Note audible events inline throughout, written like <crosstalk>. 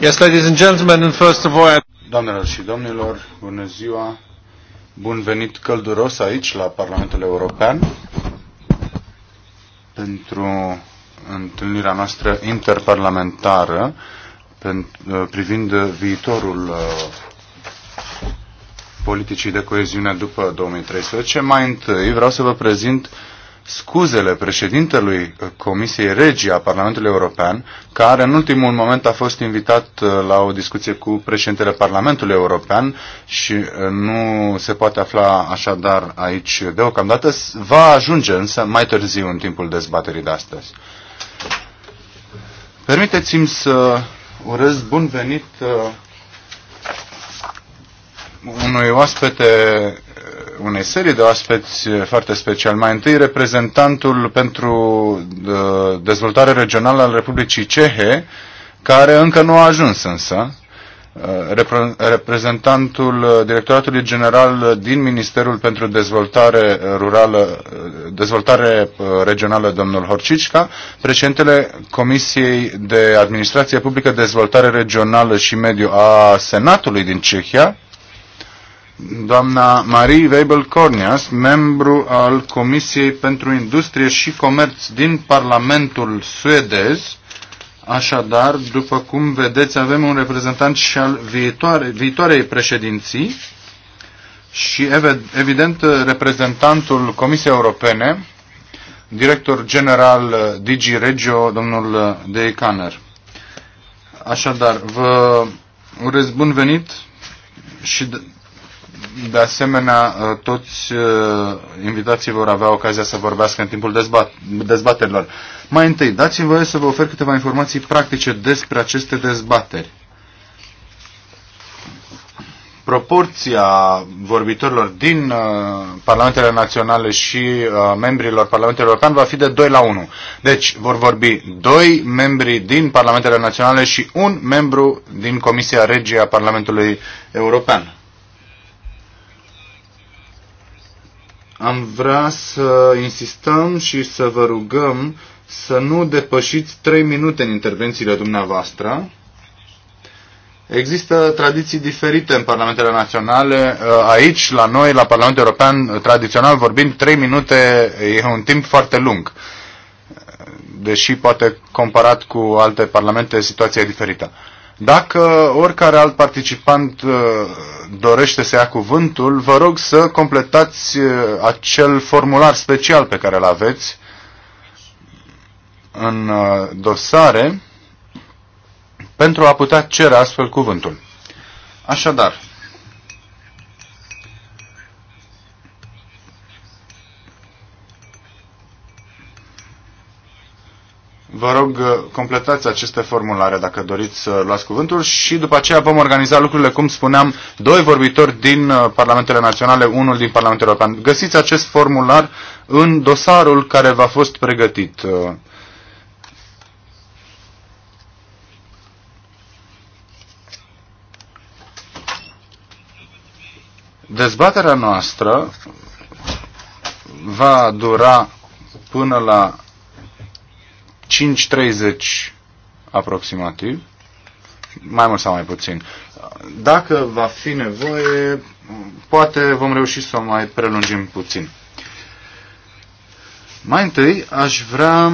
Yes, ladies and gentlemen, and first of all... Doamnelor și domnilor, bună ziua! Bun venit călduros aici, la Parlamentul European, pentru întâlnirea noastră interparlamentară uh, privind viitorul uh, politicii de coeziune după 2013. Mai întâi vreau să vă prezint uh, scuzele președintelui Comisiei Regii a Parlamentului European, care în ultimul moment a fost invitat uh, la o discuție cu președintele Parlamentului European și uh, nu se poate afla așadar aici deocamdată, va ajunge însă mai târziu în timpul dezbaterii de astăzi. Permiteți-mi să urez bun venit uh, unui oaspete unei serii de aspecte eh, foarte special Mai întâi, reprezentantul pentru eh, dezvoltare regională al Republicii Cehe, care încă nu a ajuns însă, eh, reprezentantul Directoratului General din Ministerul pentru Dezvoltare Rurală, Dezvoltare Regională, domnul Horcicica, președintele Comisiei de Administrație Publică, Dezvoltare Regională și Mediu a Senatului din Cehia, doamna Marie Weibel Corneas, membru al Comisiei pentru Industrie și Comerț din Parlamentul suedez. Așadar, după cum vedeți, avem un reprezentant și al viitoare, viitoarei președinții și, evident, reprezentantul Comisiei Europene, director general DG Regio, domnul De Caner. Așadar, vă urez bun venit și de asemenea, uh, toți uh, invitații vor avea ocazia să vorbească în timpul dezbat dezbaterilor. Mai întâi, dați-mi voie să vă ofer câteva informații practice despre aceste dezbateri. Proporția vorbitorilor din uh, Parlamentele Naționale și uh, membrilor Parlamentului European va fi de 2 la 1. Deci vor vorbi doi membri din Parlamentele Naționale și un membru din Comisia Regie a Parlamentului European. am vrea să insistăm și să vă rugăm să nu depășiți 3 minute în intervențiile dumneavoastră. Există tradiții diferite în Parlamentele Naționale. Uh, aici, la noi, la Parlamentul European, uh, tradițional vorbind, 3 minute e un timp foarte lung. Uh, deși poate comparat cu alte parlamente, situația e diferită. Dacă oricare alt participant uh, dorește să ia cuvântul, vă rog să completați uh, acel formular special pe care îl aveți în uh, dosare pentru a putea cere astfel cuvântul. Așadar, Vă rog, uh, completați aceste formulare dacă doriți să luați cuvântul și după aceea vom organiza lucrurile, cum spuneam, doi vorbitori din uh, Parlamentele Naționale, unul din Parlamentul European. Găsiți acest formular în dosarul care v-a fost pregătit. Uh. Dezbaterea noastră va dura până la 5.30 aproximativ, mai mult sau mai puțin. Dacă va fi nevoie, poate vom reuși să o mai prelungim puțin. Mai întâi aș vrea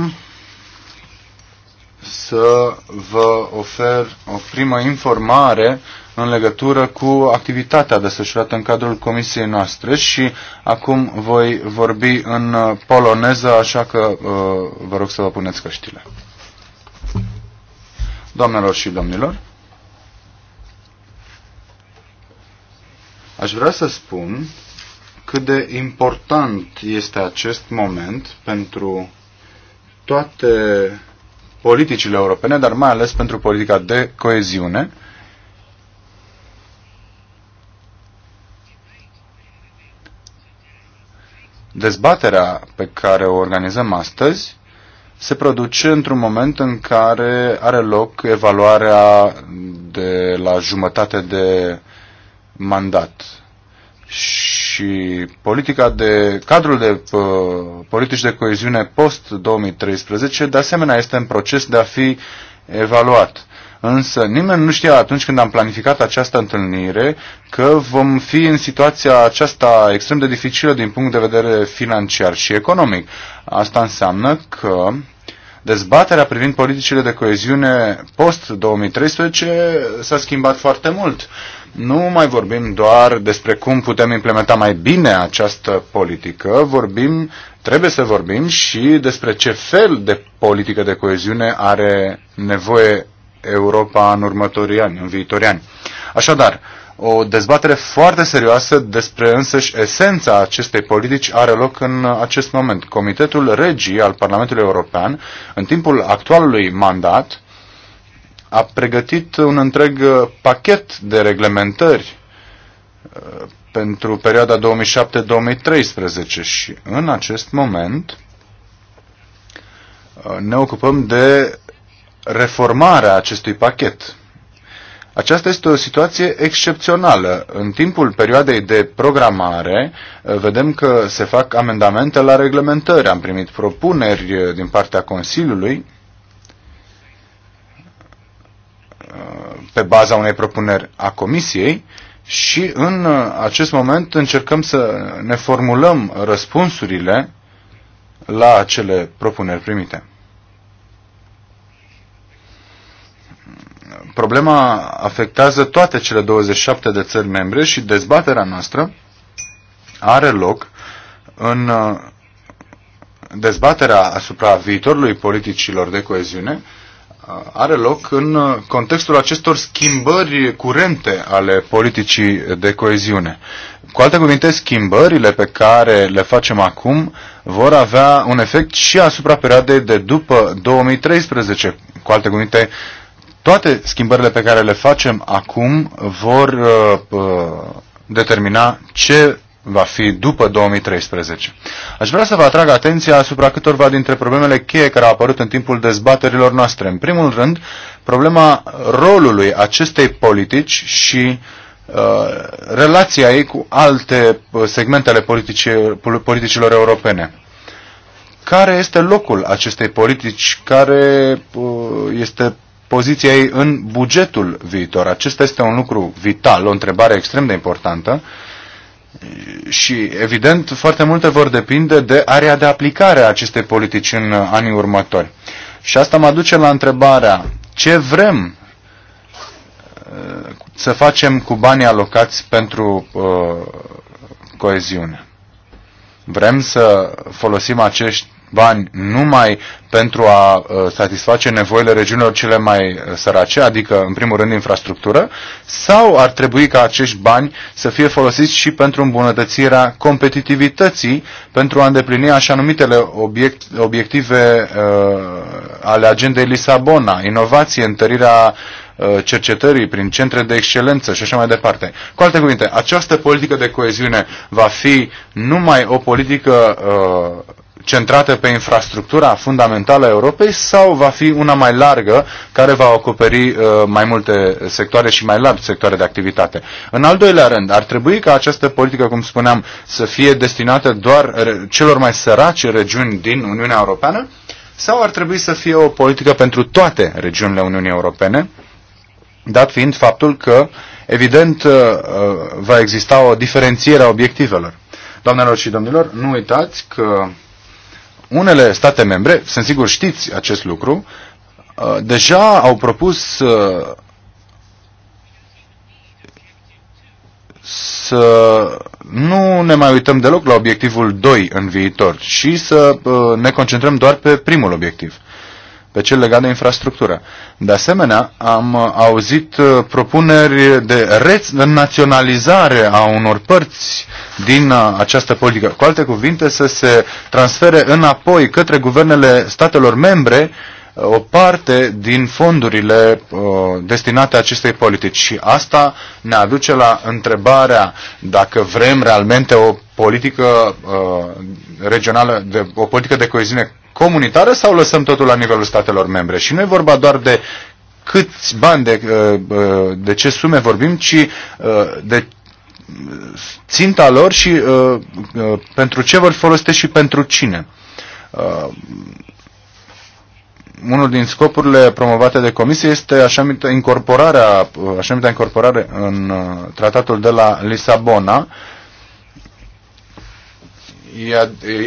să vă ofer o primă informare în legătură cu activitatea desfășurată în cadrul comisiei noastre și acum voi vorbi în poloneză, așa că uh, vă rog să vă puneți căștile. Doamnelor și domnilor, aș vrea să spun cât de important este acest moment pentru toate politicile europene, dar mai ales pentru politica de coeziune. Dezbaterea pe care o organizăm astăzi se produce într-un moment în care are loc evaluarea de la jumătate de mandat și politica de, cadrul de uh, politici de coeziune post-2013, de asemenea, este în proces de a fi evaluat. Însă nimeni nu știa atunci când am planificat această întâlnire că vom fi în situația aceasta extrem de dificilă din punct de vedere financiar și economic. Asta înseamnă că dezbaterea privind politicile de coeziune post-2013 s-a schimbat foarte mult. Uh, nu mai vorbim doar despre cum putem implementa mai bine această politică, vorbim, trebuie să vorbim și despre ce fel de politică de coeziune are nevoie Europa în următorii ani, în viitorii ani. Așadar, o dezbatere foarte serioasă despre însăși esența acestei politici are loc în acest moment. Comitetul Regii al Parlamentului European, în timpul actualului mandat, a pregătit un întreg uh, pachet de reglementări uh, pentru perioada 2007-2013 și în acest moment uh, ne ocupăm de reformarea acestui pachet. Aceasta este o situație excepțională. În timpul perioadei de programare vedem că se fac amendamente la reglementări. Am primit propuneri din partea Consiliului pe baza unei propuneri a Comisiei și în uh, acest moment încercăm să ne formulăm răspunsurile la acele propuneri primite. Problema afectează toate cele 27 de țări membre și dezbaterea noastră are loc în uh, dezbaterea asupra viitorului politicilor de coeziune are loc în uh, contextul acestor schimbări curente ale politicii de coeziune. Cu alte cuvinte, schimbările pe care le facem acum vor avea un efect și asupra perioadei de după 2013. Cu alte cuvinte, toate schimbările pe care le facem acum vor uh, uh determina ce va fi după 2013. Aș vrea să vă atrag atenția asupra câtorva dintre problemele cheie care au apărut în timpul dezbaterilor noastre. În primul rând, problema rolului acestei politici și uh, relația ei cu alte uh, segmentele politici, politicilor europene. Care este locul acestei politici? Care uh, este poziția ei în bugetul viitor? Acesta este un lucru vital, o întrebare extrem de importantă. Uh, și, evident, foarte multe vor depinde de area de aplicare a acestei politici în uh, anii următori. Și asta mă duce la întrebarea ce vrem uh, să facem cu banii alocați pentru uh, coeziune. Vrem să folosim acești bani numai pentru a uh, satisface nevoile regiunilor cele mai uh, sărace, adică în primul rând infrastructură, sau ar trebui ca acești bani să fie folosiți și pentru îmbunătățirea competitivității, pentru a îndeplini așa numitele obiect, obiective uh, ale agendei Lisabona, inovație, întărirea uh, cercetării, prin centre de excelență și așa mai departe. Cu alte cuvinte, această politică de coeziune va fi numai o politică uh, centrată pe infrastructura fundamentală a Europei sau va fi una mai largă care va acoperi uh, mai multe sectoare și mai largi sectoare de activitate. În al doilea rând, ar trebui ca această politică, cum spuneam, să fie destinată doar celor mai sărace regiuni din Uniunea Europeană sau ar trebui să fie o politică pentru toate regiunile Uniunii Europene, dat fiind faptul că, evident, uh, uh va exista o diferențiere a obiectivelor. Doamnelor și domnilor, nu uitați că unele state membre, sunt sigur știți acest lucru, uh, deja au propus uh, să nu ne mai uităm deloc la obiectivul 2 în viitor și să uh, ne concentrăm doar pe primul obiectiv pe cel legat de infrastructură. De asemenea, am uh, auzit uh, propuneri de renaționalizare a unor părți din uh, această politică. Cu alte cuvinte, să se transfere înapoi către guvernele statelor membre o parte din fondurile destinate acestei politici. Și asta ne aduce la întrebarea dacă vrem realmente o politică uh, regională, de, o politică de coeziune comunitară sau lăsăm totul la nivelul statelor membre? Și nu e vorba doar de câți bani, de, uh, uh, de ce sume vorbim, ci uh, de ținta lor și pentru ce vor folosește și pentru cine unul din scopurile promovate de comisie este așa numită incorporarea, așa numită incorporare în tratatul de la Lisabona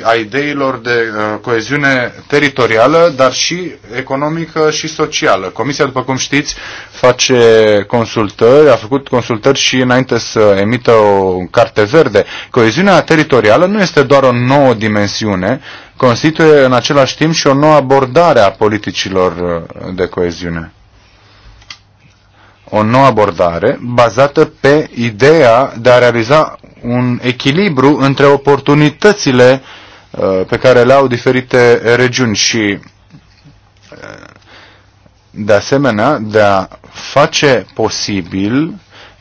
a ideilor de uh, coeziune teritorială, dar și economică și socială. Comisia, după cum știți, face consultări, a făcut consultări și înainte să emită o carte verde. Coeziunea teritorială nu este doar o nouă dimensiune, constituie în același timp și o nouă abordare a politicilor uh, de coeziune o nouă abordare bazată pe ideea de a realiza un echilibru între oportunitățile uh, pe care le au diferite regiuni și uh, de asemenea de a face posibil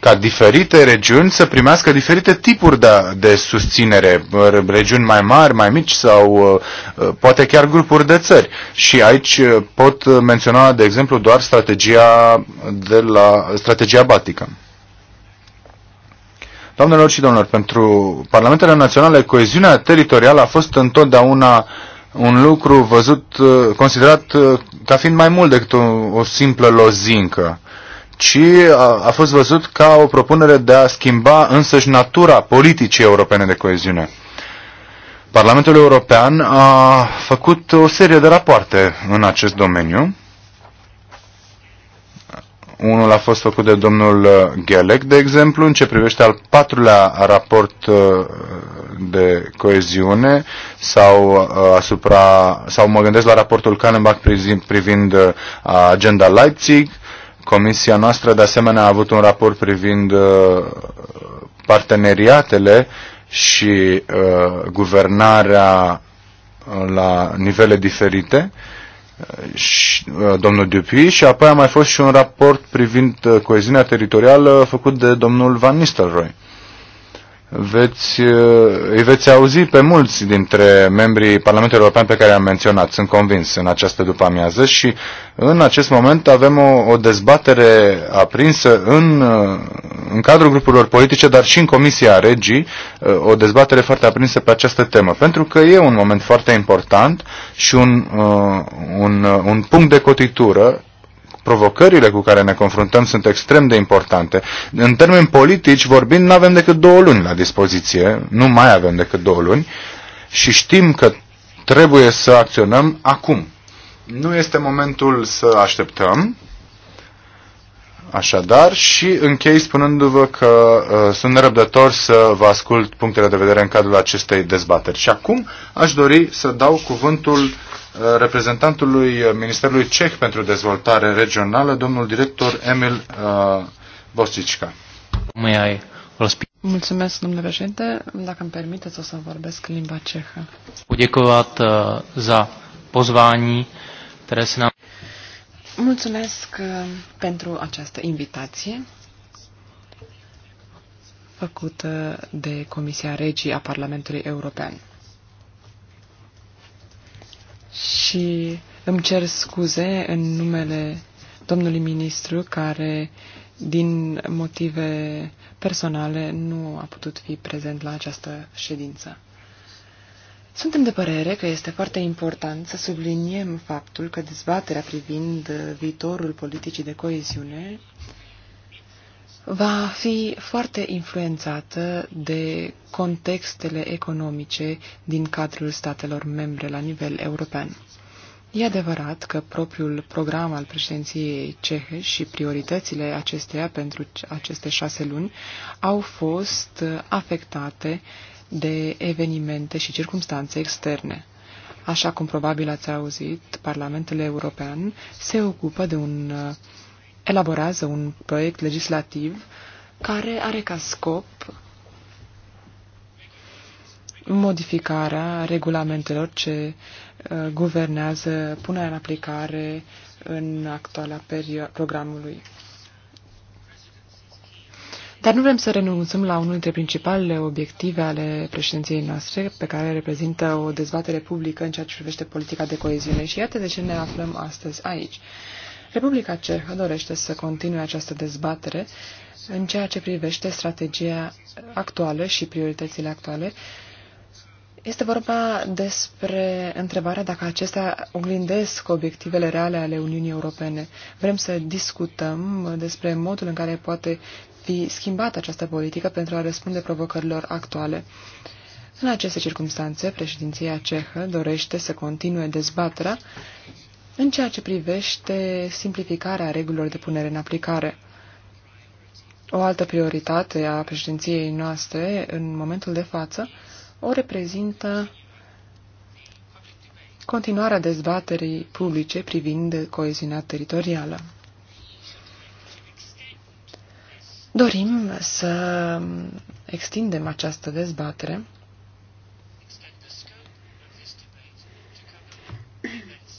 ca diferite regiuni să primească diferite tipuri de, de susținere, regiuni mai mari, mai mici sau uh, uh, poate chiar grupuri de țări. Și aici uh, pot menționa, de exemplu, doar strategia, de la, strategia Baltică. Doamnelor și domnilor, pentru Parlamentele Naționale, coeziunea teritorială a fost întotdeauna un lucru văzut, considerat ca fiind mai mult decât o, o simplă lozincă ci a, a fost văzut ca o propunere de a schimba însăși natura politicii europene de coeziune. Parlamentul European a făcut o serie de rapoarte în acest domeniu. Unul a fost făcut de domnul uh, Ghelec, de exemplu, în ce privește al patrulea raport uh, de coeziune sau uh, asupra, sau mă gândesc la raportul Kallenbach privind agenda Leipzig, Comisia noastră, de asemenea, a avut un raport privind uh, parteneriatele și uh, guvernarea uh, la nivele diferite domnul Dupuy și apoi a mai fost și un raport privind coeziunea teritorială făcut de domnul Van Nistelrooy veți, uh, îi veți auzi pe mulți dintre membrii Parlamentului European pe care am menționat, sunt convins, în această după-amiază și în acest moment avem o, o dezbatere aprinsă în, uh, în cadrul grupurilor politice, dar și în Comisia Regii, uh, o dezbatere foarte aprinsă pe această temă, pentru că e un moment foarte important și un, un, un punct de cotitură provocările cu care ne confruntăm sunt extrem de importante. În termeni politici, vorbind, nu avem decât două luni la dispoziție, nu mai avem decât două luni și știm că trebuie să acționăm acum. Nu este momentul să așteptăm, așadar, și închei spunându-vă că uh, sunt nerăbdător să vă ascult punctele de vedere în cadrul acestei dezbateri. Și acum aș dori să dau cuvântul reprezentantului Ministerului Ceh pentru Dezvoltare Regională, domnul director Emil uh, Bosicica. Mulțumesc, domnule președinte. Dacă îmi permiteți, o să vorbesc în limba cehă. Udecovat uh, za pozvání, teresina. Mulțumesc uh, pentru această invitație făcută de Comisia Regii a Parlamentului European și îmi cer scuze în numele domnului ministru care din motive personale nu a putut fi prezent la această ședință. Suntem de părere că este foarte important să subliniem faptul că dezbaterea privind viitorul politicii de coeziune va fi foarte influențată de contextele economice din cadrul statelor membre la nivel european. E adevărat că propriul program al președinției cehe și prioritățile acesteia pentru aceste șase luni au fost afectate de evenimente și circumstanțe externe. Așa cum probabil ați auzit, Parlamentul European se ocupă de un elaborează un proiect legislativ care are ca scop modificarea regulamentelor ce uh, guvernează punerea în aplicare în actuala perioadă programului. Dar nu vrem să renunțăm la unul dintre principalele obiective ale președinției noastre, pe care reprezintă o dezbatere publică în ceea ce privește politica de coeziune. Și iată de ce ne aflăm astăzi aici. Republica Cehă dorește să continue această dezbatere în ceea ce privește strategia actuală și prioritățile actuale. Este vorba despre întrebarea dacă acestea oglindesc obiectivele reale ale Uniunii Europene. Vrem să discutăm despre modul în care poate fi schimbată această politică pentru a răspunde provocărilor actuale. În aceste circunstanțe, președinția cehă dorește să continue dezbaterea în ceea ce privește simplificarea regulilor de punere în aplicare. O altă prioritate a președinției noastre în momentul de față o reprezintă continuarea dezbaterii publice privind coeziunea teritorială. Dorim să extindem această dezbatere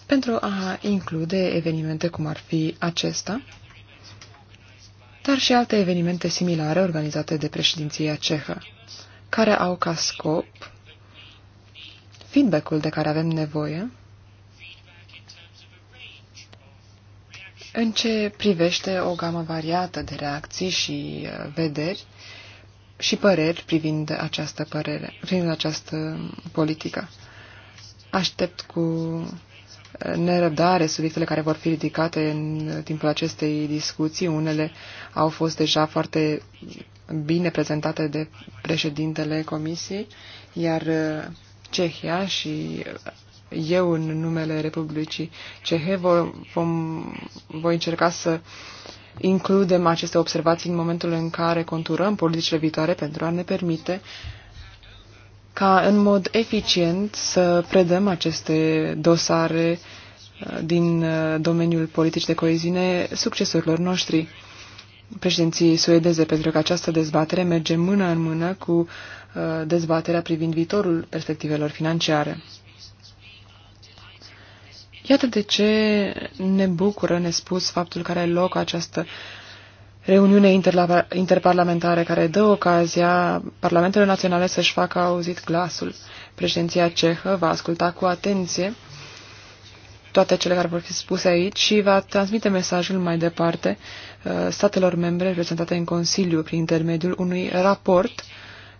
pentru a include evenimente cum ar fi acesta, dar și alte evenimente similare organizate de președinția cehă, care au ca scop feedback-ul de care avem nevoie în ce privește o gamă variată de reacții și uh, vederi și păreri privind această părere, privind această politică. Aștept cu nerăbdare subiectele care vor fi ridicate în timpul acestei discuții. Unele au fost deja foarte bine prezentate de președintele Comisiei, iar uh, Cehia și uh, eu în numele Republicii Cehe vom, vom, voi încerca să includem aceste observații în momentul în care conturăm politicile viitoare pentru a ne permite uh, ca în mod eficient să predăm aceste dosare uh, din uh, domeniul politic de coeziune succesorilor noștri Președinții suedeze, pentru că această dezbatere merge mână în mână cu uh, dezbaterea privind viitorul perspectivelor financiare. Iată de ce ne bucură nespus faptul că are loc această uh, reuniune interparlamentare care dă ocazia Parlamentelor Naționale să-și facă auzit glasul. Președinția cehă va asculta cu atenție toate cele care vor fi spuse aici și va transmite mesajul mai departe uh, statelor membre reprezentate în Consiliu prin intermediul unui raport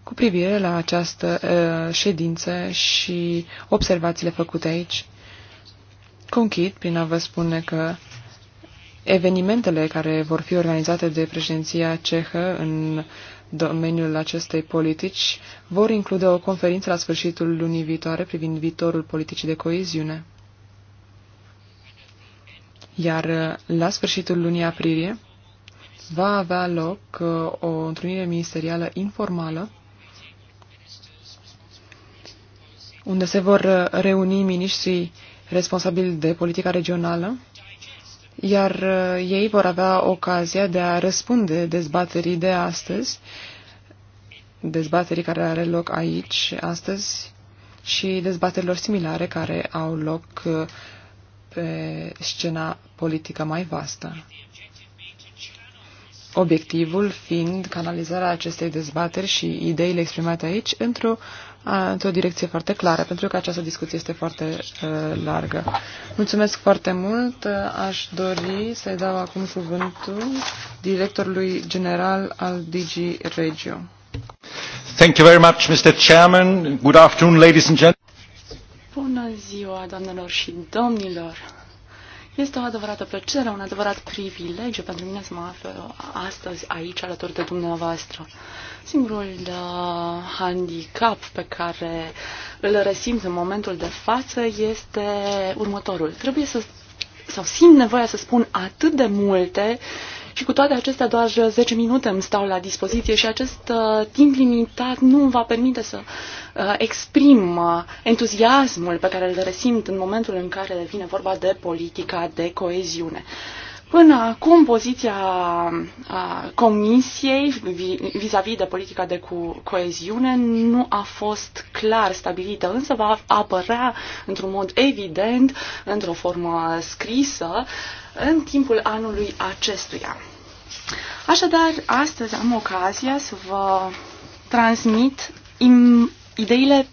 cu privire la această uh, ședință și observațiile făcute aici. Conchid prin a vă spune că evenimentele care vor fi organizate de președinția cehă în domeniul acestei politici vor include o conferință la sfârșitul lunii viitoare privind viitorul politicii de coeziune. Iar uh, la sfârșitul lunii aprilie va avea loc uh, o întrunire ministerială informală unde se vor uh, reuni miniștrii responsabili de politica regională iar uh, ei vor avea ocazia de a răspunde dezbaterii de astăzi, dezbaterii care are loc aici astăzi și dezbaterilor similare care au loc uh, pe scena politică mai vastă. Obiectivul fiind canalizarea acestei dezbateri și ideile exprimate aici într-o într-o direcție foarte clară, pentru că această discuție este foarte uh, largă. Mulțumesc foarte mult. Aș dori să-i dau acum cuvântul directorului general al DG Regio. Thank you very much, Mr. Chairman. Good afternoon, ladies and gentlemen. Bună ziua, doamnelor și domnilor. Este o adevărată plăcere, un adevărat privilegiu pentru mine să mă aflu astăzi aici alături de dumneavoastră. Singurul uh, handicap pe care îl resimt în momentul de față este următorul. Trebuie să sau simt nevoia să spun atât de multe uh, și cu toate acestea, doar 10 uh, minute îmi stau la dispoziție și acest uh, timp limitat nu îmi va permite să uh, exprim uh, entuziasmul pe care îl resimt în momentul în care vine vorba de politica de coeziune. Uh, Până acum, poziția a Comisiei vis-a-vis de politica de co- coeziune nu a fost clar stabilită, însă va apărea într-un mod evident, într-o formă scrisă, în timpul anului acestuia. Așadar, astăzi am ocazia să vă transmit ideile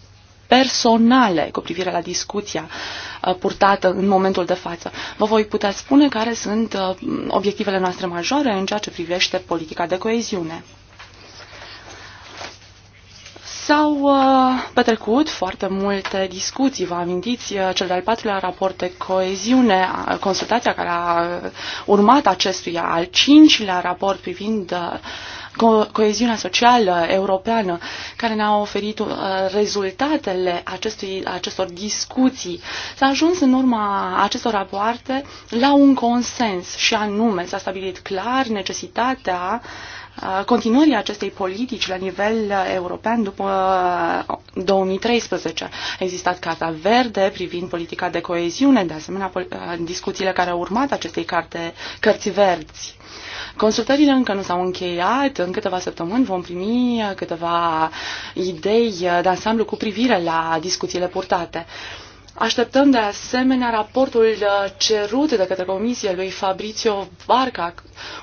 personale cu privire la discuția uh, purtată în momentul de față. Vă voi putea spune care sunt uh, obiectivele noastre majore în ceea ce privește politica de coeziune. S-au uh, petrecut foarte multe discuții, vă amintiți, uh, cel de-al patrulea raport de coeziune, consultația care a urmat acestuia, al cincilea raport privind co- coeziunea socială europeană, care ne-a oferit uh, rezultatele acestui, acestor discuții. S-a ajuns în urma acestor rapoarte la un consens și anume s-a stabilit clar necesitatea uh, Uh, continuării acestei politici la nivel uh, european după 2013. Uh, A existat Carta Verde privind politica de coeziune, de asemenea discuțiile care au urmat acestei carte, cărți verzi. Consultările încă nu s-au încheiat, în câteva săptămâni vom primi câteva idei de ansamblu cu privire la discuțiile purtate. Uh, Așteptăm de asemenea raportul uh, cerut de către comisie lui Fabrizio Barca,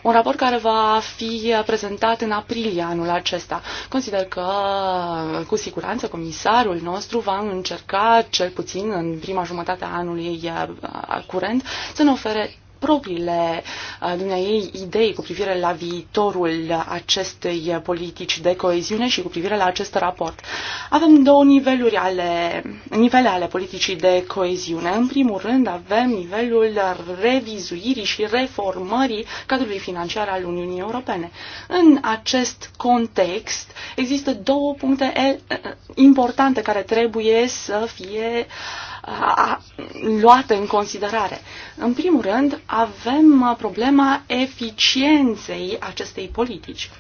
un raport care va fi uh, prezentat în aprilie anul acesta. Consider că, uh, cu siguranță, comisarul nostru va încerca, cel puțin în prima jumătate a anului curent, să ne ofere propriile ei idei cu privire la viitorul acestei politici de coeziune și cu privire la acest raport. Avem două niveluri ale, nivele ale politicii de coeziune. În primul rând avem nivelul revizuirii și reformării cadrului financiar al Uniunii Europene. În acest context există două puncte importante care trebuie să fie uh, luată în considerare. În primul rând, avem uh, problema eficienței acestei politici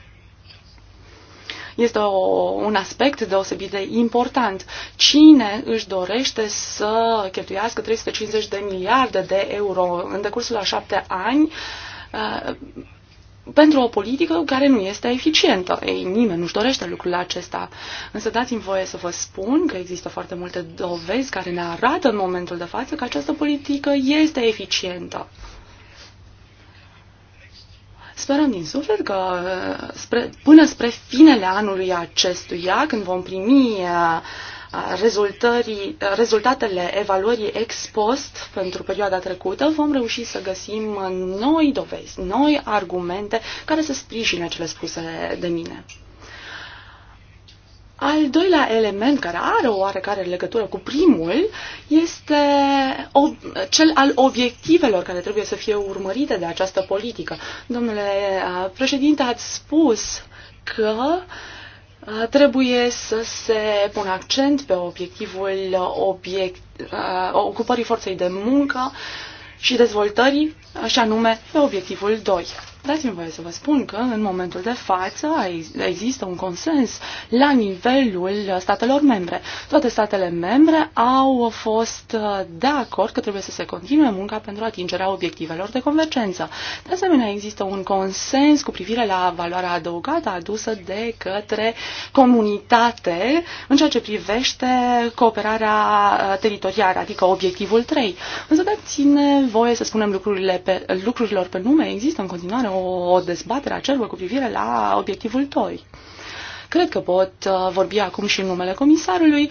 este o, un aspect deosebit de important. Cine își dorește să cheltuiască 350 de miliarde de euro în decursul a șapte ani, uh, pentru o politică care nu este eficientă. Ei, nimeni nu-și dorește lucrul acesta. Însă dați-mi voie să vă spun că există foarte multe dovezi care ne arată în momentul de față că această politică este eficientă. Sperăm din suflet că spre, până spre finele anului acestuia, când vom primi uh, rezultatele evaluării ex post pentru perioada trecută, vom reuși să găsim noi dovezi, noi argumente care să sprijine cele spuse de mine. Al doilea element care are o oarecare legătură cu primul este cel al obiectivelor care trebuie să fie urmărite de această politică. Domnule uh, președinte, ați spus că uh, trebuie să se pună accent pe obiectivul obiect, ocupării forței de muncă și dezvoltării, și anume pe obiectivul 2. Dați-mi voie să vă spun că în momentul de față există un consens la nivelul statelor membre. Toate statele membre au fost uh, de acord că trebuie să se continue munca pentru atingerea obiectivelor de convergență. De asemenea, există un consens cu privire la valoarea adăugată adusă de către comunitate în ceea ce privește cooperarea uh, teritorială, adică obiectivul 3. Însă dați-ne voie să spunem lucrurile pe, lucrurilor pe nume. Există în continuare o dezbatere cerului cu privire la obiectivul TOI. Cred că pot uh, vorbi acum și în numele comisarului.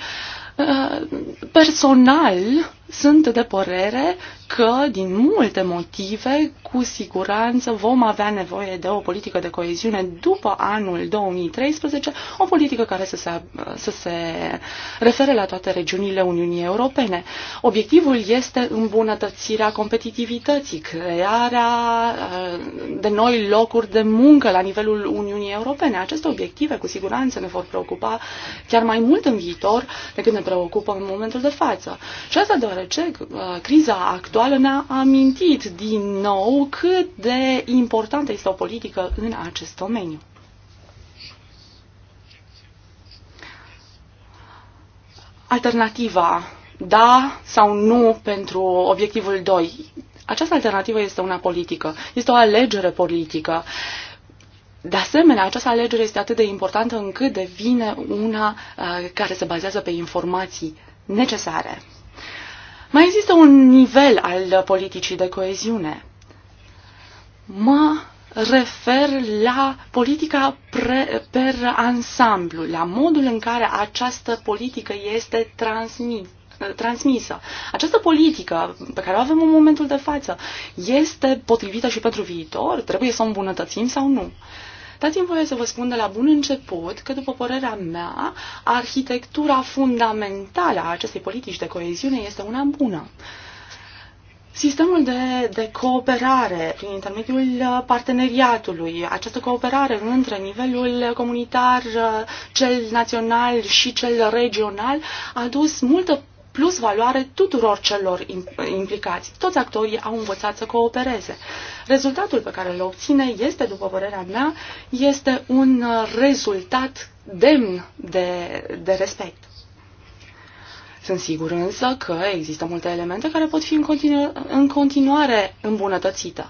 Uh, personal, sunt de părere că, din multe motive, cu siguranță vom avea nevoie de o politică de coeziune după anul 2013, o politică care să se, să se refere la toate regiunile Uniunii Europene. Obiectivul este îmbunătățirea competitivității, crearea uh, de noi locuri de muncă la nivelul Uniunii Europene. Aceste obiective, cu siguranță, ne vor preocupa chiar mai mult în viitor decât ne preocupă în momentul de față. Și asta doar deoarece uh, criza actuală ne-a amintit din nou cât de importantă este o politică în acest domeniu. Alternativa da sau nu pentru obiectivul 2. Această alternativă este una politică, este o alegere politică. De asemenea, această alegere este atât de importantă încât devine una uh, care se bazează pe informații necesare. Mai există un nivel al politicii de coeziune. Mă refer la politica pre, per ansamblu, la modul în care această politică este transmis, transmisă. Această politică pe care o avem în momentul de față este potrivită și pentru viitor? Trebuie să o îmbunătățim sau nu? Uh, Dați-mi voie să vă spun de la bun început că, după părerea mea, arhitectura fundamentală a acestei politici de coeziune este una bună. Sistemul de, de cooperare prin intermediul uh, parteneriatului, această cooperare între nivelul comunitar, uh, cel național și cel regional, a dus multă plus valoare tuturor celor implicați. Toți actorii au învățat să coopereze. Rezultatul pe care îl obține este, după părerea mea, este un rezultat demn de, de respect. Sunt sigur însă că există multe elemente care pot fi în, continu- în continuare îmbunătățite.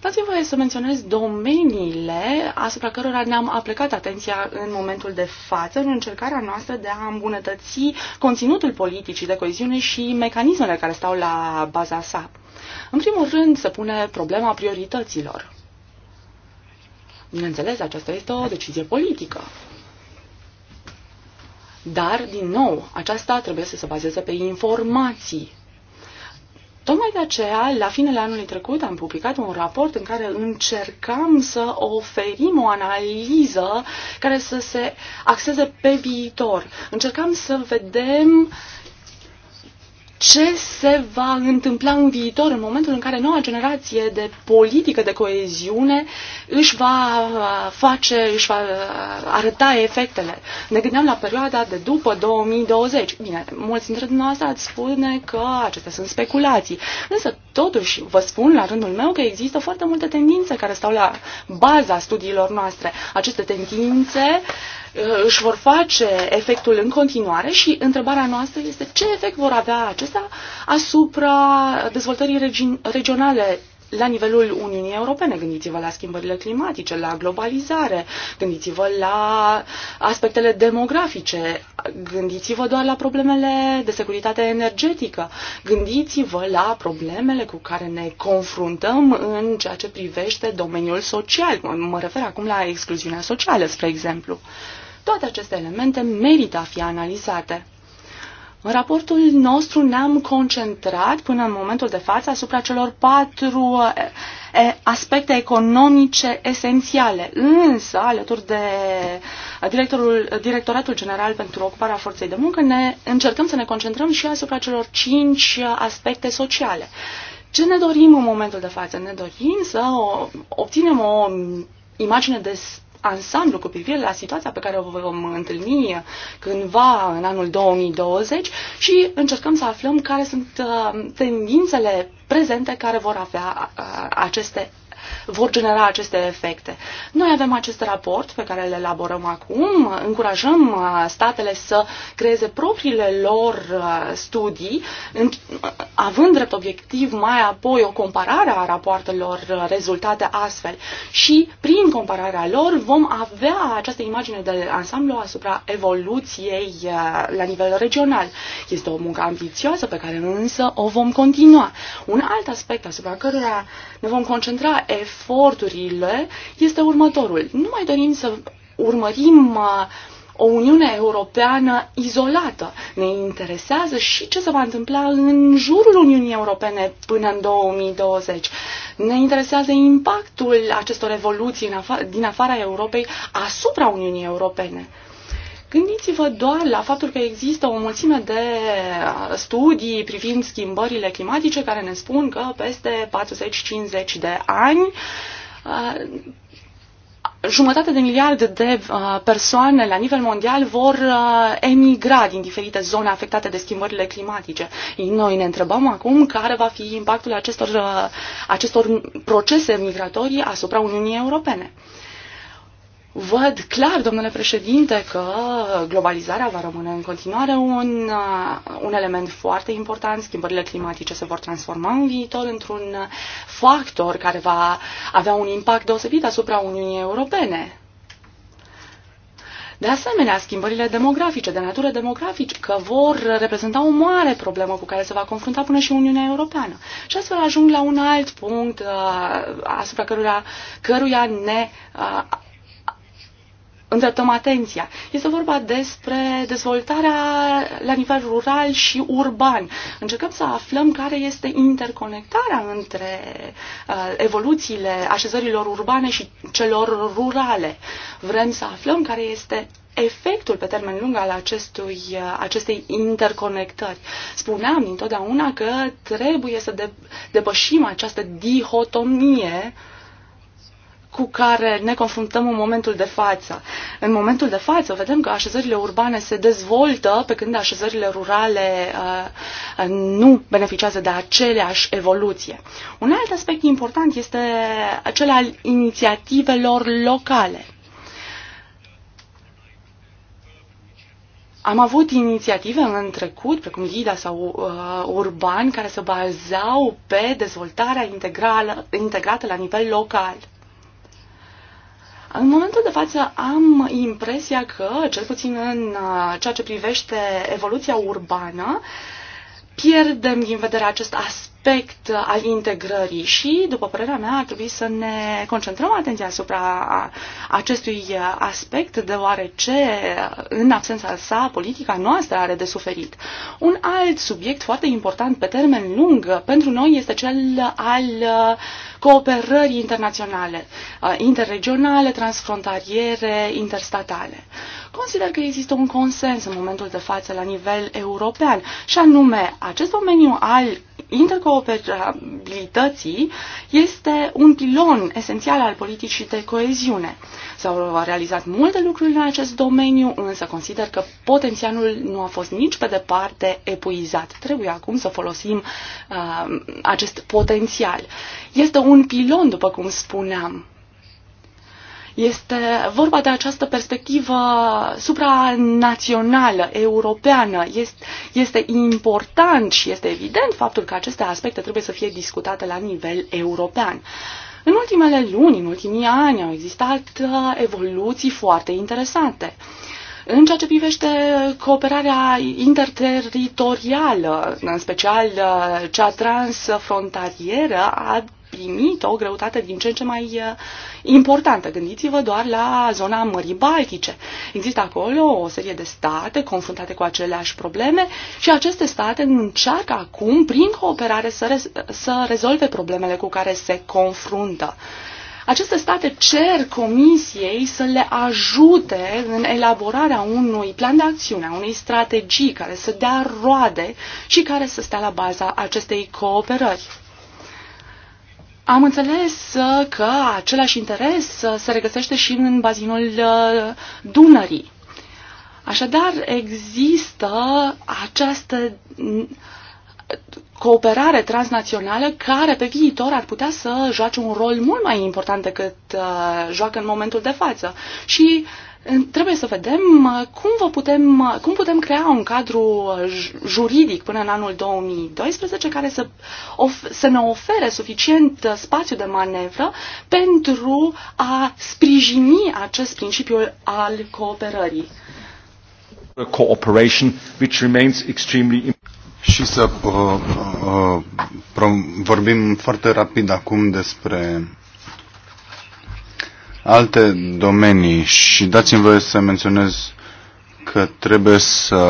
Dați-mi voie să menționez domeniile asupra cărora ne-am aplicat atenția în momentul de față, în încercarea noastră de a îmbunătăți conținutul politicii de coeziune și mecanismele care stau la baza sa. În primul rând, se pune problema priorităților. Bineînțeles, aceasta este o decizie politică. Dar, din nou, aceasta trebuie să se bazeze pe informații. Tocmai de aceea, la finele anului trecut, am publicat un raport în care încercam să oferim o analiză care să se axeze pe viitor. Încercam să vedem uh, ce se va întâmpla în viitor, în momentul în care noua generație de politică de coeziune își va uh, face, își va uh, arăta efectele. Ne gândeam la perioada de după 2020. Bine, mulți dintre dumneavoastră ați spune că acestea sunt speculații, însă totuși vă spun la rândul meu că există foarte multe tendințe care stau la baza studiilor noastre. Aceste tendințe uh, Uh, își vor face efectul în continuare și întrebarea noastră este ce efect vor avea acestea asupra dezvoltării regi regionale la nivelul Uniunii Europene. Gândiți-vă la schimbările climatice, la globalizare, gândiți-vă la aspectele demografice, gândiți-vă doar la problemele de securitate energetică, gândiți-vă la problemele cu care ne confruntăm în ceea ce privește domeniul social. Mă refer acum la excluziunea socială, spre exemplu. Toate aceste elemente merită a fi analizate. În raportul nostru ne-am concentrat până în momentul de față asupra celor patru eh, eh, aspecte economice esențiale. Însă, alături de directorul, Directoratul General pentru Ocuparea Forței de Muncă, ne încercăm să ne concentrăm și asupra celor cinci aspecte sociale. Ce ne dorim în momentul de față? Ne dorim să obținem o imagine despre ansamblu cu privire la situația pe care o vom întâlni cândva în anul 2020 și încercăm să aflăm care sunt uh, tendințele prezente care vor avea uh, aceste vor genera aceste efecte. Noi avem acest raport pe care îl elaborăm acum, încurajăm uh, statele să creeze propriile lor uh, studii, uh, având drept obiectiv mai apoi o comparare a rapoartelor rezultate astfel și prin compararea lor vom avea această imagine de ansamblu asupra evoluției la nivel regional. Este o muncă ambițioasă pe care însă o vom continua. Un alt aspect asupra căruia ne vom concentra eforturile este următorul. Nu mai dorim să urmărim uh, o Uniune Europeană izolată. Ne interesează și ce se va întâmpla în jurul Uniunii Europene până în 2020. Ne interesează impactul acestor evoluții din afara Europei asupra Uniunii Europene. Gândiți-vă doar la faptul că există o mulțime de studii privind schimbările climatice care ne spun că peste 40-50 de ani uh, jumătate de miliard de uh, persoane la nivel mondial vor uh, emigra din diferite zone afectate de schimbările climatice. Noi ne întrebăm acum care va fi impactul acestor, acestor procese migratorii asupra Uniunii Europene. Văd clar, domnule președinte, că globalizarea va rămâne în continuare un, uh, un element foarte important. Schimbările climatice se vor transforma în viitor într-un factor care va avea un impact deosebit asupra Uniunii Europene. De asemenea, schimbările demografice, de natură demografică, vor reprezenta o mare problemă cu care se va confrunta până și Uniunea Europeană. Și astfel ajung la un alt punct uh, asupra căruia, căruia ne uh, îndreptăm atenția. Este vorba despre dezvoltarea la nivel rural și urban. Încercăm să aflăm care este interconectarea între uh, evoluțiile așezărilor urbane și celor rurale. Vrem să aflăm care este efectul pe termen lung al acestui, uh, acestei interconectări. Spuneam întotdeauna că trebuie să de, depășim această dihotomie uh, cu care ne confruntăm în momentul de față. În momentul de față vedem că așezările urbane se dezvoltă pe când așezările rurale uh, nu beneficiază de aceleași evoluție. Un alt aspect important este acela al inițiativelor locale. Am avut inițiative în trecut, precum Ghida sau uh, Urban, care se bazau pe dezvoltarea integrală, integrată la nivel local. În momentul de față am impresia că, cel puțin în uh, ceea ce privește evoluția urbană, pierdem din vedere acest aspect aspect al integrării și, după părerea mea, ar trebui să ne concentrăm atenția asupra acestui aspect, deoarece, în absența sa, politica noastră are de suferit. Un alt subiect foarte important pe termen lung pentru noi este cel al cooperării internaționale, interregionale, transfrontaliere, interstatale. Consider că există un consens în momentul de față la nivel european și anume acest domeniu al intercooperării interoperabilității este un pilon esențial al politicii de coeziune. S-au realizat multe lucruri în acest domeniu, însă consider că potențialul nu a fost nici pe departe epuizat. Trebuie acum să folosim uh, acest potențial. Este un pilon, după cum spuneam. Este vorba de această perspectivă supranațională, europeană. Este, este important și este evident faptul că aceste aspecte trebuie să fie discutate la nivel european. În ultimele luni, în ultimii ani, au existat uh, evoluții foarte interesante. În ceea ce privește cooperarea interteritorială, în special uh, cea transfrontalieră, a primit o greutate din ce în ce mai uh, importantă. Gândiți-vă doar la zona Mării Baltice. Există acolo o serie de state confruntate cu aceleași probleme și aceste state încearcă acum, prin cooperare, să, re- să rezolve problemele cu care se confruntă. Aceste state cer Comisiei să le ajute în elaborarea unui plan de acțiune, a unei strategii care să dea roade și care să stea la baza acestei cooperări. Am înțeles uh, că același interes uh, se regăsește și în bazinul uh, Dunării. Așadar, există această mm, cooperare transnațională care pe viitor ar putea să joace un rol mult mai important decât uh, joacă în momentul de față. Și Trebuie să vedem uh, cum, vă putem, uh, cum putem crea un cadru uh, juridic până în anul 2012 care să, of- să ne ofere suficient spațiu de manevră pentru a sprijini acest principiu al cooperării. Cooperation, which remains extremely și să uh, uh, vorbim foarte rapid acum despre alte domenii și dați-mi voie să menționez că trebuie să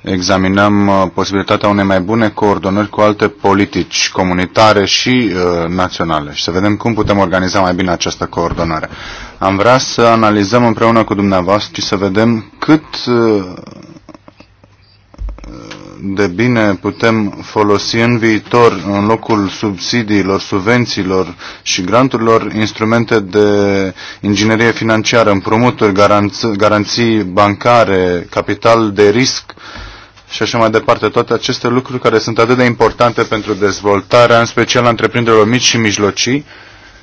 examinăm uh, posibilitatea unei mai bune coordonări cu alte politici comunitare și uh, naționale și să vedem cum putem organiza mai bine această coordonare. Am vrea să analizăm împreună cu dumneavoastră și să vedem cât uh, de bine putem folosi în viitor, în locul subsidiilor, subvențiilor și granturilor, instrumente de inginerie financiară, împrumuturi, garanți garanții bancare, capital de risc și așa mai departe. Toate aceste lucruri care sunt atât de importante pentru dezvoltarea, în special a întreprinderilor mici și mijlocii,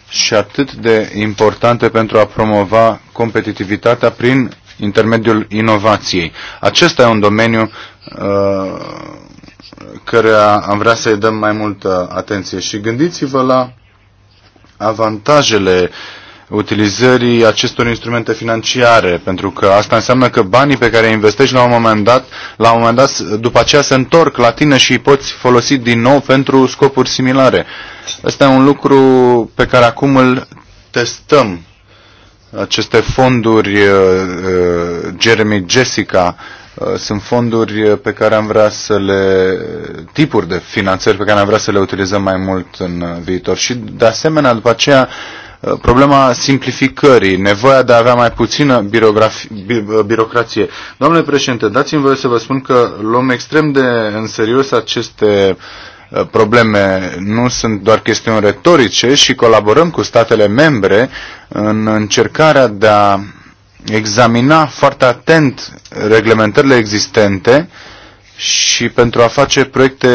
și atât de importante pentru a promova competitivitatea prin intermediul inovației. Acesta e un domeniu uh, care am vrea să-i dăm mai multă atenție și gândiți-vă la avantajele utilizării acestor instrumente financiare, pentru că asta înseamnă că banii pe care îi investești la un moment dat, la un moment dat după aceea se întorc la tine și îi poți folosi din nou pentru scopuri similare. Asta e un lucru pe care acum îl testăm aceste fonduri, uh, uh, Jeremy Jessica, uh, sunt fonduri pe care am vrea să le, tipuri de finanțări pe care am vrea să le utilizăm mai mult în viitor. Și de asemenea, după aceea, problema simplificării, nevoia de a avea mai puțină birocrație. Domnule președinte, dați-mi voie să vă spun că luăm extrem de în serios aceste uh, Eh, probleme nu sunt doar chestiuni retorice și colaborăm cu statele membre în încercarea de a examina foarte atent reglementările existente și pentru a face proiecte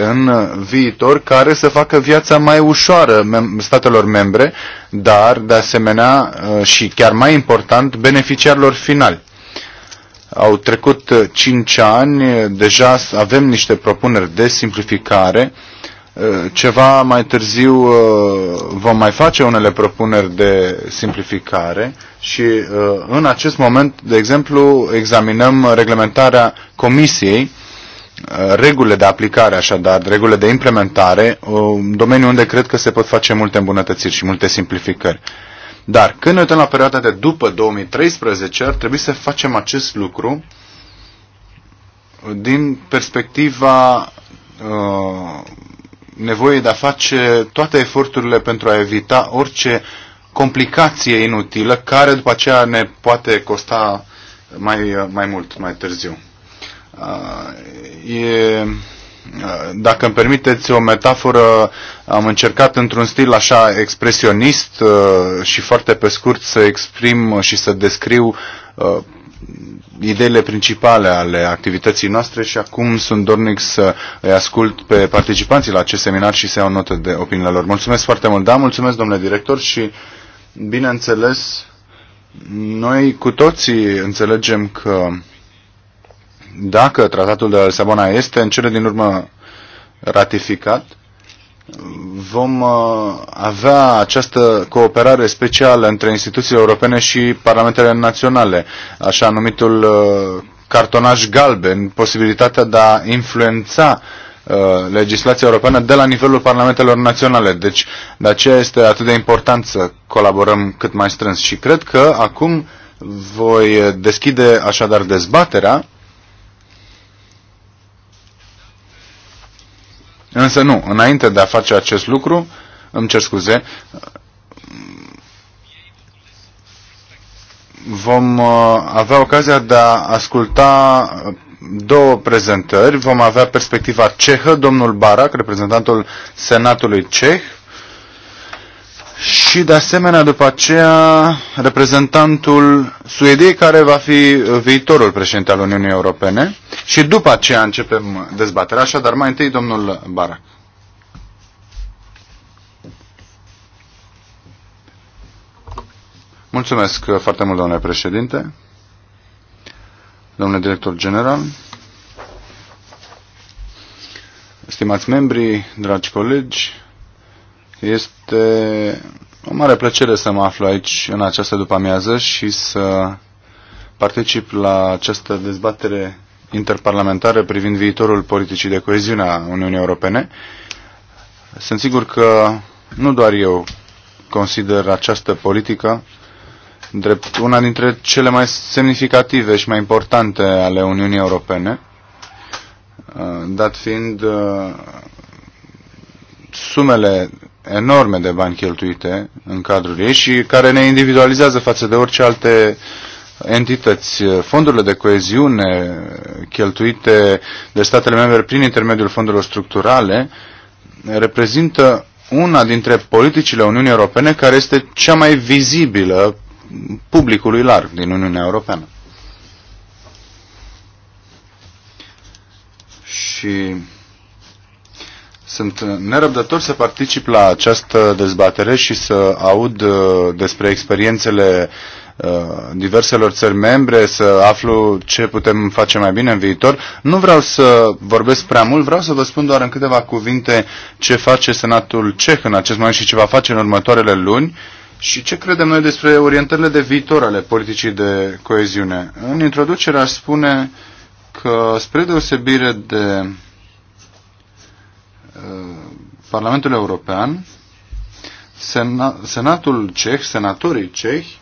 în viitor care să facă viața mai ușoară statelor membre, dar de asemenea eh, și chiar mai important beneficiarilor finali. Au trecut 5 uh, ani, uh, deja avem niște propuneri de simplificare. Uh, ceva mai târziu vom mai face unele propuneri de simplificare și în acest moment, de exemplu, examinăm reglementarea Comisiei regulile de aplicare, așadar, regulile de implementare, un domeniu unde cred că se pot face multe îmbunătățiri și multe simplificări. Dar când ne uităm la perioada de după 2013, ar trebui să facem acest lucru din perspectiva uh, nevoiei de a face toate eforturile pentru a evita orice complicație inutilă care după aceea ne poate costa mai, mai mult mai târziu. Uh, e Eh, dacă îmi permiteți o metaforă, am încercat într-un stil așa expresionist eh, și foarte pe scurt să exprim și să descriu eh, ideile principale ale activității noastre și acum sunt dornic să îi ascult pe participanții la acest seminar și să iau notă de opiniile lor. Mulțumesc foarte mult, da, mulțumesc domnule director și bineînțeles noi cu toții înțelegem că dacă tratatul de la Lisabona este în cele din urmă ratificat, vom uh, avea această cooperare specială între instituțiile europene și parlamentele naționale, așa numitul uh, cartonaj galben, posibilitatea de a influența uh, legislația europeană de la nivelul parlamentelor naționale. Deci, de aceea este atât de important să colaborăm cât mai strâns. Și cred că acum voi deschide așadar dezbaterea Însă nu, înainte de a face acest lucru, îmi cer scuze, vom uh, avea ocazia de a asculta două prezentări. Vom avea perspectiva cehă, domnul Barak, reprezentantul Senatului Ceh, și de asemenea după aceea reprezentantul Suediei care va fi viitorul președinte al Uniunii Europene și după aceea începem dezbaterea, așadar mai întâi domnul Barak. Mulțumesc foarte mult, domnule președinte, domnule director general, stimați membri, dragi colegi, este o mare plăcere să mă aflu aici în această după-amiază și să particip la această dezbatere interparlamentară privind viitorul politicii de coeziune a Uniunii Europene. Sunt sigur că nu doar eu consider această politică drept una dintre cele mai semnificative și mai importante ale Uniunii Europene, uh, dat fiind uh, sumele enorme de bani cheltuite în cadrul ei și care ne individualizează față de orice alte entități. Fondurile de coeziune cheltuite de statele membre prin intermediul fondurilor structurale reprezintă una dintre politicile Uniunii Europene care este cea mai vizibilă publicului larg din Uniunea Europeană. Și sunt nerăbdător să particip la această dezbatere și să aud uh, despre experiențele uh, diverselor țări membre, să aflu ce putem face mai bine în viitor. Nu vreau să vorbesc prea mult, vreau să vă spun doar în câteva cuvinte ce face Senatul Ceh în acest moment și ce va face în următoarele luni și ce credem noi despre orientările de viitor ale politicii de coeziune. În introducere aș spune că, spre deosebire de Parlamentul European, Senatul Ceh, senatorii cehi,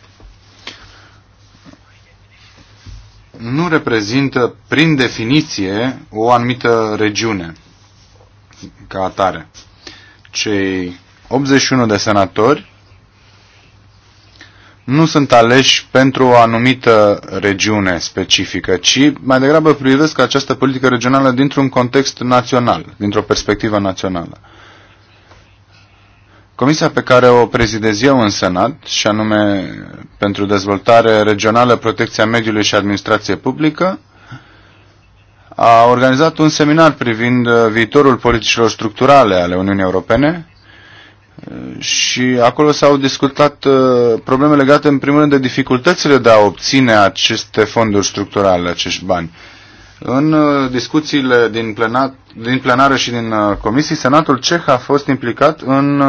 nu reprezintă, prin definiție, o anumită regiune ca atare. Cei 81 de senatori nu sunt aleși pentru o anumită regiune specifică, ci mai degrabă privesc această politică regională dintr-un context național, dintr-o perspectivă națională. Comisia pe care o prezidez eu în Senat, și anume pentru dezvoltare regională, protecția mediului și administrație publică, a organizat un seminar privind viitorul politicilor structurale ale Uniunii Europene, și acolo s-au discutat uh, probleme legate în primul rând de dificultățile de a obține aceste fonduri structurale, acești bani. În uh, discuțiile din, plenat, din plenară și din uh, comisii, Senatul Ceh a fost implicat în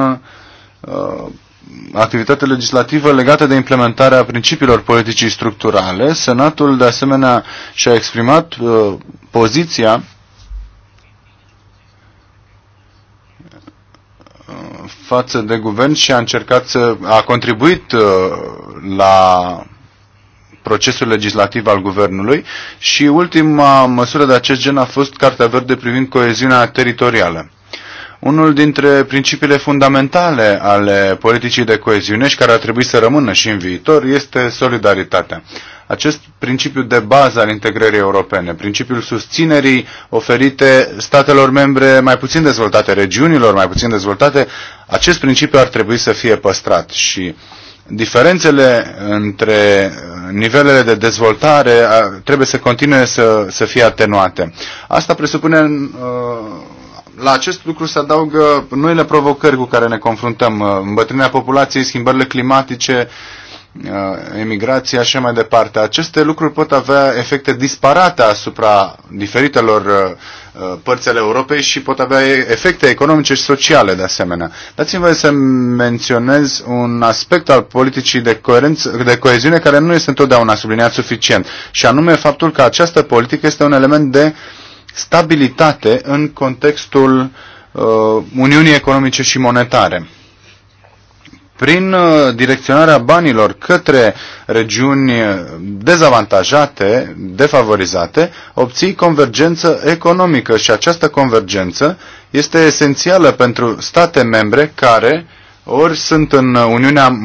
activitate legislativă legată de implementarea principiilor politicii structurale. Senatul, de asemenea, și-a exprimat uh, poziția față de guvern și a încercat să a contribuit uh, la procesul legislativ al guvernului și ultima măsură de acest gen a fost Cartea Verde privind coeziunea teritorială. Unul dintre principiile fundamentale ale politicii de coeziune și care ar trebui să rămână și în viitor este solidaritatea acest principiu de bază al integrării europene, principiul susținerii oferite statelor membre mai puțin dezvoltate, regiunilor mai puțin dezvoltate, acest principiu ar trebui să fie păstrat și diferențele între nivelele de dezvoltare trebuie să continue să, să fie atenuate. Asta presupune uh, la acest lucru se adaugă noile provocări cu care ne confruntăm, uh, îmbătrânirea populației, schimbările climatice, Uh, emigrația și mai departe. Aceste lucruri pot avea efecte disparate asupra diferitelor uh, uh, părți ale Europei și pot avea efecte economice și sociale de asemenea. Dați-mi voie să menționez un aspect al politicii de, coerență, de coeziune care nu este întotdeauna subliniat suficient și anume faptul că această politică este un element de stabilitate în contextul uh, Uniunii Economice și Monetare prin uh, direcționarea banilor către regiuni uh, dezavantajate, defavorizate, obții convergență economică și această convergență este esențială pentru state membre care ori sunt în Uniunea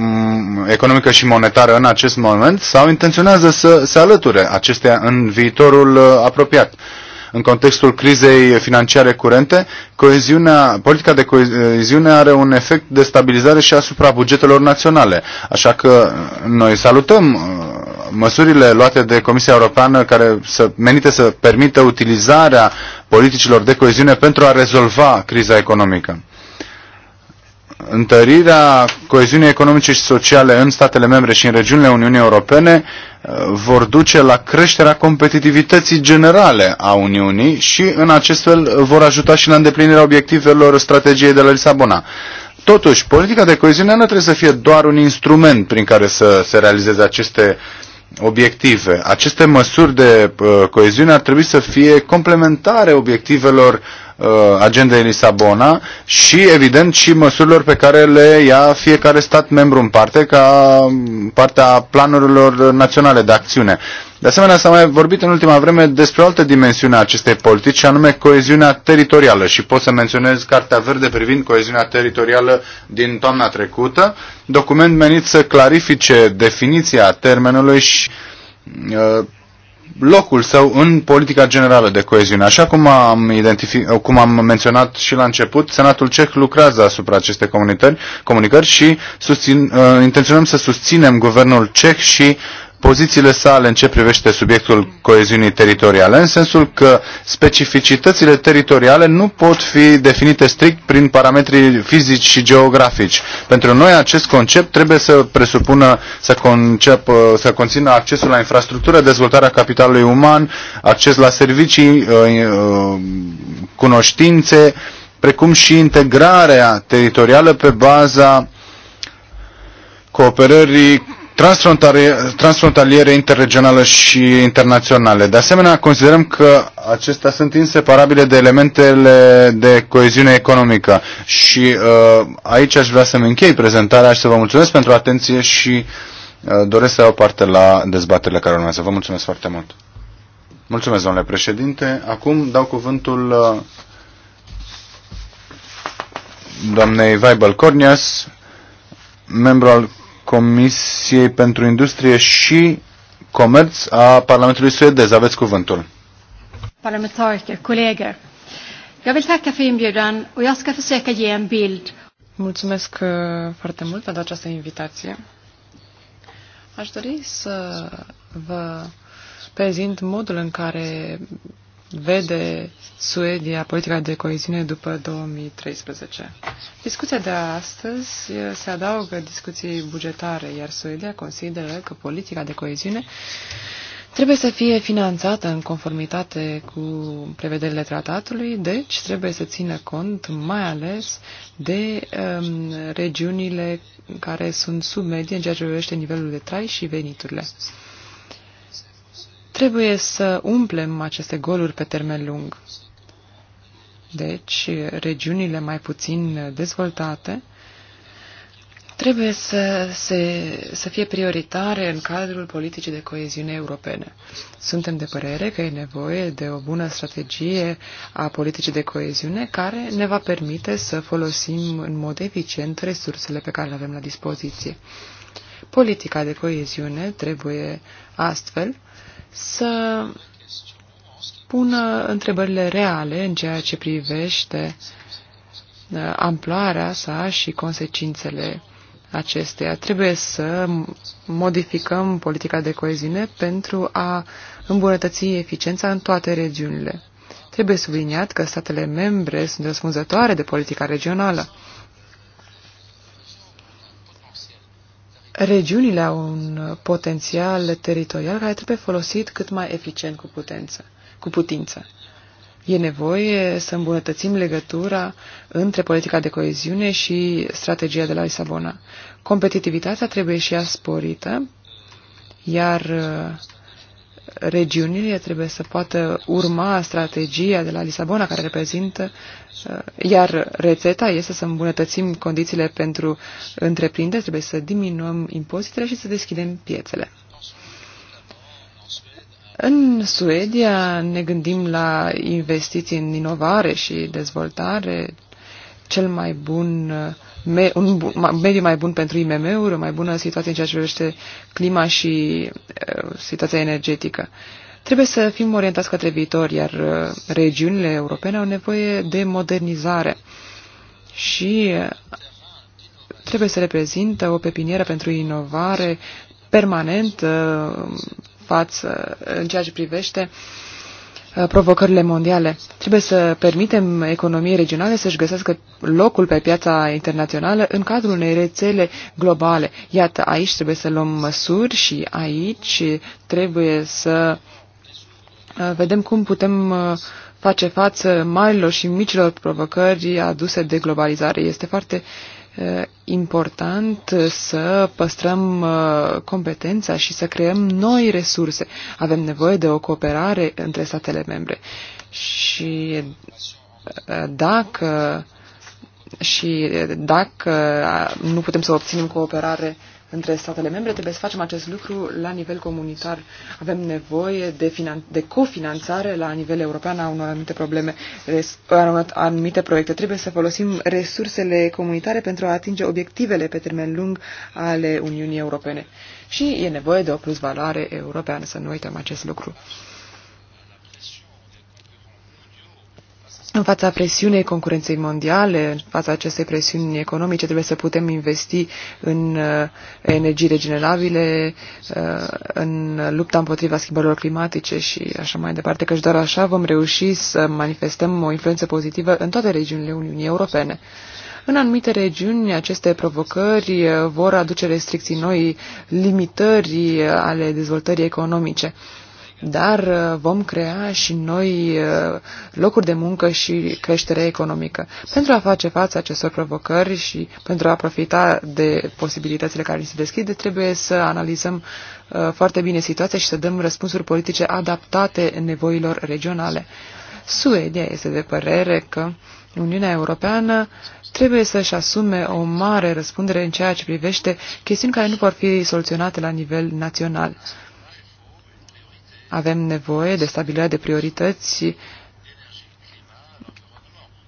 Economică și Monetară în acest moment sau intenționează să se alăture acestea în viitorul uh, apropiat în contextul crizei financiare curente, coeziunea, politica de coeziune are un efect de stabilizare și asupra bugetelor naționale. Așa că noi salutăm uh, măsurile luate de Comisia Europeană care să, menite să permită utilizarea politicilor de coeziune pentru a rezolva criza economică întărirea coeziunii economice și sociale în statele membre și în regiunile Uniunii Europene vor duce la creșterea competitivității generale a Uniunii și în acest fel vor ajuta și la îndeplinirea obiectivelor strategiei de la Lisabona. Totuși, politica de coeziune nu trebuie să fie doar un instrument prin care să se realizeze aceste obiective. Aceste măsuri de uh, coeziune ar trebui să fie complementare obiectivelor Uh, agendei Lisabona și, evident, și măsurilor pe care le ia fiecare stat membru în parte ca partea planurilor naționale de acțiune. De asemenea, s-a mai vorbit în ultima vreme despre o altă dimensiune a acestei politici, și anume coeziunea teritorială. Și pot să menționez Cartea Verde privind coeziunea teritorială din toamna trecută, document menit să clarifice definiția termenului și uh, locul său în politica generală de coeziune. Așa cum am, cum am menționat și la început, Senatul Ceh lucrează asupra acestei comunicări și susțin, uh, intenționăm să susținem guvernul ceh și pozițiile sale în ce privește subiectul coeziunii teritoriale, în sensul că specificitățile teritoriale nu pot fi definite strict prin parametrii fizici și geografici. Pentru noi acest concept trebuie să presupună, să, concep, să conțină accesul la infrastructură, dezvoltarea capitalului uman, acces la servicii, uh, uh, cunoștințe, precum și integrarea teritorială pe baza cooperării transfrontaliere, transfrontaliere interregionale și internaționale. De asemenea, considerăm că acestea sunt inseparabile de elementele de coeziune economică. Și uh, aici aș vrea să-mi închei prezentarea și să vă mulțumesc pentru atenție și uh, doresc să iau parte la dezbaterile care urmează. Vă mulțumesc foarte mult. Mulțumesc, domnule președinte. Acum dau cuvântul uh, doamnei Weibel Cornias, membru al Comisiei pentru Industrie și Comerț a Parlamentului Suedez. Aveți cuvântul. Parlamentariker, colegă. Jag vill tacka för inbjudan och jag ska försöka ge en bild. Mulțumesc uh, foarte mult pentru această invitație. Aș dori să vă prezint modul în care vede Suedia politica de coeziune după 2013. Discuția de astăzi se adaugă discuției bugetare, iar Suedia consideră că politica de coeziune trebuie să fie finanțată în conformitate cu prevederile tratatului, deci trebuie să țină cont mai ales de um, regiunile care sunt sub medie în ceea ce privește nivelul de trai și veniturile. Trebuie să umplem aceste goluri pe termen lung. Deci, regiunile mai puțin dezvoltate trebuie să, se, să fie prioritare în cadrul politicii de coeziune europene. Suntem de părere că e nevoie de o bună strategie a politicii de coeziune care ne va permite să folosim în mod eficient resursele pe care le avem la dispoziție. Politica de coeziune trebuie astfel să pună întrebările reale în ceea ce privește uh, amploarea sa și consecințele acesteia. Trebuie să modificăm politica de coeziune pentru a îmbunătăți eficiența în toate regiunile. Trebuie subliniat că statele membre sunt răspunzătoare de politica regională. regiunile au un potențial teritorial care trebuie folosit cât mai eficient cu, putență, cu putință. E nevoie să îmbunătățim legătura între politica de coeziune și strategia de la Lisabona. Competitivitatea trebuie și ea sporită, iar regiunile trebuie să poată urma strategia de la Lisabona, care reprezintă Eh, iar rețeta este să îmbunătățim condițiile pentru întreprinderi, trebuie să diminuăm impozitele și să deschidem piețele. În Suedia ne gândim la investiții în inovare și dezvoltare, cel mai bun, eh, un mediu mai bun pentru IMM-uri, o mai bună situație în ceea ce privește clima și eh, situația energetică. Uh, Trebuie să fim orientați către viitor, iar uh, regiunile europene au nevoie de modernizare și uh, trebuie să reprezintă o pepinieră pentru inovare permanent uh, față în ceea ce privește provocările mondiale. Trebuie să permitem economiei regionale să-și găsească locul pe piața internațională în cadrul unei rețele globale. Iată, aici trebuie să luăm măsuri și aici trebuie să Uh, vedem cum putem uh, face față marilor și micilor provocări aduse de globalizare. Este foarte uh, important să păstrăm competența și să creăm noi resurse. Avem nevoie de o cooperare între statele membre. Și dacă și dacă nu putem să obținem cooperare între statele membre. Trebuie să facem acest lucru la nivel comunitar. Avem nevoie de, de cofinanțare la nivel european a unor anumite probleme, anumite proiecte. Trebuie să folosim resursele comunitare pentru a atinge obiectivele pe termen lung ale Uniunii Europene. Și e nevoie de o plusvaloare europeană, să nu uităm acest lucru. În fața presiunei concurenței mondiale, în fața acestei presiuni economice, trebuie să putem investi în uh, energii regenerabile, uh, în lupta împotriva schimbărilor climatice și așa mai departe, căci doar așa vom reuși să manifestăm o influență pozitivă în toate regiunile Uniunii Europene. În anumite regiuni, aceste provocări uh, vor aduce restricții noi, limitări ale dezvoltării economice dar uh, vom crea și noi uh, locuri de muncă și creștere economică. Pentru a face față acestor provocări și pentru a profita de posibilitățile care ni se deschid, trebuie să analizăm uh, foarte bine situația și să dăm răspunsuri politice adaptate nevoilor regionale. Suedia este de părere că Uniunea Europeană trebuie să-și asume o mare răspundere în ceea ce privește chestiuni care nu vor fi soluționate la nivel național. Avem nevoie de stabilirea de priorități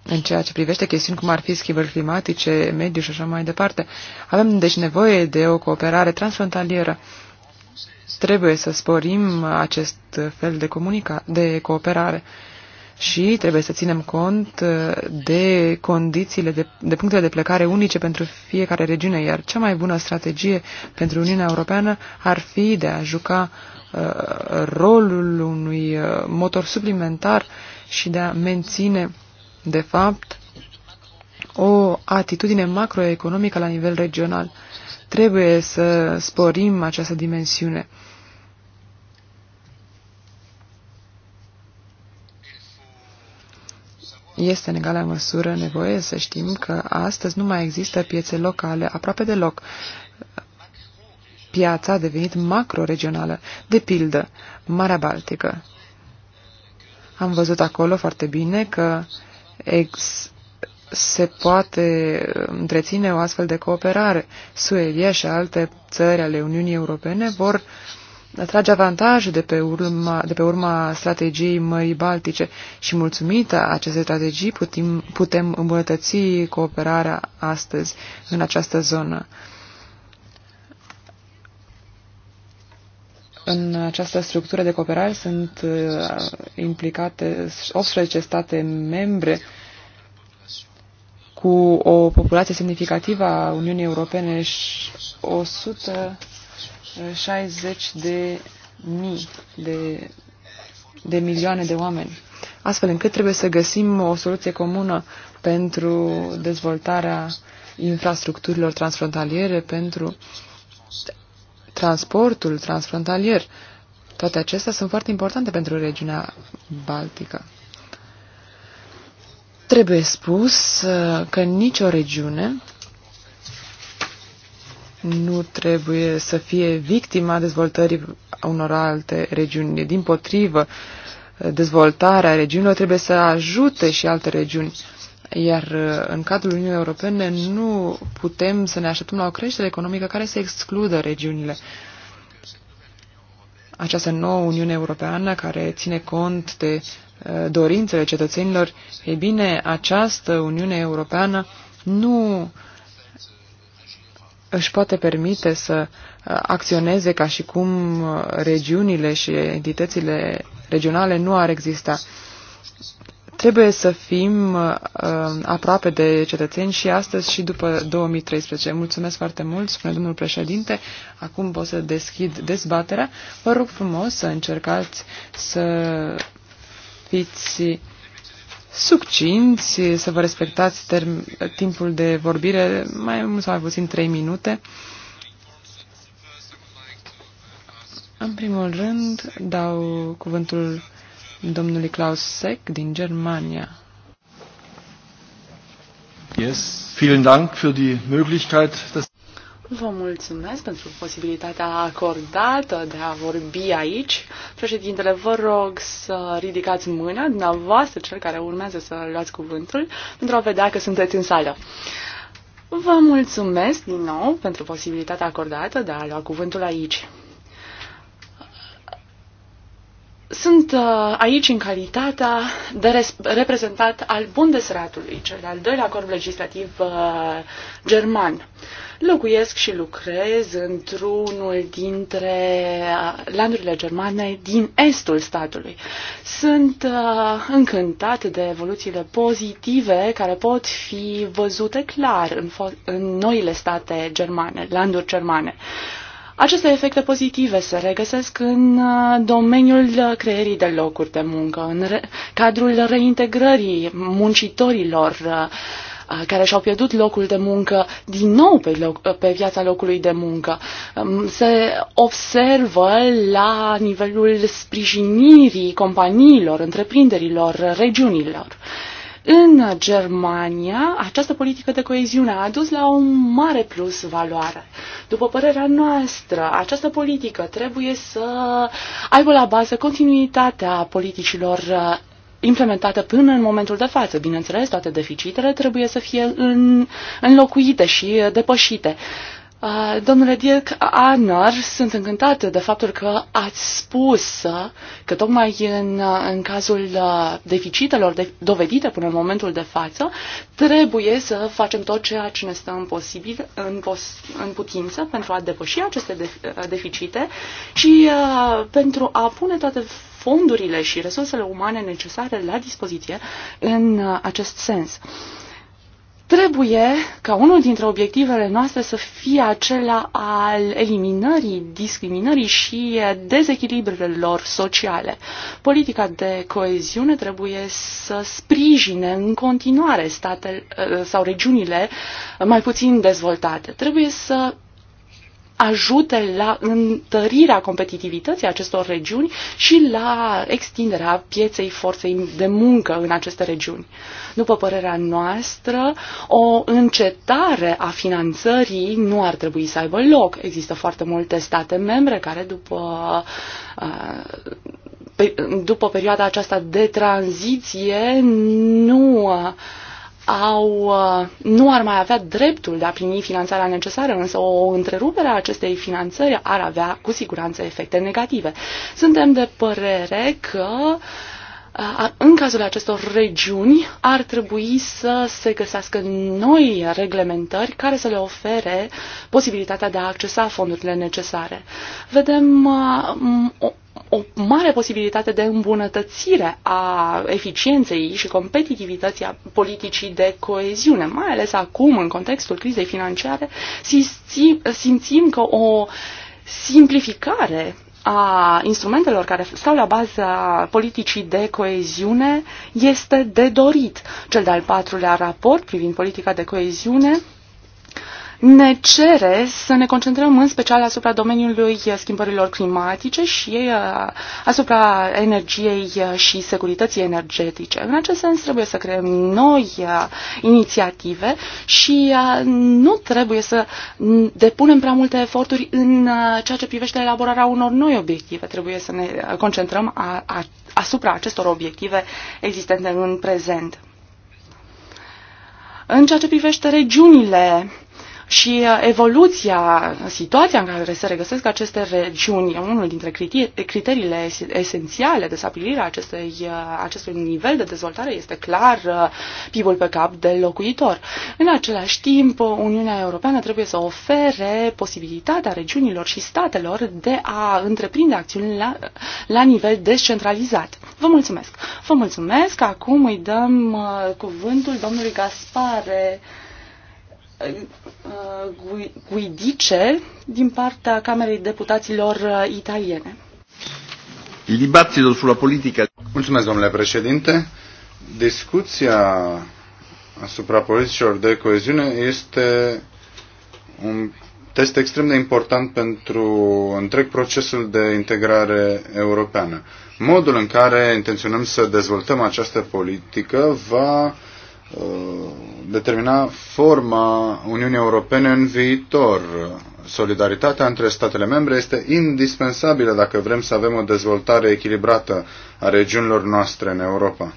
în ceea ce privește chestiuni cum ar fi schimbări climatice, mediu și așa mai departe. Avem deci nevoie de o cooperare transfrontalieră. Trebuie să sporim acest fel de, comunica- de cooperare și trebuie să ținem cont uh, de condițiile, de, de punctele de plecare unice pentru fiecare regiune, iar cea mai bună strategie pentru Uniunea Europeană ar fi de a juca uh, rolul unui uh, motor suplimentar și de a menține, de fapt, o atitudine macroeconomică la nivel regional. Trebuie să sporim această dimensiune. Este în egală măsură nevoie să știm că astăzi nu mai există piețe locale aproape deloc. Piața a devenit macro-regională, de pildă, Marea Baltică. Am văzut acolo foarte bine că ex se poate întreține o astfel de cooperare. Suedia și alte țări ale Uniunii Europene vor uh, atrage avantaje de pe, urma, de pe urma strategiei Mării Baltice și mulțumită acestei strategii putem, putem îmbunătăți cooperarea astăzi în această zonă. În această structură de cooperare sunt uh, implicate 18 state membre cu o populație semnificativă a Uniunii Europene și 100 60 de mii de, de milioane de oameni. Astfel încât trebuie să găsim o soluție comună pentru dezvoltarea infrastructurilor transfrontaliere, pentru transportul transfrontalier. Toate acestea sunt foarte importante pentru regiunea baltică. Trebuie spus uh, că nicio regiune nu trebuie să fie victima dezvoltării unor alte regiuni. Din potrivă, dezvoltarea regiunilor trebuie să ajute și alte regiuni. Iar uh, în cadrul Uniunii Europene nu putem să ne așteptăm la o creștere economică care să excludă regiunile. Această nouă Uniune Europeană care ține cont de uh, dorințele cetățenilor, e bine, această Uniune Europeană nu uh, își poate permite să uh, acționeze ca și cum uh, regiunile și entitățile regionale nu ar exista. Trebuie să fim uh, aproape de cetățeni și astăzi și după 2013. Mulțumesc foarte mult, spune domnul președinte. Acum pot să deschid dezbaterea. Vă rog frumos să încercați să fiți succinți, să vă respectați term- timpul de vorbire, mai mult sau mai puțin 3 minute. În primul rând, dau cuvântul domnului Klaus Seck din Germania. Yes, vielen Dank für die Möglichkeit, dass Vă mulțumesc pentru posibilitatea acordată de a vorbi aici. Președintele, vă rog să ridicați mâna, dumneavoastră, cel care urmează să luați cuvântul, pentru a vedea că sunteți în sală. Vă mulțumesc din nou pentru posibilitatea acordată de a lua cuvântul aici. Sunt uh, aici în calitatea de reprezentat al Bundesratului, cel de-al doilea corp legislativ uh, german. Locuiesc și lucrez într-unul dintre uh, landurile germane din estul statului. Sunt încântat de evoluțiile pozitive care pot fi văzute clar în, în noile state germane, landuri germane. Uh, aceste efecte pozitive se regăsesc în uh, domeniul creierii de locuri de muncă, în re- cadrul reintegrării muncitorilor uh, uh, care și-au pierdut locul de muncă din nou pe, loc, pe viața locului de muncă. Um, se observă la nivelul sprijinirii companiilor, întreprinderilor, regiunilor. În Germania, această politică de coeziune a adus la un mare plus valoare. După părerea noastră, această politică trebuie să aibă la bază continuitatea politicilor uh, implementată până în momentul de față. Bineînțeles, toate deficitele trebuie să fie în, înlocuite și depășite. Uh, domnule Dirk Arner, sunt încântată de faptul că ați spus uh, că tocmai în, uh, în cazul deficitelor de, dovedite până în momentul de față, trebuie să facem tot ceea ce ne stă în, posibil, în, pos, în putință pentru a depăși aceste de, deficite și uh, pentru a pune toate fondurile și resursele umane necesare la dispoziție în uh, acest sens. Uh, Trebuie ca unul dintre obiectivele noastre să fie acela al eliminării discriminării și dezechilibrelor sociale. Politica de coeziune trebuie să sprijine în continuare statele sau regiunile mai puțin dezvoltate. Trebuie să ajute la întărirea competitivității acestor regiuni și la extinderea pieței forței de muncă în aceste regiuni. După părerea noastră, o încetare a finanțării nu ar trebui să aibă loc. Există foarte multe state membre care după uh, după perioada aceasta de tranziție nu uh, au, uh, nu ar mai avea dreptul de a primi finanțarea necesară, însă o întrerupere a acestei finanțări ar avea cu siguranță efecte negative. Suntem de părere că uh, în cazul acestor regiuni ar trebui să se găsească noi reglementări care să le ofere posibilitatea de a accesa fondurile necesare. Vedem uh, o mare posibilitate de îmbunătățire a eficienței și competitivității a politicii de coeziune, mai ales acum, în contextul crizei financiare, simțim că o simplificare a instrumentelor care stau la baza politicii de coeziune este de dorit. Cel de-al patrulea raport privind politica de coeziune ne cere să ne concentrăm în special asupra domeniului schimbărilor climatice și uh, asupra energiei și securității energetice. În acest sens trebuie să creăm noi uh, inițiative și uh, nu trebuie să depunem prea multe eforturi în ceea ce privește elaborarea unor noi obiective. Trebuie să ne concentrăm asupra acestor obiective existente în prezent. În ceea ce privește regiunile și uh, evoluția, situația în care se regăsesc aceste regiuni e unul dintre criteriile esențiale de stabilire a uh, acestui nivel de dezvoltare. Este clar uh, pib pe cap de locuitor. În același timp, Uniunea Europeană trebuie să ofere posibilitatea regiunilor și statelor de a întreprinde acțiuni la, la nivel descentralizat. Vă mulțumesc! Vă mulțumesc! Acum îi dăm cuvântul domnului Gaspare. Guidice din partea Camerei Deputaților uh, Italiene. Il dibattito sulla politica. Mulțumesc, domnule președinte. Discuția asupra politicilor de coeziune este un test extrem de important pentru întreg procesul de integrare europeană. Modul în care intenționăm să dezvoltăm această politică va Uh, determina forma Uniunii Europene în viitor. Solidaritatea între statele membre este indispensabilă dacă vrem să avem o dezvoltare echilibrată a regiunilor noastre în Europa.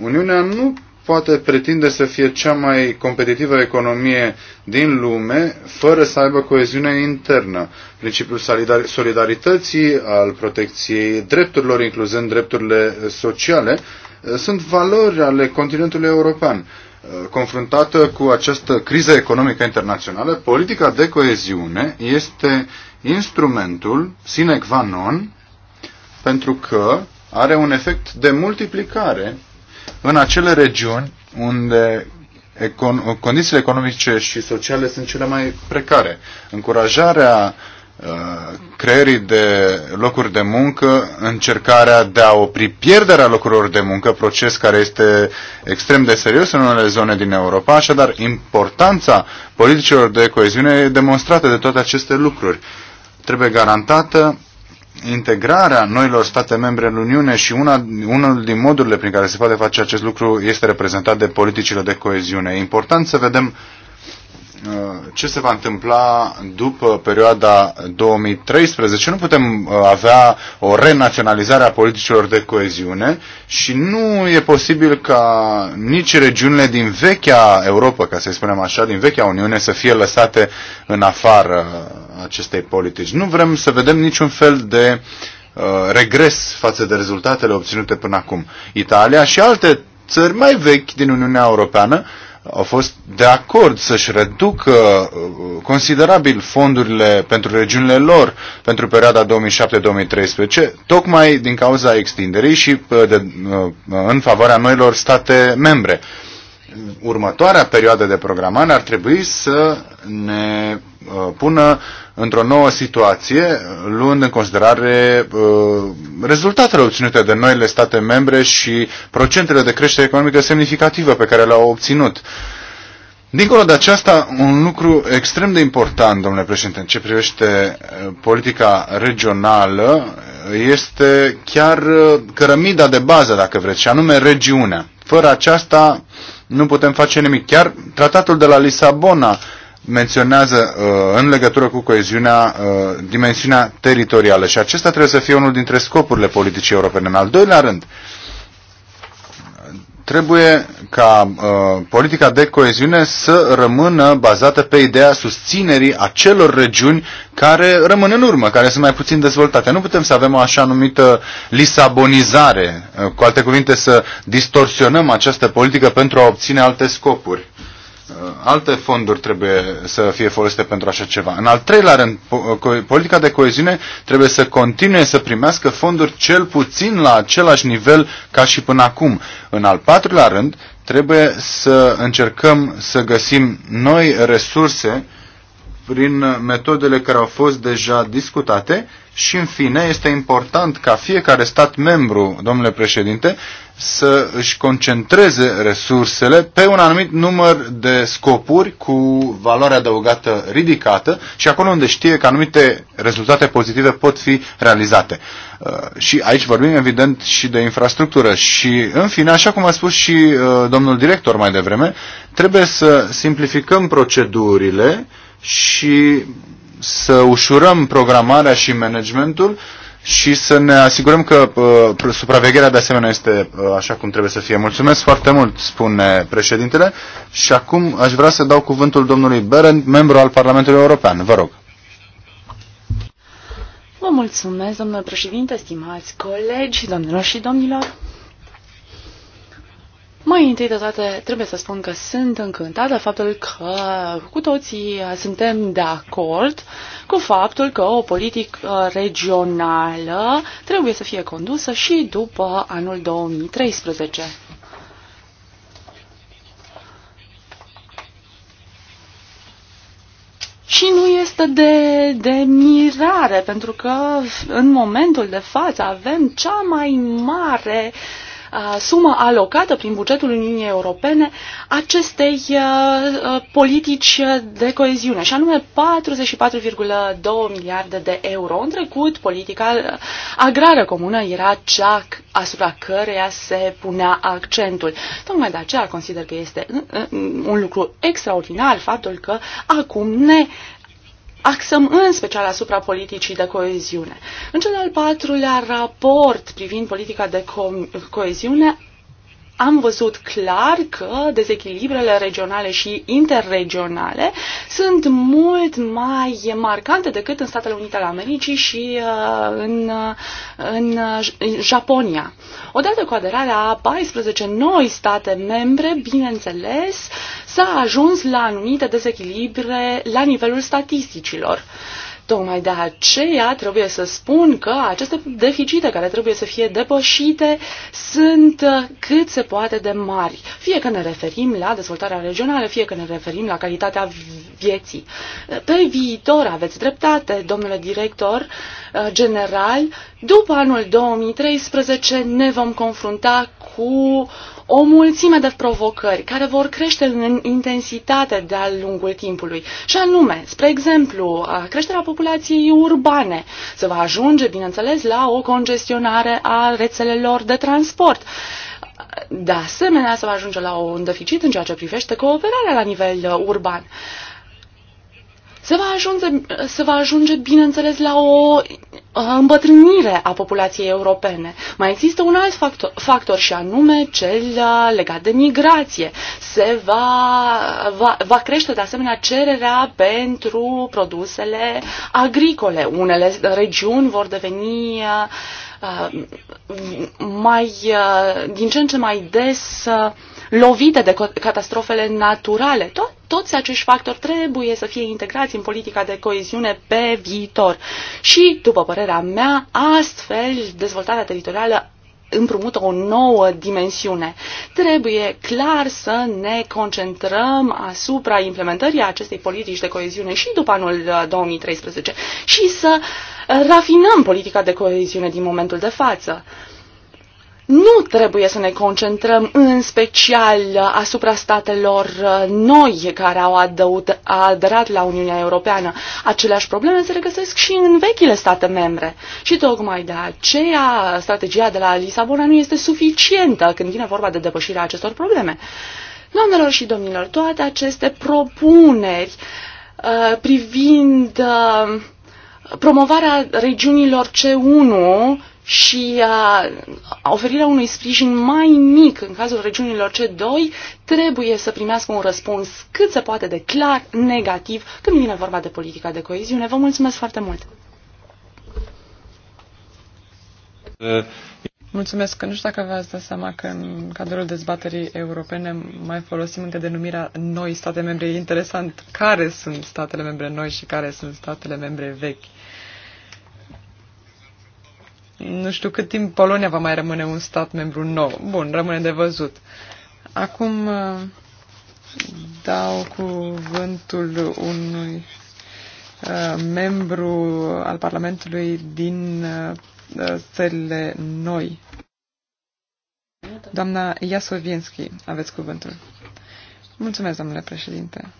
Uniunea nu poate pretinde să fie cea mai competitivă economie din lume fără să aibă coeziune internă. Principiul solidarității, al protecției drepturilor, incluzând drepturile sociale, Eh, sunt valori ale continentului european. Eh, confruntată cu această criză economică internațională, politica de coeziune este instrumentul sine qua non pentru că are un efect de multiplicare în acele regiuni unde econ- condițiile economice și sociale sunt cele mai precare. Încurajarea Uh, creierii de locuri de muncă, încercarea de a opri pierderea locurilor de muncă, proces care este extrem de serios în unele zone din Europa, așadar importanța politicilor de coeziune e demonstrată de toate aceste lucruri. Trebuie garantată integrarea noilor state membre în Uniune și una, unul din modurile prin care se poate face acest lucru este reprezentat de politicile de coeziune. E important să vedem uh, Uh, ce se va întâmpla după perioada 2013. Nu putem uh, avea o renaționalizare a politicilor de coeziune și nu e posibil ca nici regiunile din vechea Europa, ca să spunem așa, din vechea Uniune să fie lăsate în afară acestei politici. Nu vrem să vedem niciun fel de uh, regres față de rezultatele obținute până acum. Italia și alte țări mai vechi din Uniunea Europeană uh, au fost de acord să-și reducă uh, considerabil fondurile pentru regiunile lor pentru perioada 2007-2013, tocmai din cauza extinderii și uh, de, uh, în favoarea noilor state membre. Următoarea perioadă de programare ar trebui să ne pună într-o nouă situație, luând în considerare uh, rezultatele obținute de noile state membre și procentele de creștere economică semnificativă pe care le-au obținut. Dincolo de aceasta, un lucru extrem de important, domnule președinte, în ce privește uh, politica regională, este chiar uh, cărămida de bază, dacă vreți, și anume regiunea. Fără aceasta nu putem face nimic. Chiar tratatul de la Lisabona menționează uh, în legătură cu coeziunea uh, dimensiunea teritorială și acesta trebuie să fie unul dintre scopurile politicii europene. În al doilea rând, trebuie ca uh, politica de coeziune să rămână bazată pe ideea susținerii acelor regiuni care rămân în urmă, care sunt mai puțin dezvoltate. Nu putem să avem o așa numită lisabonizare, uh, cu alte cuvinte să distorsionăm această politică pentru a obține alte scopuri Uh, alte fonduri trebuie să fie folosite pentru așa ceva. În al treilea rând, uh, politica de coeziune trebuie să continue să primească fonduri cel puțin la același nivel ca și până acum. În al patrulea rând, trebuie să încercăm să găsim noi resurse prin metodele care au fost deja discutate și, în fine, este important ca fiecare stat membru, domnule președinte, să își concentreze resursele pe un anumit număr de scopuri cu valoare adăugată ridicată și acolo unde știe că anumite rezultate pozitive pot fi realizate. Uh, și aici vorbim, evident, și de infrastructură. Și, în fine, așa cum a spus și uh, domnul director mai devreme, trebuie să simplificăm procedurile și să ușurăm programarea și managementul și să ne asigurăm că uh, supravegherea de asemenea este uh, așa cum trebuie să fie. Mulțumesc foarte mult, spune președintele. Și acum aș vrea să dau cuvântul domnului Berend, membru al Parlamentului European. Vă rog. Vă mulțumesc, domnule președinte, stimați colegi, domnilor și domnilor. Mai întâi de toate, trebuie să spun că sunt încântată de faptul că cu toții suntem de acord cu faptul că o politică regională trebuie să fie condusă și după anul 2013. Și nu este de, de mirare, pentru că în momentul de față avem cea mai mare uh, sumă alocată prin bugetul Uniunii Europene acestei politici de coeziune, și anume 44,2 miliarde de euro. În trecut, politica agrară comună era cea asupra căreia se punea accentul. Tocmai de aceea consider că este un lucru extraordinar faptul că acum ne axăm în special asupra politicii de coeziune. În cel al patrulea raport privind politica de co- coeziune am văzut clar că dezechilibrele regionale și interregionale sunt mult mai marcante decât în Statele Unite ale Americii și uh, în, uh, în uh, Japonia. Odată cu aderarea a 14 noi state membre, bineînțeles, s-a ajuns la anumite dezechilibre la nivelul statisticilor. Tocmai de aceea trebuie să spun că aceste deficite care trebuie să fie depășite sunt uh, cât se poate de mari, fie că ne referim la dezvoltarea regională, fie că ne referim la calitatea vieții. Uh, pe viitor aveți dreptate, domnule director uh, general, după anul 2013 ne vom confrunta cu o mulțime de provocări care vor crește în intensitate de-a lungul timpului. Și anume, spre exemplu, creșterea populației urbane. Se va ajunge, bineînțeles, la o congestionare a rețelelor de transport. De asemenea, se va ajunge la un deficit în ceea ce privește cooperarea la nivel uh, urban se va ajunge, se va ajunge bineînțeles, la o îmbătrânire a populației europene. Mai există un alt factor, factor și anume cel legat de migrație. Se va, va, va crește de asemenea cererea pentru produsele agricole. Unele regiuni vor deveni mai, din ce în ce mai des lovite de catastrofele naturale. Tot, toți acești factori trebuie să fie integrați în politica de coeziune pe viitor. Și, după părerea mea, astfel dezvoltarea teritorială împrumută o nouă dimensiune. Trebuie clar să ne concentrăm asupra implementării acestei politici de coeziune și după anul 2013 uh, și să uh, rafinăm politica de coeziune din momentul de față. Nu trebuie să ne concentrăm în special asupra statelor uh, noi care au adăut, aderat la Uniunea Europeană. Aceleași probleme se regăsesc și în vechile state membre. Și tocmai de aceea strategia de la Lisabona nu este suficientă când vine vorba de depășirea acestor probleme. Doamnelor și domnilor, toate aceste propuneri uh, privind uh, promovarea regiunilor C1 și a uh, oferirea unui sprijin mai mic în cazul regiunilor C2 trebuie să primească un răspuns cât se poate de clar negativ când vine vorba de politica de coeziune. Vă mulțumesc foarte mult! Mulțumesc. că Nu știu dacă v-ați dat seama că în cadrul dezbaterii europene mai folosim încă denumirea noi state membre. E interesant care sunt statele membre noi și care sunt statele membre vechi. Nu știu cât timp Polonia va mai rămâne un stat membru nou. Bun, rămâne de văzut. Acum uh, dau cuvântul unui uh, membru al Parlamentului din uh, țările noi. Doamna Iasovienski, aveți cuvântul. Mulțumesc, domnule președinte.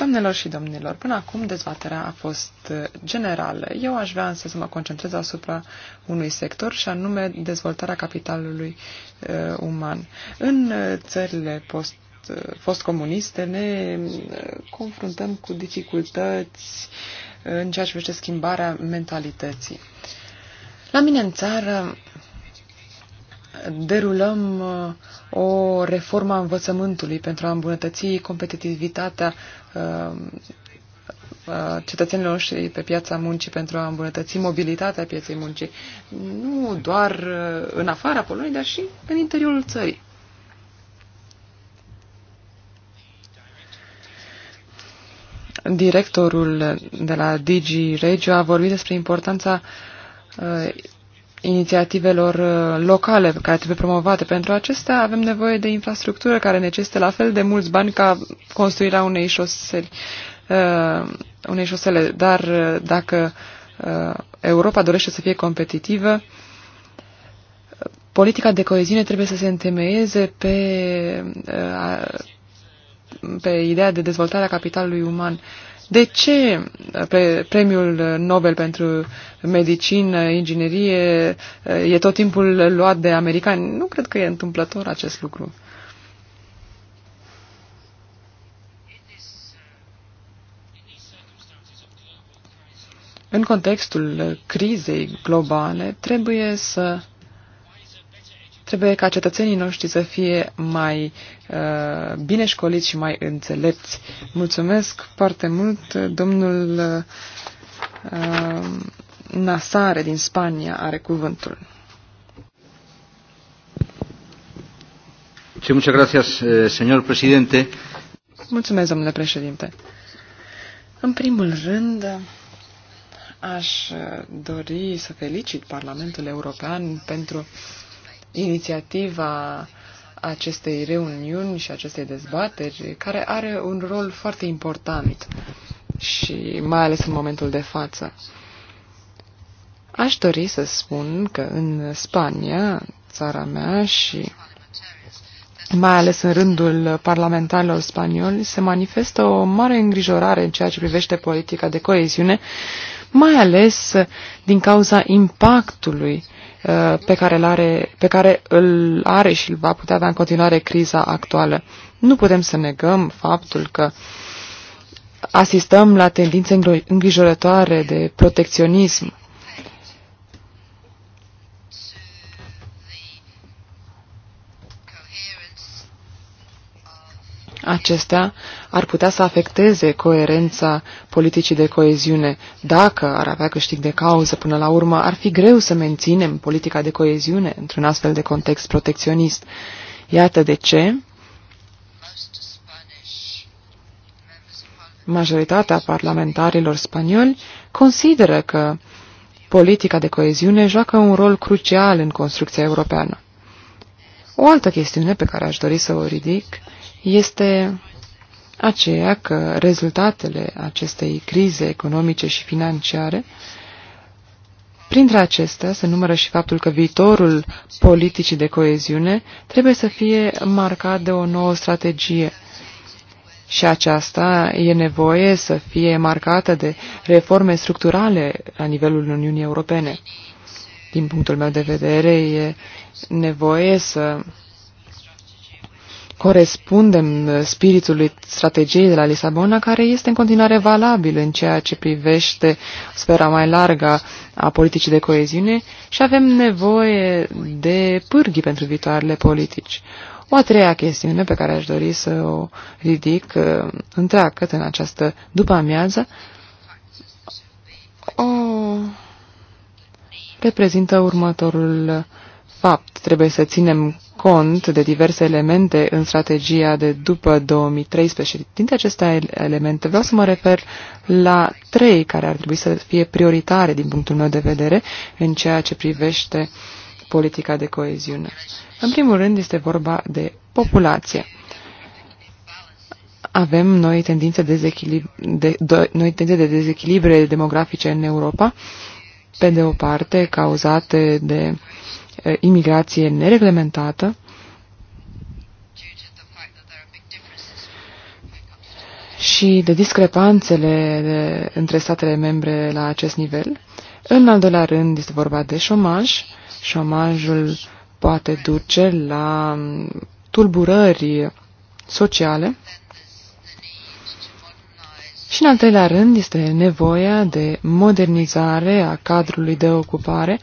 Doamnelor și domnilor, până acum dezbaterea a fost uh, generală. Eu aș vrea însă să mă concentrez asupra unui sector și anume dezvoltarea capitalului uh, uman. În uh, țările post fost uh, comuniste, ne confruntăm cu dificultăți în ceea ce privește schimbarea mentalității. La mine în țară derulăm o reformă a învățământului pentru a îmbunătăți competitivitatea Um, cetățenilor și pe piața muncii pentru a îmbunătăți mobilitatea pieței muncii, nu doar uh, în afara Poloniei, dar și în interiorul țării. Directorul de la Digi Regio a vorbit despre importanța uh, inițiativelor uh, locale care trebuie promovate. Pentru acestea avem nevoie de infrastructură care necesită la fel de mulți bani ca construirea unei șosele. uh, unei șosele. Dar uh, dacă uh, Europa dorește să fie competitivă, politica de coeziune trebuie să se întemeieze pe, uh, pe ideea de dezvoltare a capitalului uman. Uh, de ce pe premiul Nobel pentru medicină, inginerie e tot timpul luat de americani? Nu cred că e întâmplător acest lucru. În contextul crizei globale, trebuie să Trebuie ca cetățenii noștri să fie mai uh, bine școliți și mai înțelepți. Mulțumesc foarte mult, domnul uh, Nasare din Spania are cuvântul. Sí, muchas gracias, eh, señor presidente. Mulțumesc, domnule președinte. În primul rând, aș uh, dori să felicit Parlamentul European pentru uh, inițiativa acestei reuniuni și acestei dezbateri, care are un rol foarte important și mai ales în momentul de față. Aș dori să spun că în Spania, țara mea și mai ales în rândul parlamentarilor spanioli, se manifestă o mare îngrijorare în ceea ce privește politica de coeziune, mai ales din cauza impactului Uh, pe care, îl are, pe care îl are și îl va putea avea da în continuare criza actuală. Nu putem să negăm faptul că asistăm la tendințe îngrijorătoare de protecționism Acestea ar putea să afecteze coerența politicii de coeziune. Dacă ar avea câștig de cauză până la urmă, ar fi greu să menținem politica de coeziune într-un astfel de context protecționist. Iată de ce majoritatea parlamentarilor spanioli consideră că politica de coeziune joacă un rol crucial în construcția europeană. O altă chestiune pe care aș dori să o ridic este aceea că rezultatele acestei crize economice și financiare, printre acestea se numără și faptul că viitorul politicii de coeziune trebuie să fie marcat de o nouă strategie. Și aceasta e nevoie să fie marcată de reforme structurale la nivelul Uniunii Europene. Din punctul meu de vedere, e nevoie să corespundem uh, spiritului strategiei de la Lisabona, care este în continuare valabil în ceea ce privește sfera mai largă a politicii de coeziune și avem nevoie de pârghii pentru viitoarele politici. O a treia chestiune pe care aș dori să o ridic uh, întreagă în această după amiază o reprezintă următorul fapt, trebuie să ținem cont de diverse elemente în strategia de după 2013. Dintre aceste elemente vreau să mă refer la trei care ar trebui să fie prioritare din punctul meu de vedere în ceea ce privește politica de coeziune. În primul rând este vorba de populație. Avem noi tendințe, de de, de, noi tendințe de dezechilibre demografice în Europa, pe de o parte cauzate de Uh, imigrație nereglementată, și de discrepanțele de, între statele membre la acest nivel. În al doilea rând este vorba de șomaj. Șomajul poate duce la tulburări sociale. Și în al treilea rând este nevoia de modernizare a cadrului de ocupare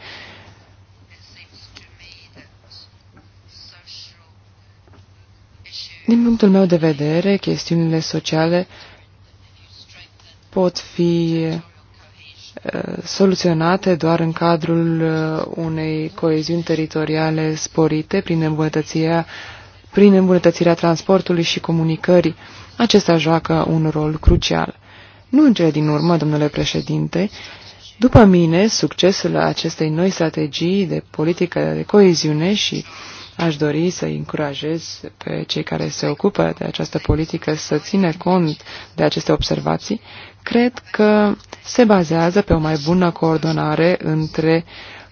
Din punctul meu de vedere, chestiunile sociale pot fi uh, soluționate doar în cadrul uh, unei coeziuni teritoriale sporite prin îmbunătățirea, prin îmbunătățirea transportului și comunicării. Acesta joacă un rol crucial. Nu în cele din urmă, domnule președinte, după mine, succesul acestei noi strategii de politică de coeziune și uh, Aș dori să încurajez pe cei care se ocupă de această politică să țină cont de aceste observații. Cred că se bazează pe o mai bună coordonare între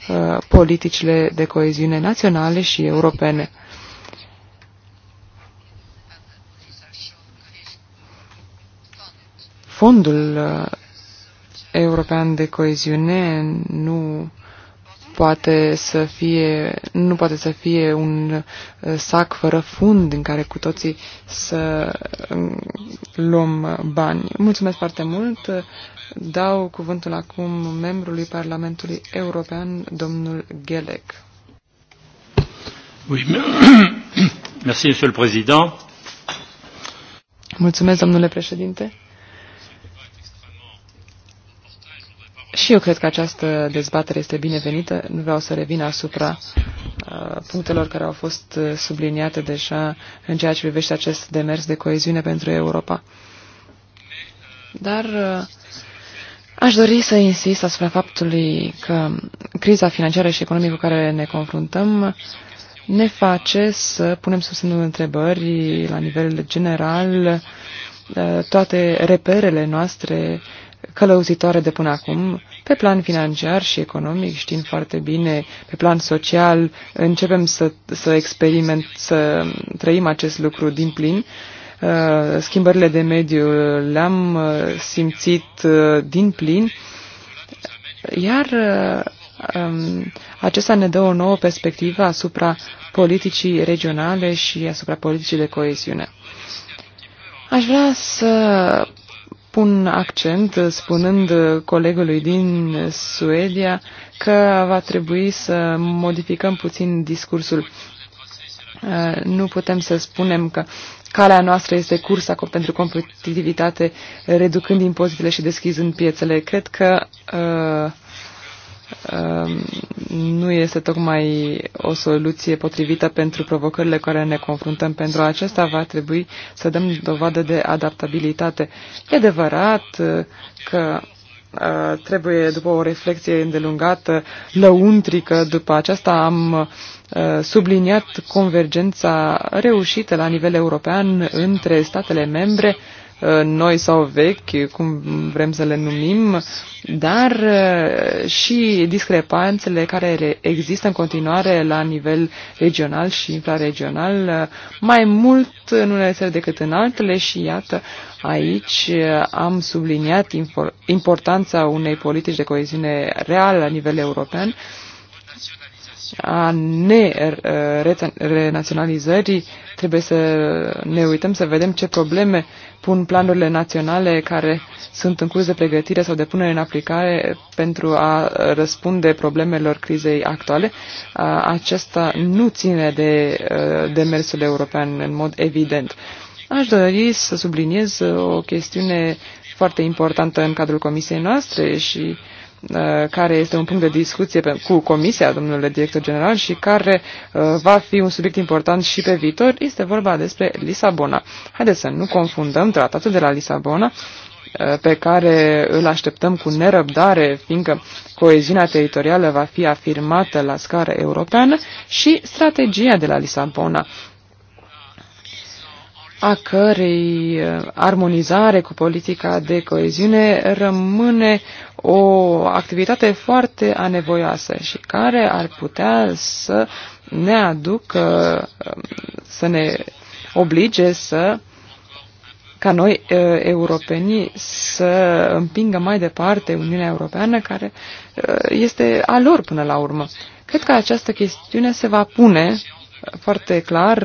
uh, politicile de coeziune naționale și europene. Fondul uh, European de Coeziune nu poate să fie, nu poate să fie un uh, sac fără fund în care cu toții să um, luăm bani. Mulțumesc foarte mult. Dau cuvântul acum membrului Parlamentului European, domnul Gelec. Oui, <coughs> merci, monsieur le président. Mulțumesc, domnule președinte. Și eu cred că această dezbatere este binevenită. Nu vreau să revin asupra uh, punctelor care au fost uh, subliniate deja în ceea ce privește acest demers de coeziune pentru Europa. Dar uh, aș dori să insist asupra faptului că criza financiară și economică cu care ne confruntăm ne face să punem sub semnul întrebării la nivel general toate reperele noastre călăuzitoare de până acum pe plan financiar și economic știm foarte bine, pe plan social începem să, să experiment, să trăim acest lucru din plin. Uh, schimbările de mediu le-am uh, simțit uh, din plin, iar um, acesta ne dă o nouă perspectivă asupra politicii regionale și asupra politicii de coeziune. Aș vrea să pun accent uh, spunând uh, colegului din Suedia că va trebui să modificăm puțin discursul. Uh, nu putem să spunem că calea noastră este cursa pentru competitivitate, reducând impozitele și deschizând piețele. Cred că uh, Ehm, nu este tocmai o soluție potrivită pentru provocările care ne confruntăm. Pentru acesta va trebui să dăm dovadă de adaptabilitate. E adevărat eh, că eh, trebuie, după o reflexie îndelungată, lăuntrică, după aceasta am eh, subliniat convergența reușită la nivel european între statele membre, Uh, noi sau vechi, cum vrem să le numim, dar uh, și discrepanțele care există în continuare la nivel regional și infraregional, uh, mai mult în unele țări decât în altele și iată, aici am subliniat importanța unei politici de coeziune reală la nivel european, a nerenaționalizării, uh, trebuie să ne uităm să vedem ce probleme pun planurile naționale care sunt în curs de pregătire sau de punere în aplicare pentru a răspunde problemelor crizei actuale. Aceasta nu ține de uh, demersul european în mod evident. Aș dori să subliniez o chestiune foarte importantă în cadrul comisiei noastre și uh, Uh, care este un punct de discuție cu Comisia, domnule director general, și care uh, va fi un subiect important și pe viitor, este vorba despre Lisabona. Haideți să nu confundăm tratatul de la Lisabona uh, pe care îl așteptăm cu nerăbdare, fiindcă coeziunea teritorială va fi afirmată la scară europeană și strategia de la Lisabona, a cărei armonizare cu politica de coeziune rămâne o activitate foarte anevoioasă și care ar putea să ne aducă, să ne oblige să ca noi, europenii, să împingă mai departe Uniunea Europeană, care este a lor până la urmă. Cred că această chestiune se va pune foarte clar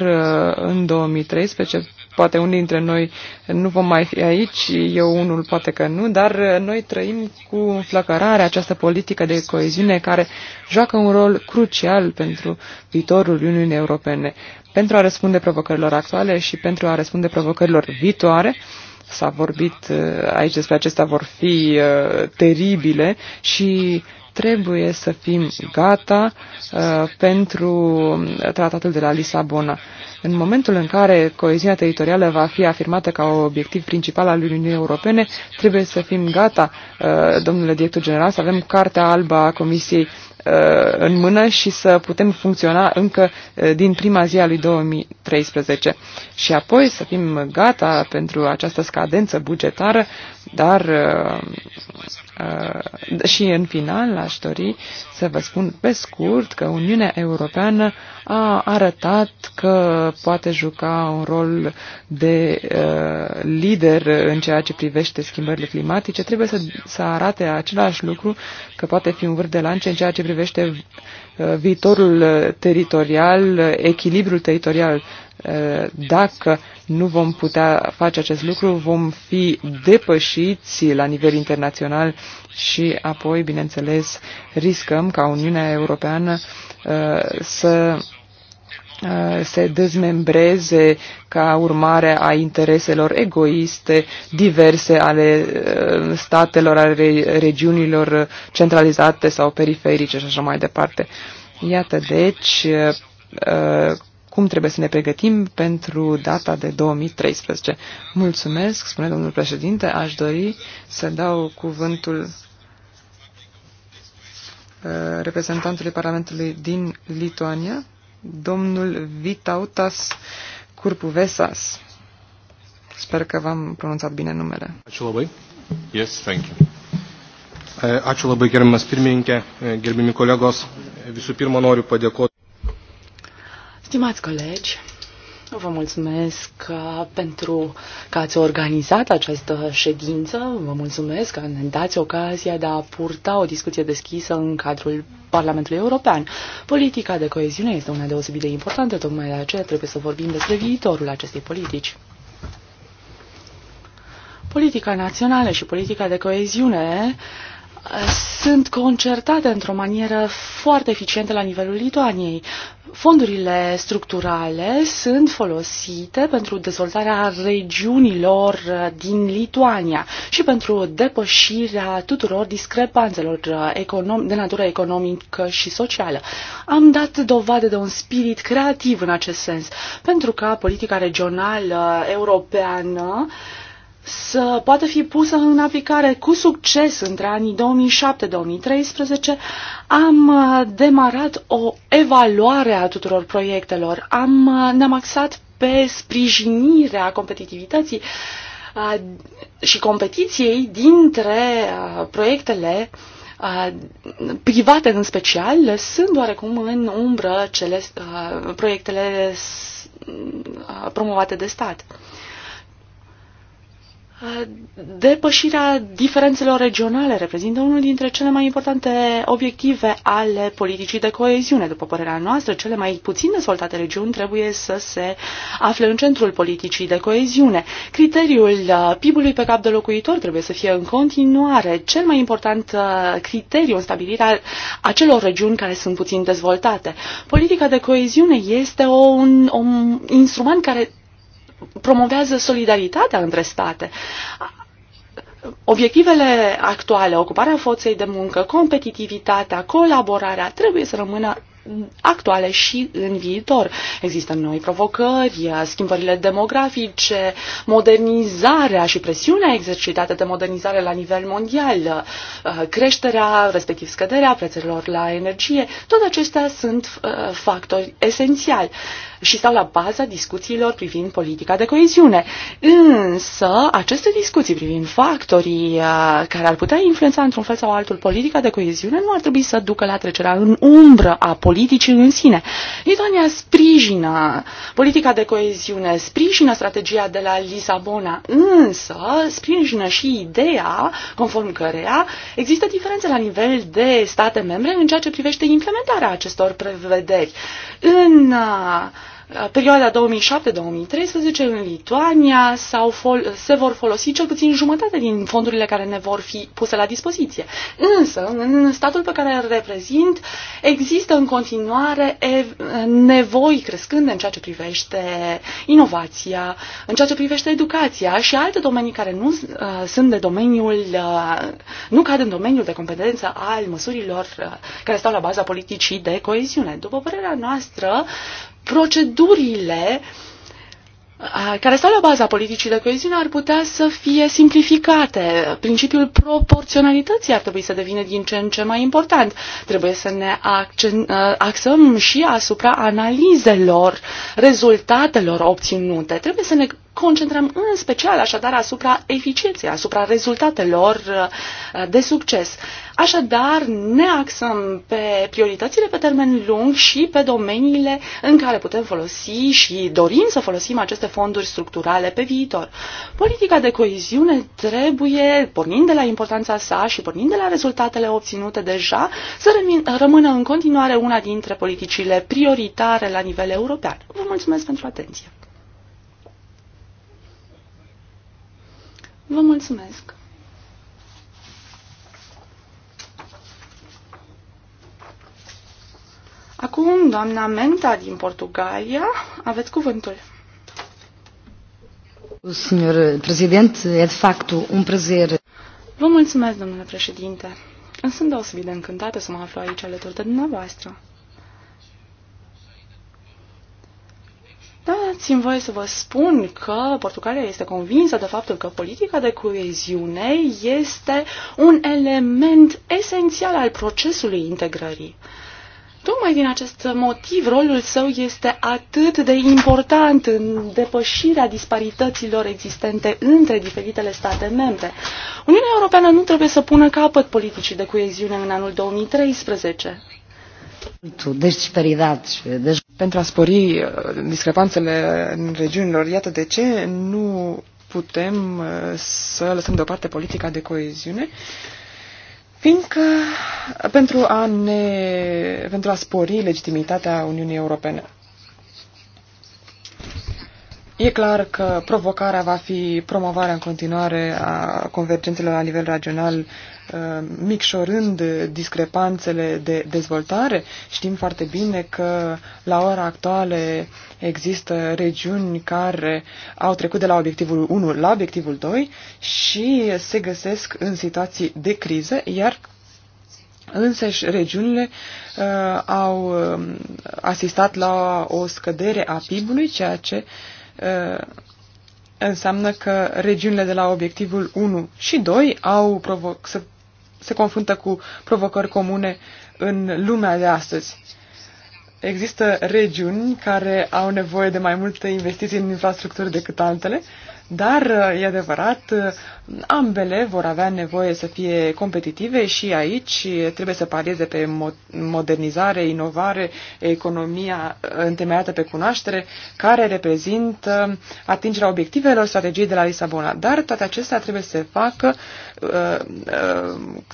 în 2013 Poate unii dintre noi nu vom mai fi aici, eu unul poate că nu, dar noi trăim cu înflăcărare această politică de coeziune care joacă un rol crucial pentru viitorul Uniunii Europene. Pentru a răspunde provocărilor actuale și pentru a răspunde provocărilor viitoare, s-a vorbit eh, aici despre acestea vor fi eh, teribile și trebuie să fim gata uh, pentru tratatul de la Lisabona. În momentul în care coeziunea teritorială va fi afirmată ca obiectiv principal al Uniunii Europene, trebuie să fim gata, uh, domnule director general, să avem cartea albă a Comisiei uh, în mână și să putem funcționa încă uh, din prima zi a lui 2013. Și apoi să fim gata pentru această scadență bugetară, dar uh, Uh, și în final aș dori să vă spun pe scurt că Uniunea Europeană a arătat că poate juca un rol de uh, lider în ceea ce privește schimbările climatice. Trebuie să, să arate același lucru că poate fi un vârf de lance în ceea ce privește uh, viitorul teritorial, echilibrul teritorial dacă nu vom putea face acest lucru, vom fi depășiți la nivel internațional și apoi, bineînțeles, riscăm ca Uniunea Europeană uh, să uh, se dezmembreze ca urmare a intereselor egoiste diverse ale uh, statelor, ale regiunilor centralizate sau periferice și așa mai departe. Iată, deci, acum trebuie să ne pregătim pentru data de 2013. Mulțumesc, spune domnul președinte, aș dori să dau cuvântul uh, reprezentantului Parlamentului din Lituania, domnul Vitautas Curpuvesas. Sper că v-am pronunțat bine numele. Ačiū labai. Yes, thank you. Uh, ačiū labai, gerbiamas pirmininkė, uh, gerbimi kolegos. Visų pirma, noriu padėkoti. Stimați colegi, vă mulțumesc uh, pentru că ați organizat această ședință, vă mulțumesc că ne dați ocazia de a purta o discuție deschisă în cadrul Parlamentului European. Politica de coeziune este una deosebit de importantă, tocmai de aceea trebuie să vorbim despre viitorul acestei politici. Politica națională și politica de coeziune sunt concertate într-o manieră foarte eficientă la nivelul Lituaniei. Fondurile structurale sunt folosite pentru dezvoltarea regiunilor din Lituania și pentru depășirea tuturor discrepanțelor uh, de natură economică și socială. Am dat dovadă de un spirit creativ în acest sens, pentru că politica regională europeană uh, să poată fi pusă în aplicare cu succes între anii 2007-2013, am uh, demarat o evaluare a tuturor proiectelor. Am, uh, ne-am axat pe sprijinirea competitivității uh, și competiției dintre proiectele private în special, lăsând oarecum în umbră cele, proiectele promovate de stat. Depășirea diferențelor regionale reprezintă unul dintre cele mai importante obiective ale politicii de coeziune. După părerea noastră, cele mai puțin dezvoltate regiuni trebuie să se afle în centrul politicii de coeziune. Criteriul uh, PIB-ului pe cap de locuitor trebuie să fie în continuare cel mai important uh, criteriu în stabilirea acelor regiuni care sunt puțin dezvoltate. Politica de coeziune este o, un, un instrument care promovează solidaritatea între state. Obiectivele actuale, ocuparea forței de muncă, competitivitatea, colaborarea, trebuie să rămână actuale și în viitor. Există noi provocări, schimbările demografice, modernizarea și presiunea exercitată de modernizare la nivel mondial, creșterea, respectiv scăderea prețelor la energie. Toate acestea sunt uh, factori esențiali și stau la baza discuțiilor privind politica de coeziune. Însă, aceste discuții privind factorii uh, care ar putea influența într-un fel sau altul politica de coeziune nu ar trebui să ducă la trecerea în umbră a politicii în sine. Lituania sprijină politica de coeziune, sprijină strategia de la Lisabona, însă sprijină și ideea conform cărea există diferențe la nivel de state membre în ceea ce privește implementarea acestor prevederi. În uh, Uh, perioada 2007-2013 în Lituania sau se vor folosi cel puțin jumătate din fondurile care ne vor fi puse la dispoziție. Însă, în statul pe care îl reprezint, există în continuare nevoi crescânde în ceea ce privește inovația, în ceea ce privește educația și alte domenii care nu uh, sunt de domeniul, uh, nu cad în domeniul de competență al măsurilor uh, care stau la baza politicii de coeziune. După părerea noastră, procedurile care stau la baza politicii de coeziune ar putea să fie simplificate. Principiul proporționalității ar trebui să devină din ce în ce mai important. Trebuie să ne axăm și asupra analizelor, rezultatelor obținute. Trebuie să ne concentrăm în special așadar asupra eficienței, asupra rezultatelor uh, de succes. Așadar, ne axăm pe prioritățile pe termen lung și pe domeniile în care putem folosi și dorim să folosim aceste fonduri structurale pe viitor. Politica de coeziune trebuie, pornind de la importanța sa și pornind de la rezultatele obținute deja, să rămână în continuare una dintre politicile prioritare la nivel european. Vă mulțumesc pentru atenție! Vă mulțumesc! Acum, doamna Menta din Portugalia, aveți cuvântul. Senhor Presidente, é de facto um prazer. Vă mulțumesc, domnule președinte. Sunt deosebit de încântată să mă aflu aici alături de dumneavoastră. Dați-mi voie să vă spun că Portugalia este convinsă de faptul că politica de coeziune este un element esențial al procesului integrării. Tocmai din acest motiv, rolul său este atât de important în depășirea disparităților existente între diferitele state membre. Uniunea Europeană nu trebuie să pună capăt politicii de coeziune în anul 2013. Desparidați, pentru a spori uh, discrepanțele în regiunilor. Iată de ce nu putem uh, să lăsăm deoparte politica de coeziune, fiindcă pentru a, ne, pentru a spori legitimitatea Uniunii Europene. E clar că provocarea va fi promovarea în continuare a convergențelor la nivel regional Uh, micșorând discrepanțele de dezvoltare. Știm foarte bine că la ora actuală există regiuni care au trecut de la obiectivul 1 la obiectivul 2 și se găsesc în situații de criză, iar însăși regiunile uh, au um, asistat la o scădere a PIB-ului, ceea ce uh, înseamnă că regiunile de la obiectivul 1 și 2 au provo- să se confruntă cu provocări comune în lumea de astăzi. Există regiuni care au nevoie de mai multe investiții în infrastructură decât altele, dar, uh, e adevărat, uh, ambele vor avea nevoie să fie competitive și aici uh, trebuie să parieze pe modernizare, inovare, economia întemeiată pe cunoaștere, care reprezintă atingerea obiectivelor strategiei de la Lisabona. Dar toate acestea trebuie să se facă Uh,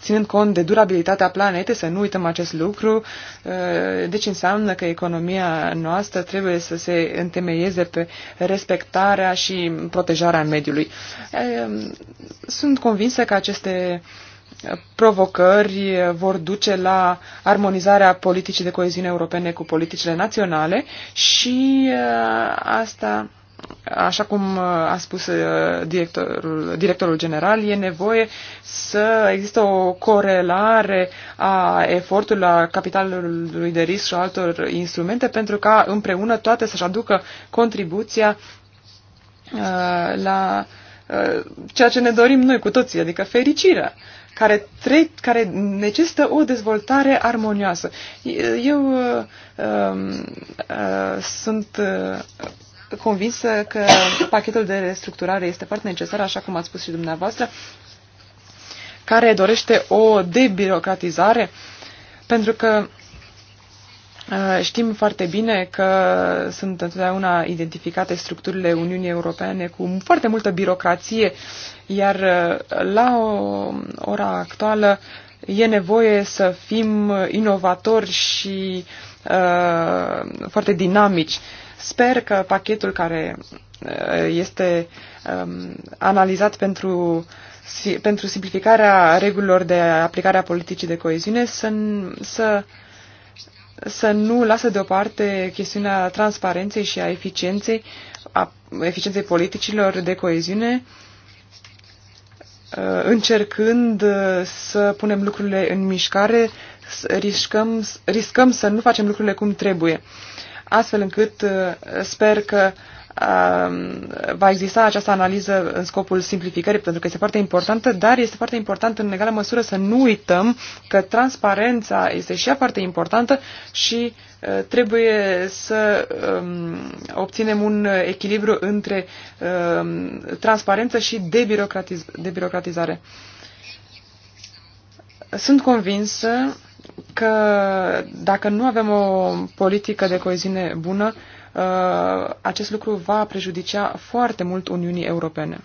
ținând cont de durabilitatea planetei, să nu uităm acest lucru, uh, deci înseamnă că economia noastră trebuie să se întemeieze pe respectarea și protejarea mediului. Uh, sunt convinsă că aceste provocări vor duce la armonizarea politicii de coeziune europene cu politicile naționale și asta așa cum uh, a spus uh, directorul, directorul general, e nevoie să există o corelare a efortului a capitalului de risc și a altor instrumente pentru ca împreună toate să-și aducă contribuția uh, la ceea ce ne dorim noi cu toții, adică fericirea care, tre- care necesită o dezvoltare armonioasă. Eu uh, um, uh, sunt uh, convinsă că pachetul de restructurare este foarte necesar, așa cum ați spus și dumneavoastră, care dorește o debirocratizare, pentru că uh, Știm foarte bine că sunt întotdeauna identificate structurile Uniunii Europene cu foarte multă birocrație, iar uh, la o, ora actuală e nevoie să fim inovatori și uh, foarte dinamici. Uh, Sper că pachetul care uh, este um, analizat pentru, pentru simplificarea regulilor de aplicare a politicii de coeziune să, să, să nu lasă deoparte chestiunea transparenței și a eficienței, a eficienței politicilor de coeziune, uh, încercând uh, să punem lucrurile în mișcare, riscăm, riscăm să nu facem lucrurile cum trebuie astfel încât uh, sper că um, va exista această analiză în scopul simplificării, pentru că este foarte importantă, dar este foarte important în egală măsură să nu uităm că transparența este și ea foarte importantă și uh, trebuie să um, obținem un echilibru între um, transparență și debirocratiz- debirocratizare. Sunt convinsă că dacă nu avem o politică de coeziune bună, uh, acest lucru va prejudicia foarte mult Uniunii Europene.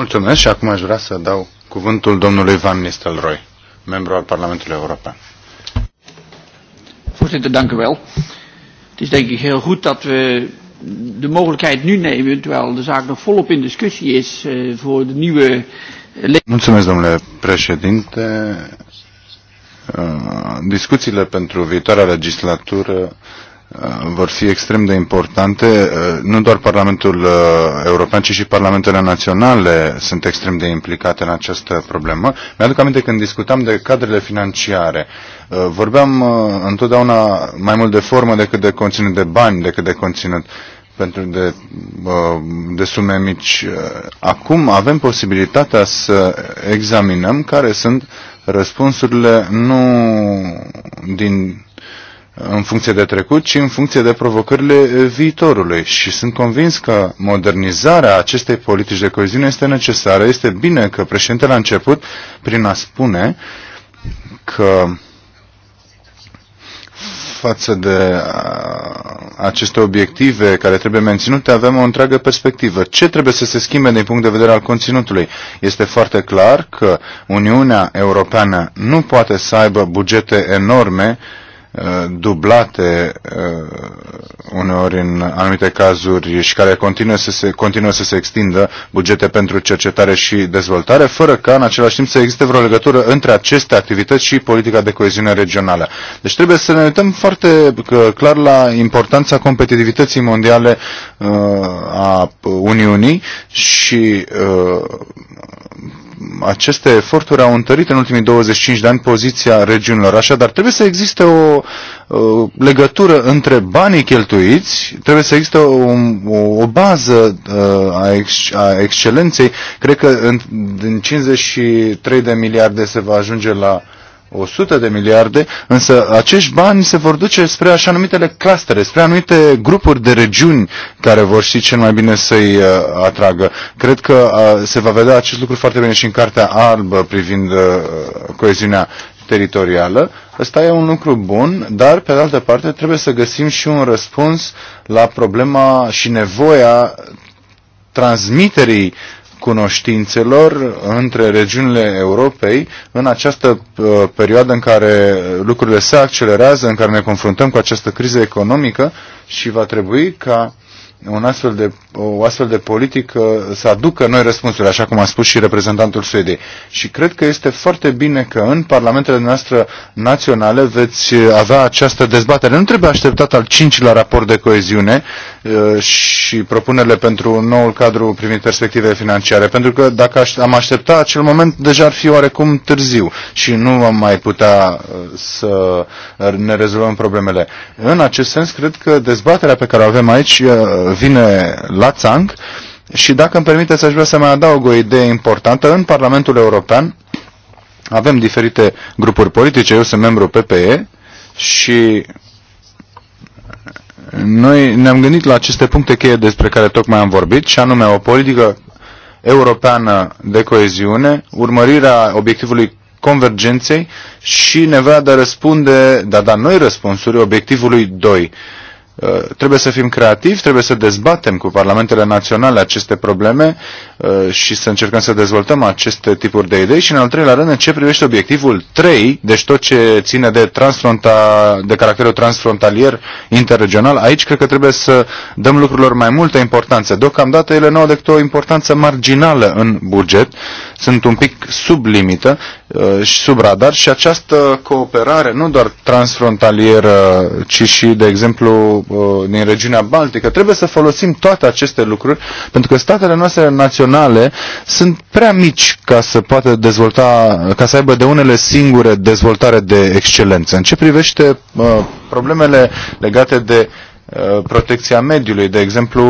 Mulțumesc și acum aș vrea să dau cuvântul domnului Van Nistelrooy, membru al Parlamentului European. Voorzitter, dank u wel. Het is denk ik heel goed dat we de mogelijkheid nu nemen, terwijl de zaak nog volop in discussie is, uh, voor de nieuwe Mulțumesc, domnule președinte. Uh, discuțiile pentru viitoarea legislatură uh, vor fi extrem de importante. Uh, nu doar Parlamentul European, ci și Parlamentele Naționale sunt extrem de implicate în această problemă. Mi-aduc aminte când discutam de cadrele financiare. Vorbeam întotdeauna mai mult de formă decât de conținut, de bani decât de conținut pentru de, uh, de sume mici. Uh, acum avem posibilitatea să examinăm care sunt răspunsurile nu din, în funcție de trecut, ci în funcție de provocările viitorului. Și sunt convins că modernizarea acestei politici de coeziune este necesară. Este bine că președintele a început prin a spune că față de aceste obiective care trebuie menținute, avem o întreagă perspectivă. Ce trebuie să se schimbe din punct de vedere al conținutului? Este foarte clar că Uniunea Europeană nu poate să aibă bugete enorme uh, Uh, dublate uh, uneori în anumite cazuri și care continuă să se, continuă să se extindă bugete pentru cercetare și dezvoltare, fără ca în același timp să existe vreo legătură între aceste activități și politica de coeziune regională. Deci trebuie să ne uităm foarte clar la importanța competitivității mondiale uh, a Uniunii și aceste eforturi au întărit în ultimii 25 de ani poziția regiunilor. Așadar, trebuie să existe o Uh, legătură între banii cheltuiți, trebuie să există o, o, o bază uh, a, ex, a excelenței. Cred că în, din 53 de miliarde se va ajunge la 100 de miliarde, însă acești bani se vor duce spre așa numitele clustere, spre anumite grupuri de regiuni care vor ști cel mai bine să-i uh, atragă. Cred că uh, se va vedea acest lucru foarte bine și în cartea albă privind uh, coeziunea teritorială. Ăsta e un lucru bun, dar, pe de altă parte, trebuie să găsim și un răspuns la problema și nevoia transmiterii cunoștințelor între regiunile Europei în această uh, perioadă în care lucrurile se accelerează, în care ne confruntăm cu această criză economică și va trebui ca un astfel de, o astfel de politică să aducă noi răspunsuri, așa cum a spus și reprezentantul Suediei. Și cred că este foarte bine că în parlamentele noastre naționale veți avea această dezbatere. Nu trebuie așteptat al cincilea raport de coeziune uh, și propunerile pentru noul cadru privind perspective financiare, pentru că dacă am aștepta acel moment, deja ar fi oarecum târziu și nu am mai putea uh, să ne rezolvăm problemele. În acest sens, cred că dezbaterea pe care o avem aici uh, vine la țang și dacă îmi permite să-și vrea să mai adaug o idee importantă, în Parlamentul European avem diferite grupuri politice, eu sunt membru PPE și noi ne-am gândit la aceste puncte cheie despre care tocmai am vorbit, și anume o politică europeană de coeziune, urmărirea obiectivului convergenței și nevoia de a răspunde, de a da noi răspunsuri obiectivului 2. Uh, trebuie să fim creativi, trebuie să dezbatem cu parlamentele naționale aceste probleme uh, și să încercăm să dezvoltăm aceste tipuri de idei și în al treilea rând în ce privește obiectivul 3, deci tot ce ține de, transfronta, de caracterul transfrontalier interregional, aici cred că trebuie să dăm lucrurilor mai multă importanță. Deocamdată ele nu au decât o importanță marginală în buget, sunt un pic sub limită Uh, sub radar și această cooperare, nu doar transfrontalieră, ci și, de exemplu, uh, din regiunea Baltică, trebuie să folosim toate aceste lucruri, pentru că statele noastre naționale sunt prea mici ca să poată dezvolta, ca să aibă de unele singure dezvoltare de excelență. În ce privește uh, problemele legate de Eh, protecția mediului, de exemplu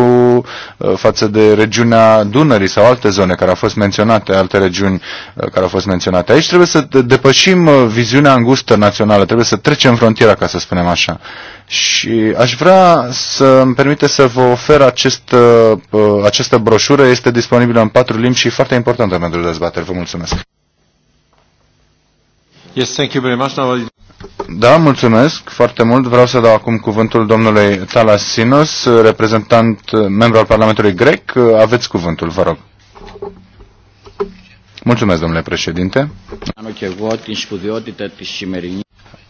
eh, față de regiunea Dunării sau alte zone care au fost menționate, alte regiuni eh, care au fost menționate. Aici trebuie să depășim viziunea îngustă națională, trebuie să trecem frontiera, ca să spunem așa. Și aș vrea să îmi permite să vă ofer acest, această broșură, este disponibilă în patru limbi și foarte importantă pentru dezbatere. Vă mulțumesc! Yes, thank you very much. Now da, mulțumesc foarte mult. Vreau să dau acum cuvântul domnului Talasinos, reprezentant, membru al Parlamentului grec. Aveți cuvântul, vă rog. Mulțumesc, domnule președinte.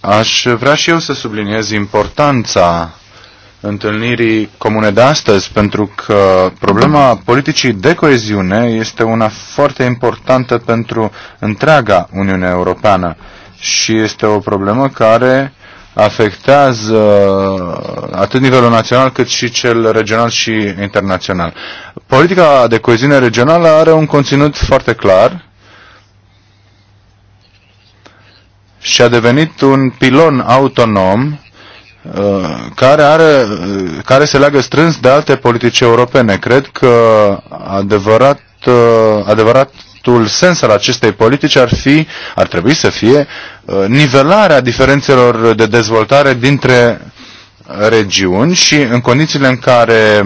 Aș vrea și eu să subliniez importanța întâlnirii comune de astăzi, pentru că problema politicii de coeziune este una foarte importantă pentru întreaga Uniune Europeană și este o problemă care afectează atât nivelul național cât și cel regional și internațional. Politica de coeziune regională are un conținut foarte clar și a devenit un pilon autonom uh, care, are, uh, care se leagă strâns de alte politici europene. Cred că adevărat, uh, adevărat adevăratul sens al acestei politici ar fi, ar trebui să fie uh, nivelarea diferențelor de dezvoltare dintre regiuni și în condițiile în care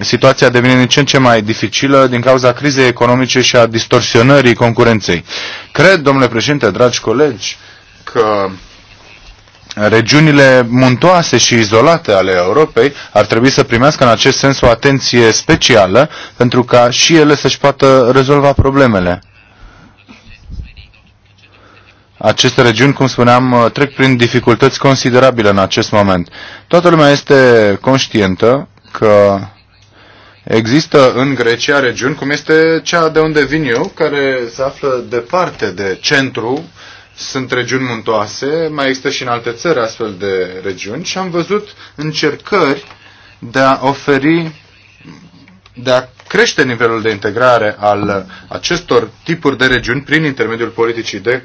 situația devine din ce în ce mai dificilă din cauza crizei economice și a distorsionării concurenței. Cred, domnule președinte, dragi colegi, că regiunile muntoase și izolate ale Europei ar trebui să primească în acest sens o atenție specială pentru ca și ele să-și poată rezolva problemele. Aceste regiuni, cum spuneam, uh, trec prin dificultăți considerabile în acest moment. Toată lumea este conștientă că există în Grecia regiuni, cum este cea de unde vin eu, care se află departe de centru, sunt regiuni muntoase, mai există și în alte țări astfel de regiuni și am văzut încercări de a oferi, de a crește nivelul de integrare al acestor tipuri de regiuni prin intermediul politicii de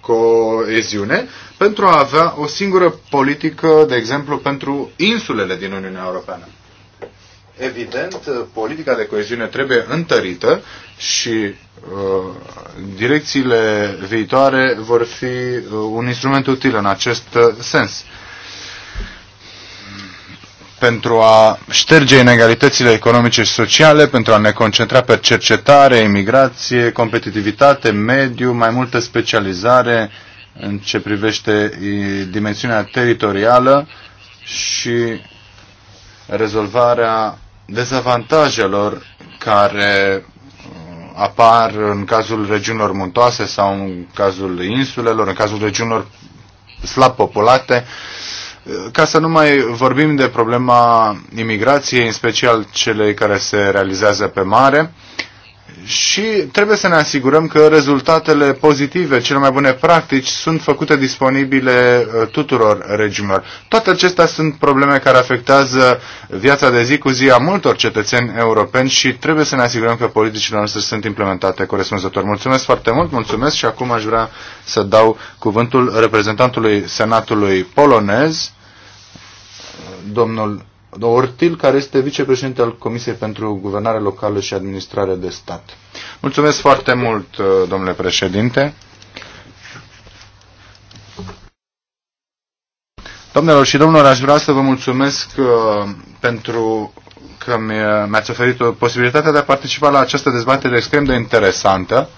coeziune pentru a avea o singură politică, de exemplu, pentru insulele din Uniunea Europeană. Evident, politica de coeziune trebuie întărită și uh, direcțiile viitoare vor fi uh, un instrument util în acest uh, sens pentru a șterge inegalitățile economice și sociale, pentru a ne concentra pe cercetare, imigrație, competitivitate, mediu, mai multă specializare în ce privește dimensiunea teritorială și rezolvarea dezavantajelor care mm, apar în cazul regiunilor muntoase sau în cazul insulelor, în cazul regiunilor slab populate, ca să nu mai vorbim de problema imigrației, în special celei care se realizează pe mare, și trebuie să ne asigurăm că rezultatele pozitive, cele mai bune practici, sunt făcute disponibile uh, tuturor regiunilor. Toate acestea sunt probleme care afectează viața de zi cu zi a multor cetățeni europeni și trebuie să ne asigurăm că politicile noastre sunt implementate corespunzător. Mulțumesc foarte mult, mulțumesc și acum aș vrea să dau cuvântul reprezentantului Senatului polonez, domnul Ortil, care este vicepreședinte al Comisiei pentru Guvernare Locală și Administrare de Stat. Mulțumesc foarte mult, uh, domnule președinte. Domnilor și domnilor, aș vrea să vă mulțumesc uh, pentru că mi-ați oferit o posibilitatea de a participa la această dezbatere extrem de interesantă.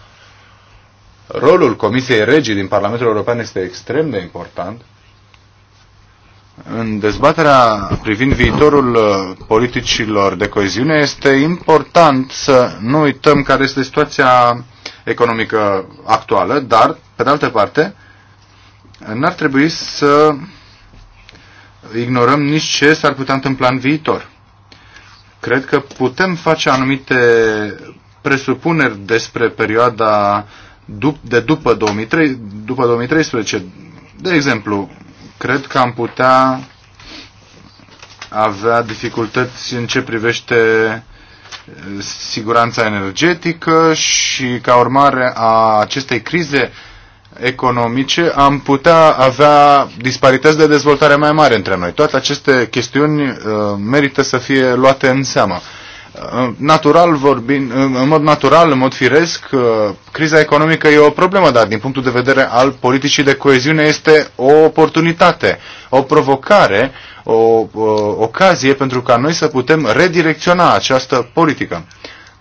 Rolul Comisiei Regii din Parlamentul European este extrem de important în dezbaterea privind viitorul uh, politicilor de coeziune este important să nu uităm care este situația economică actuală, dar, pe de altă parte, n-ar trebui să ignorăm nici ce s-ar putea întâmpla în viitor. Cred că putem face anumite presupuneri despre perioada de după, 2003, după 2013. De exemplu, Cred că am putea avea dificultăți în ce privește eh, siguranța energetică și ca urmare a acestei crize economice am putea avea disparități de dezvoltare mai mari între noi. Toate aceste chestiuni uh, merită să fie luate în seamă natural vorbind, în mod natural, în mod firesc, uh, criza economică e o problemă, dar din punctul de vedere al politicii de coeziune este o oportunitate, o provocare, o, o ocazie pentru ca noi să putem redirecționa această politică.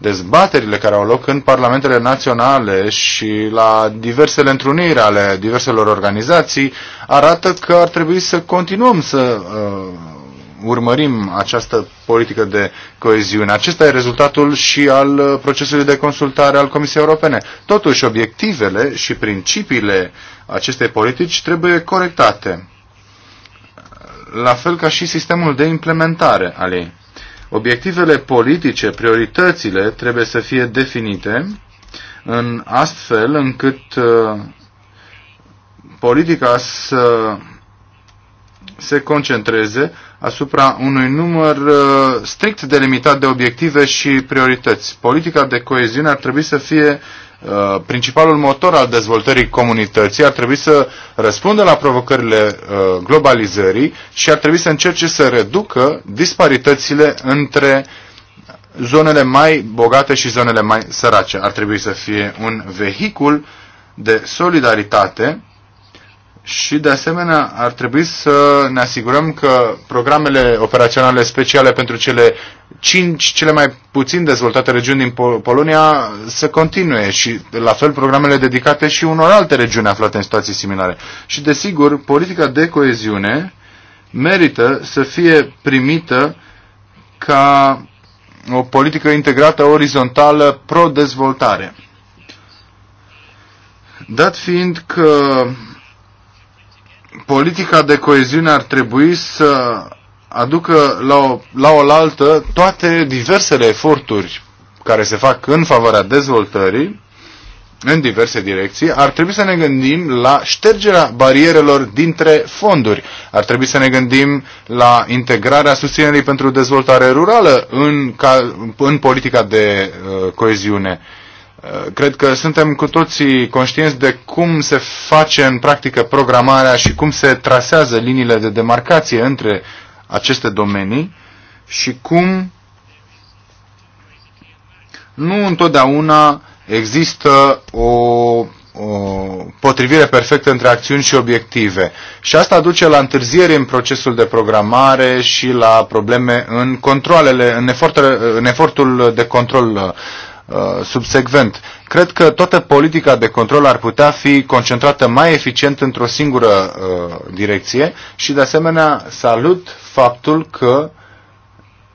Dezbaterile care au loc în parlamentele naționale și la diversele întruniri ale diverselor organizații arată că ar trebui să continuăm să uh, urmărim această politică de coeziune. Acesta e rezultatul și al uh, procesului de consultare al Comisiei Europene. Totuși, obiectivele și principiile acestei politici trebuie corectate, la fel ca și sistemul de implementare al ei. Obiectivele politice, prioritățile trebuie să fie definite în astfel încât uh, politica să se concentreze asupra unui număr uh, strict delimitat de obiective și priorități. Politica de coeziune ar trebui să fie uh, principalul motor al dezvoltării comunității, ar trebui să răspundă la provocările uh, globalizării și ar trebui să încerce să reducă disparitățile între zonele mai bogate și zonele mai sărace. Ar trebui să fie un vehicul de solidaritate și, de asemenea, ar trebui să ne asigurăm că programele operaționale speciale pentru cele cinci cele mai puțin dezvoltate regiuni din Pol Polonia să continue și, la fel, programele dedicate și unor alte regiuni aflate în situații similare. Și, desigur, politica de coeziune merită să fie primită ca o politică integrată orizontală pro-dezvoltare. Dat fiind că politica de coeziune ar trebui să aducă la o, la o altă toate diversele eforturi care se fac în favoarea dezvoltării în diverse direcții, ar trebui să ne gândim la ștergerea barierelor dintre fonduri. Ar trebui să ne gândim la integrarea susținerii pentru dezvoltare rurală în, ca, în politica de uh, coeziune. Eh, cred că suntem cu toții conștienți de cum se face în practică programarea și cum se trasează liniile de demarcație între aceste domenii și cum nu întotdeauna există o, o potrivire perfectă între acțiuni și obiective. Și asta duce la întârzieri în procesul de programare și la probleme în controlele, în, efort, în efortul de control Uh, subsecvent. Cred că toată politica de control ar putea fi concentrată mai eficient într-o singură uh, direcție și de asemenea salut faptul că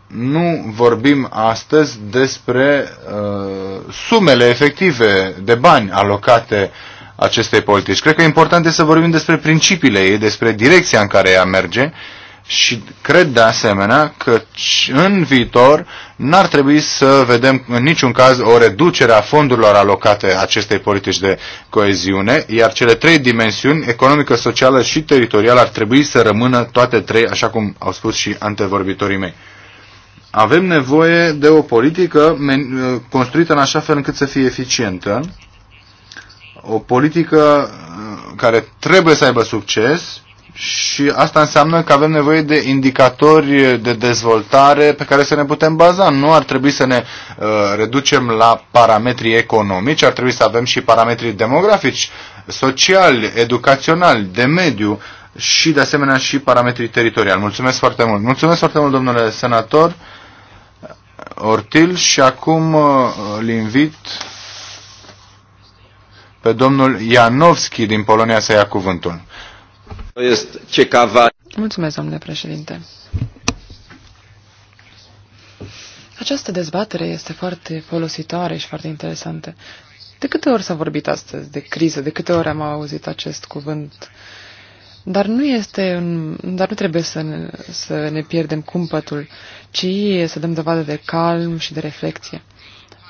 nu vorbim astăzi despre uh, sumele efective de bani alocate acestei politici. Cred că important este să vorbim despre principiile ei, despre direcția în care ea merge uh, și cred de asemenea că în viitor n-ar trebui să vedem în niciun caz o reducere a fondurilor alocate acestei politici de coeziune, iar cele trei dimensiuni, economică, socială și teritorială, ar trebui să rămână toate trei, așa cum au spus și antevorbitorii mei. Avem nevoie de o politică construită în așa fel încât să fie eficientă, o politică uh, care trebuie să aibă succes, și asta înseamnă că avem nevoie de indicatori de dezvoltare pe care să ne putem baza. Nu ar trebui să ne uh, reducem la parametrii economici, ar trebui să avem și parametrii demografici, sociali, educaționali, de mediu și de asemenea și parametrii teritoriali. Mulțumesc foarte mult. Mulțumesc foarte mult, domnule senator Ortil, și acum uh, îl invit pe domnul Ianovski din Polonia să ia cuvântul. Mulțumesc, domnule președinte. Această dezbatere este foarte folositoare și foarte interesantă. De câte ori s-a vorbit astăzi de criză? De câte ori am auzit acest cuvânt? Dar nu, este un, dar nu trebuie să ne, să ne pierdem cumpătul, ci să dăm dovadă de calm și de reflexie.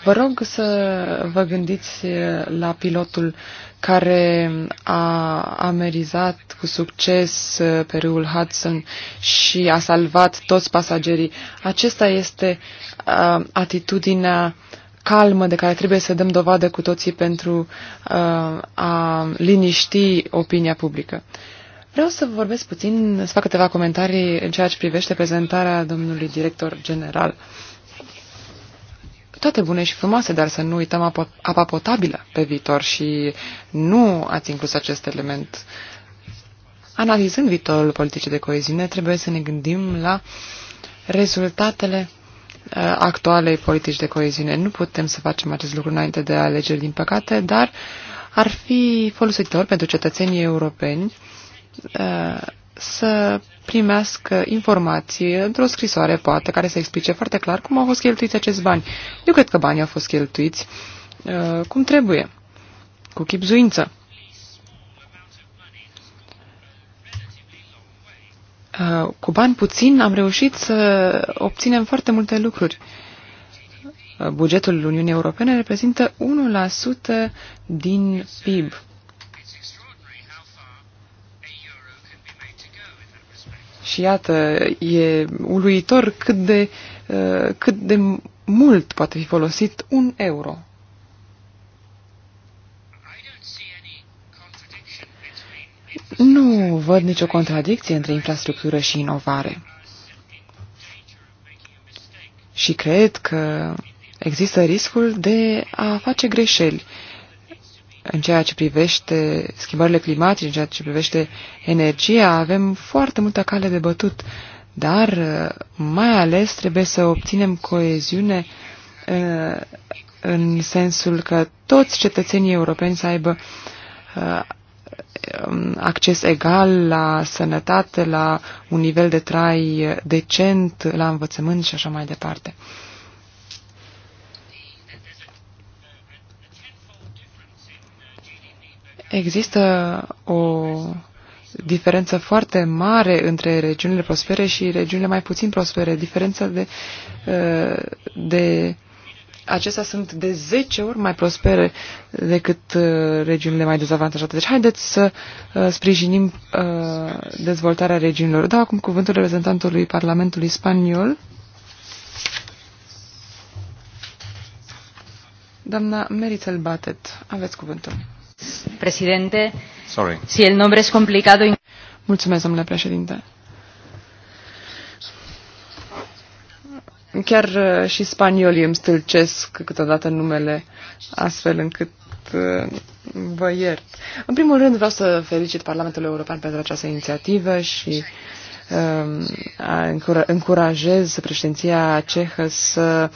Vă rog să vă gândiți la pilotul care a amerizat cu succes pe râul Hudson și a salvat toți pasagerii. Acesta este uh, atitudinea calmă de care trebuie să dăm dovadă cu toții pentru uh, a liniști opinia publică. Vreau să vorbesc puțin, să fac câteva comentarii în ceea ce privește prezentarea domnului director general. Uh, toate bune și frumoase, dar să nu uităm apa, apa potabilă pe viitor și nu ați inclus acest element. Analizând viitorul politicii de coeziune, trebuie să ne gândim la rezultatele uh, actualei politici de coeziune. Nu putem să facem acest lucru înainte de alegeri, din păcate, dar ar fi folositor pentru cetățenii europeni uh, să primească informații într-o scrisoare, poate, care să explice foarte clar cum au fost cheltuiți acești bani. Eu cred că banii au fost cheltuiți uh, cum trebuie, cu chipzuință. Uh, cu bani puțin am reușit să obținem foarte multe lucruri. Uh, bugetul Uniunii Europene reprezintă 1% din PIB. Și iată, e uluitor cât de, uh, cât de mult poate fi folosit un euro. Nu văd nicio contradicție între infrastructură și inovare. Și cred că există riscul de a face greșeli în ceea ce privește schimbările climatice, în ceea ce privește energia, avem foarte multă cale de bătut, dar uh, mai ales trebuie să obținem coeziune în, uh, în sensul că toți cetățenii europeni să aibă uh, um, acces egal la sănătate, la un nivel de trai decent, la învățământ și așa mai departe. Există o diferență foarte mare între regiunile prospere și regiunile mai puțin prospere. Diferența de, uh, de acestea sunt de 10 ori mai prospere decât uh, regiunile mai dezavantajate. Deci haideți să uh, sprijinim dezvoltarea regiunilor. Dau acum cuvântul reprezentantului Parlamentului Spaniol. Doamna Merițel Batet, aveți cuvântul. Președinte, Mulțumesc, domnule președinte. Chiar uh, și spaniolii îmi stâlcesc câteodată numele astfel încât uh, vă iert. În primul rând vreau să felicit Parlamentul European pentru această inițiativă și um, încurajez președinția cehă să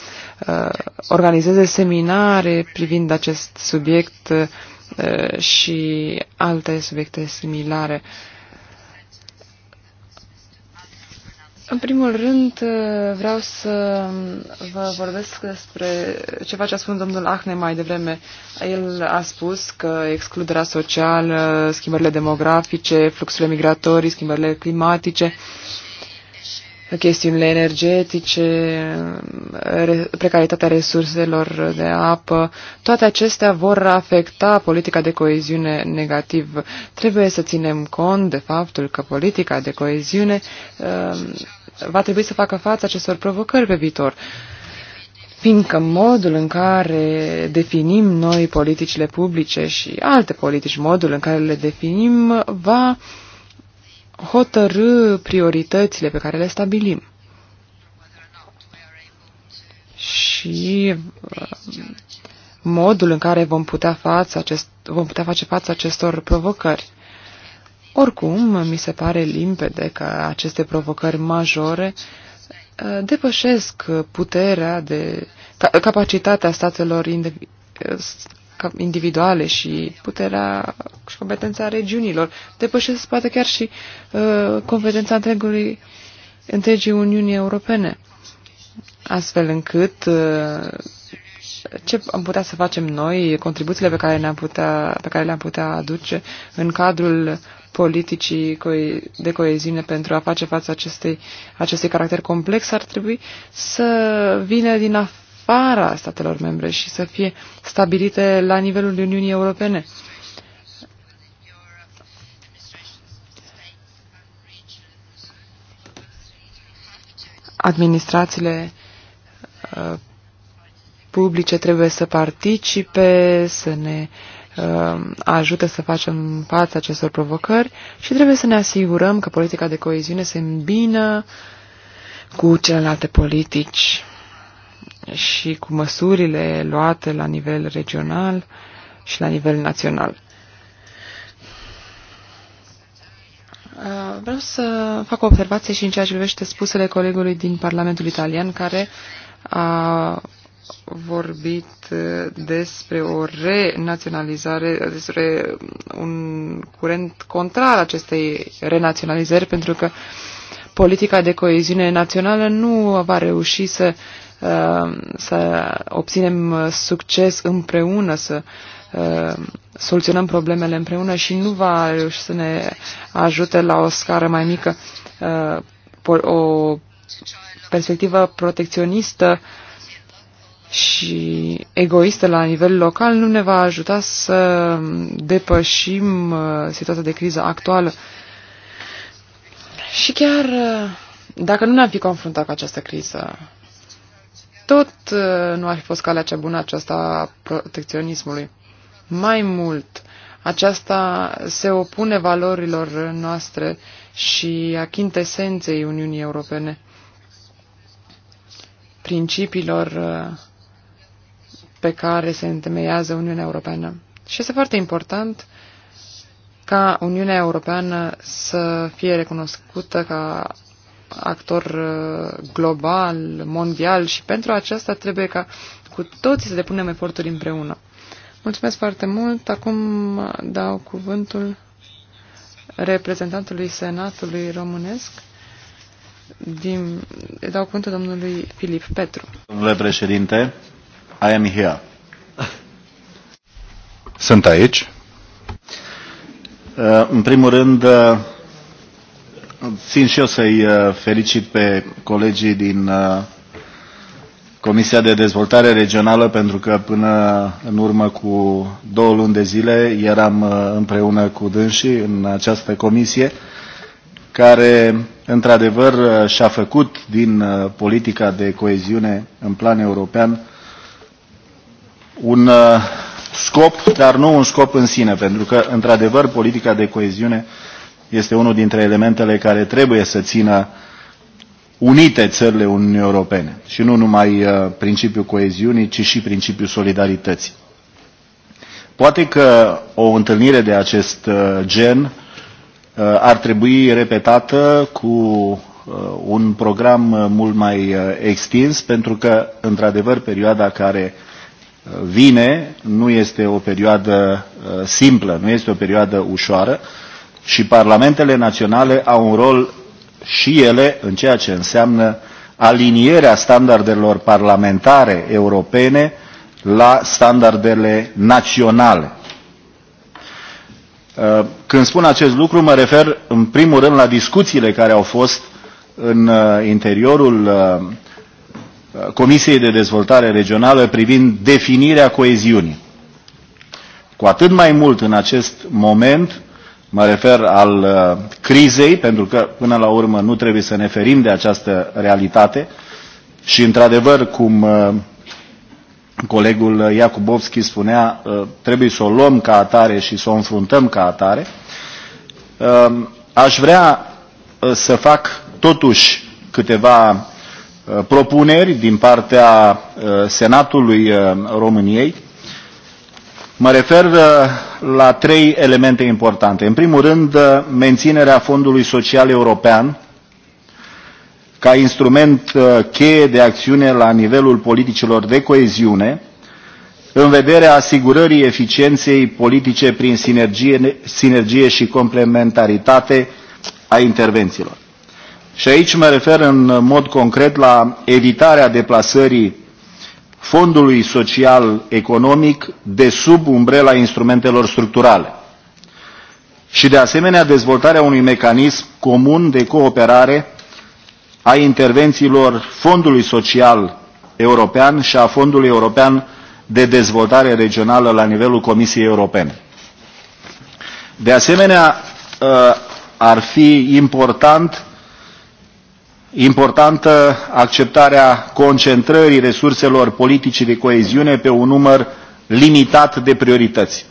uh, organizeze seminare privind acest subiect Eh, și alte subiecte similare. În primul rând, eh, vreau să vă vorbesc despre ceva ce a spus domnul Ahne mai devreme. El a spus că excluderea socială, schimbările demografice, fluxurile migratorii, schimbările climatice uh, chestiunile energetice, precaritatea resurselor de apă, toate acestea vor afecta politica de coeziune negativ. Trebuie să ținem cont de faptul că politica de coeziune um, va trebui să facă față acestor provocări pe viitor fiindcă modul în care definim noi politicile publice și alte politici, modul în care le definim, va uh, hotărâ prioritățile pe care le stabilim. Și uh, modul în care vom putea, față acest, vom putea face față acestor provocări. Oricum, mi se pare limpede că aceste provocări majore uh, depășesc puterea de capacitatea statelor uh, individuale și puterea și competența regiunilor. Depășesc poate chiar și uh, competența întregului, întregii Uniunii Europene. Astfel încât uh, ce am putea să facem noi, contribuțiile pe care le-am putea, pe care le-am putea aduce în cadrul politicii de coeziune pentru a face față acestei, acestui caracter complex ar trebui să vină din afară afara statelor membre și să fie stabilite la nivelul Uniunii Europene. Administrațiile uh, publice trebuie să participe, să ne uh, ajute să facem față acestor provocări și trebuie să ne asigurăm că politica de coeziune se îmbină cu celelalte politici și cu măsurile luate la nivel regional și la nivel național. Uh, vreau să fac o observație și în ceea ce privește spusele colegului din Parlamentul Italian, care a vorbit uh, despre o renaționalizare, despre un curent contrar acestei renaționalizări, pentru că politica de coeziune națională nu va reuși să uh, Uh, să obținem uh, succes împreună, să uh, soluționăm problemele împreună și nu va reuși să ne ajute la o scară mai mică o perspectivă protecționistă și egoistă la nivel local nu ne va ajuta să depășim situația de criză actuală. Și chiar dacă nu ne-am fi confruntat cu această criză, tot uh, nu ar fi fost calea cea bună aceasta a protecționismului. Mai mult, aceasta se opune valorilor noastre și a chintesenței Uniunii Europene, principiilor uh, pe care se întemeiază Uniunea Europeană. Și este foarte important ca Uniunea Europeană să fie recunoscută ca actor uh, global, mondial și pentru aceasta trebuie ca cu toții să depunem eforturi împreună. Mulțumesc foarte mult. Acum uh, dau cuvântul reprezentantului Senatului Românesc. Din, dau cuvântul domnului Filip Petru. Domnule președinte, I am here. Sunt aici. Uh, în primul rând, Țin și eu să-i uh, felicit pe colegii din uh, Comisia de Dezvoltare Regională pentru că până în urmă cu două luni de zile eram uh, împreună cu dânsii în această comisie care într-adevăr și-a făcut din politica de coeziune în plan european un scop, dar nu un scop în sine, pentru că într-adevăr politica de coeziune este unul dintre elementele care trebuie să țină unite țările Uniunii Europene și nu numai uh, principiul coeziunii, ci și principiul solidarității. Poate că o întâlnire de acest uh, gen uh, ar trebui repetată cu un program mult mai extins, pentru că, într-adevăr, perioada care vine nu este o perioadă simplă, nu este o perioadă ușoară, și parlamentele naționale au un rol și ele în ceea ce înseamnă alinierea standardelor parlamentare europene la standardele naționale. Uh, când spun acest lucru, mă refer în primul rând la discuțiile care au fost în uh, interiorul uh, Comisiei de Dezvoltare Regională privind definirea coeziunii. Cu atât mai mult în acest moment mă refer al uh, crizei, pentru că până la urmă nu trebuie să ne ferim de această realitate și într-adevăr, cum uh, colegul Iacubovski spunea, uh, trebuie să o luăm ca atare și să o înfruntăm ca atare. Aș vrea să fac totuși câteva propuneri din partea Senatului României. Mă refer la trei elemente importante. În primul rând, uh, menținerea Fondului Social European ca instrument uh, cheie de acțiune la nivelul politicilor de coeziune, în vederea asigurării eficienței politice prin sinergie, sinergie și complementaritate a intervențiilor. Și aici mă refer în mod concret la evitarea deplasării Fondului Social Economic de sub umbrela instrumentelor structurale și de asemenea dezvoltarea unui mecanism comun de cooperare a intervențiilor Fondului Social European și a Fondului European de Dezvoltare Regională la nivelul Comisiei Europene. De asemenea, ă, ar fi important importantă acceptarea concentrării resurselor politice de coeziune pe un număr limitat de priorități.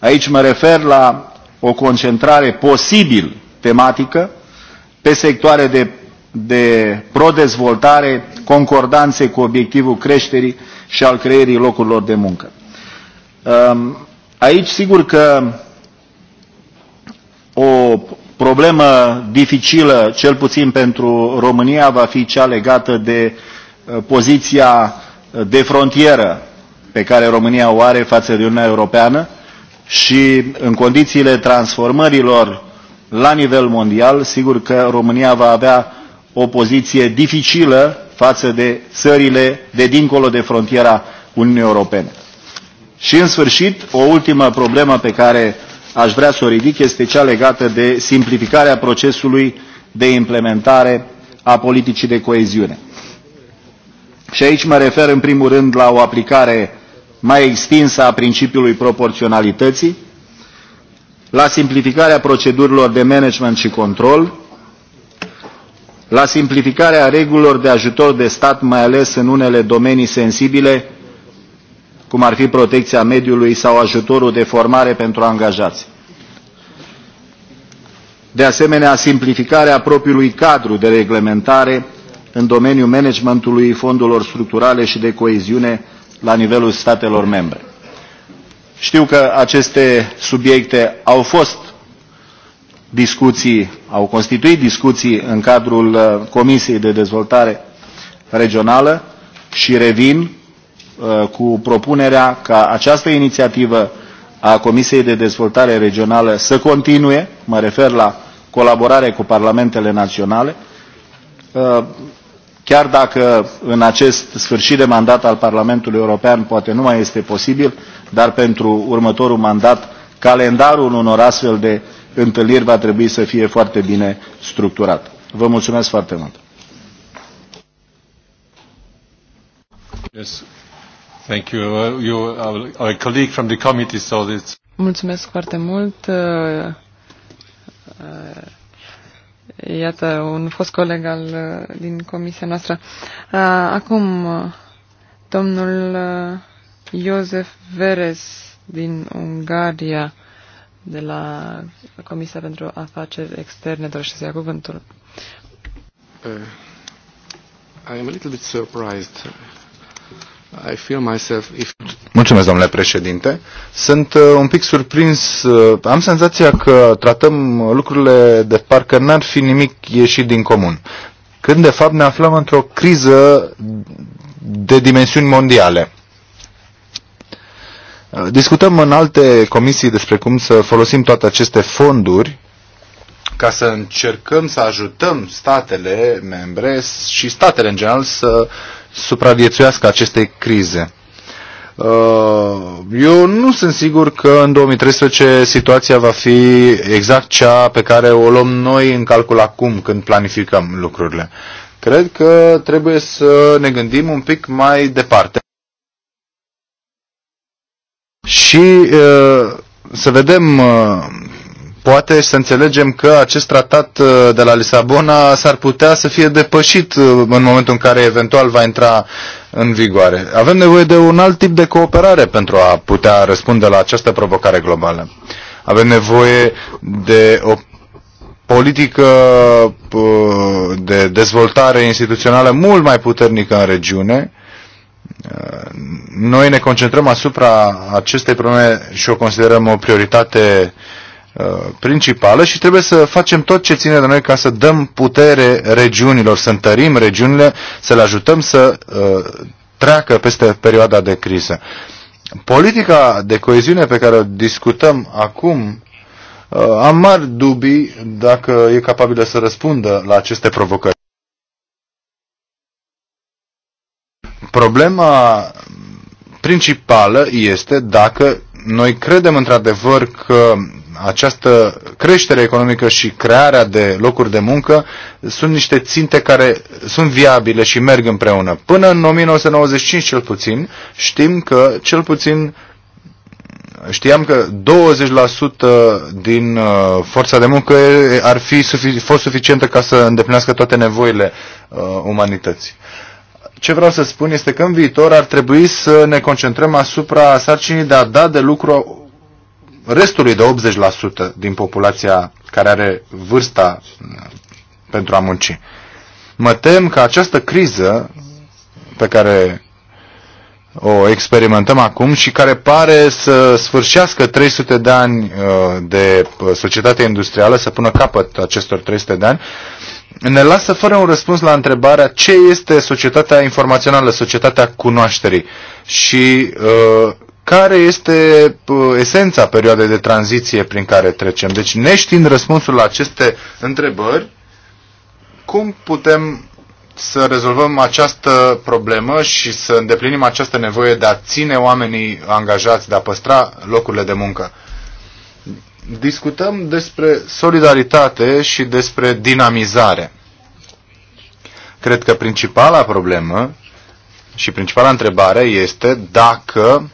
Aici mă refer la o concentrare posibil tematică pe sectoare de, de prodezvoltare, concordanțe cu obiectivul creșterii și al creierii locurilor de muncă. Um, aici, sigur că o problemă dificilă, cel puțin pentru România, va fi cea legată de eh, poziția eh, de frontieră pe care România o are față de Uniunea Europeană și în condițiile transformărilor la nivel mondial, sigur că România va avea o poziție dificilă față de țările de dincolo de frontiera Uniunii Europene. Și în sfârșit, o ultimă problemă pe care aș vrea să o ridic este cea legată de simplificarea procesului de implementare a politicii de coeziune. Și aici mă refer în primul rând la o aplicare mai extinsă a principiului proporționalității, la simplificarea procedurilor de management și control, la simplificarea regulilor de ajutor de stat, mai ales în unele domenii sensibile, cum ar fi protecția mediului sau ajutorul de formare pentru angajați. De asemenea, simplificarea propriului cadru de reglementare în domeniul managementului fondurilor structurale și de coeziune la nivelul statelor membre. Știu că aceste subiecte au fost discuții, au constituit discuții în cadrul uh, Comisiei de Dezvoltare Regională și revin Uh, cu propunerea ca această inițiativă a Comisiei de Dezvoltare Regională să continue, mă refer la colaborare cu parlamentele naționale, uh, chiar dacă în acest sfârșit de mandat al Parlamentului European poate nu mai este posibil, dar pentru următorul mandat calendarul unor astfel de întâlniri va trebui să fie foarte bine structurat. Vă mulțumesc foarte mult! Mulțumesc foarte mult. Uh, uh, iată, un fost coleg al, uh, din comisia noastră. Acum, domnul Iosef Veres din Ungaria, de la Comisia pentru Afaceri Externe, dorește să ia cuvântul. Uh, I am a little bit surprised I feel myself if... Mulțumesc, domnule președinte. Sunt uh, un pic surprins. Uh, am senzația că tratăm uh, lucrurile de parcă n-ar fi nimic ieșit din comun. Când, de fapt, ne aflăm într-o criză de dimensiuni mondiale. discutăm în alte comisii despre cum să folosim toate aceste fonduri ca să încercăm să ajutăm statele membre și statele în general să uh, supraviețuiască acestei crize. Uh, eu nu sunt sigur că în 2013 situația va fi exact cea pe care o luăm noi în calcul acum când planificăm lucrurile. Cred că trebuie să ne gândim un pic mai departe și uh, să vedem uh, poate să înțelegem că acest tratat uh, de la Lisabona s-ar putea să fie depășit uh, în momentul în care eventual va intra în vigoare. Avem nevoie de un alt tip de cooperare pentru a putea răspunde la această provocare globală. Avem nevoie de o politică uh, de dezvoltare instituțională mult mai puternică în regiune. Noi ne concentrăm asupra acestei probleme și o considerăm o prioritate uh, Uh, principală și trebuie să facem tot ce ține de noi ca să dăm putere regiunilor, să întărim regiunile, să le ajutăm să uh, treacă peste perioada de criză. Politica de coeziune pe care o discutăm acum, uh, am mari dubii dacă e capabilă să răspundă la aceste provocări. Problema principală este dacă noi credem într-adevăr că această creștere economică și crearea de locuri de muncă sunt niște ținte care sunt viabile și merg împreună. Până în 1995 cel puțin știm că cel puțin știam că 20% din uh, forța de muncă ar fi sufic- fost suficientă ca să îndeplinească toate nevoile uh, umanității. Ce vreau să spun este că în viitor ar trebui să ne concentrăm asupra sarcinii de a da de lucru restului de 80% din populația care are vârsta mm, pentru a munci. Mă tem că această criză pe care o experimentăm acum și care pare să sfârșească 300 de ani uh, de uh, societate industrială, să pună capăt acestor 300 de ani, ne lasă fără un răspuns la întrebarea ce este societatea informațională, societatea cunoașterii. Și uh, care este uh, esența perioadei de tranziție prin care trecem. Deci, neștiind răspunsul la aceste întrebări, cum putem să rezolvăm această problemă și să îndeplinim această nevoie de a ține oamenii angajați, de a păstra locurile de muncă. Discutăm despre solidaritate și despre dinamizare. Cred că principala problemă și principala întrebare este dacă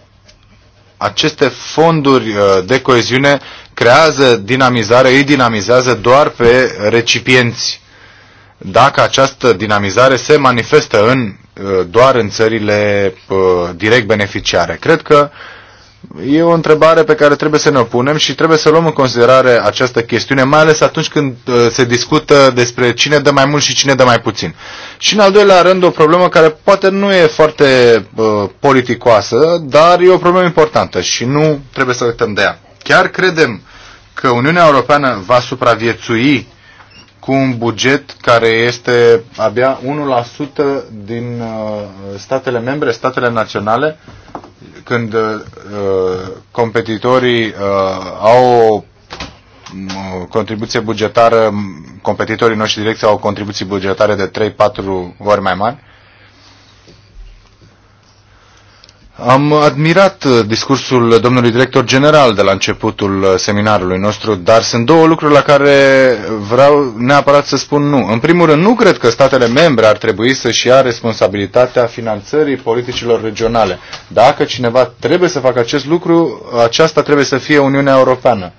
aceste fonduri uh, de coeziune creează dinamizare, îi dinamizează doar pe recipienți. Dacă această dinamizare se manifestă în, uh, doar în țările uh, direct beneficiare. Cred că uh, E o întrebare pe care trebuie să ne o punem și trebuie să luăm în considerare această chestiune, mai ales atunci când uh, se discută despre cine dă mai mult și cine dă mai puțin. Și în al doilea rând, o problemă care poate nu e foarte uh, politicoasă, dar e o problemă importantă și nu trebuie să uităm de ea. Chiar credem că Uniunea Europeană va supraviețui cu un buget care este abia 1% din uh, statele membre, statele naționale, când uh, competitorii uh, au mm, o contribuție bugetară, competitorii noștri direcții au o contribuție bugetară de 3-4 ori mai mari, Am admirat uh, discursul domnului director general de la începutul uh, seminarului nostru, dar sunt două lucruri la care vreau neapărat să spun nu. În primul rând, nu cred că statele membre ar trebui să-și ia responsabilitatea finanțării politicilor regionale. Dacă cineva trebuie să facă acest lucru, aceasta trebuie să fie Uniunea Europeană,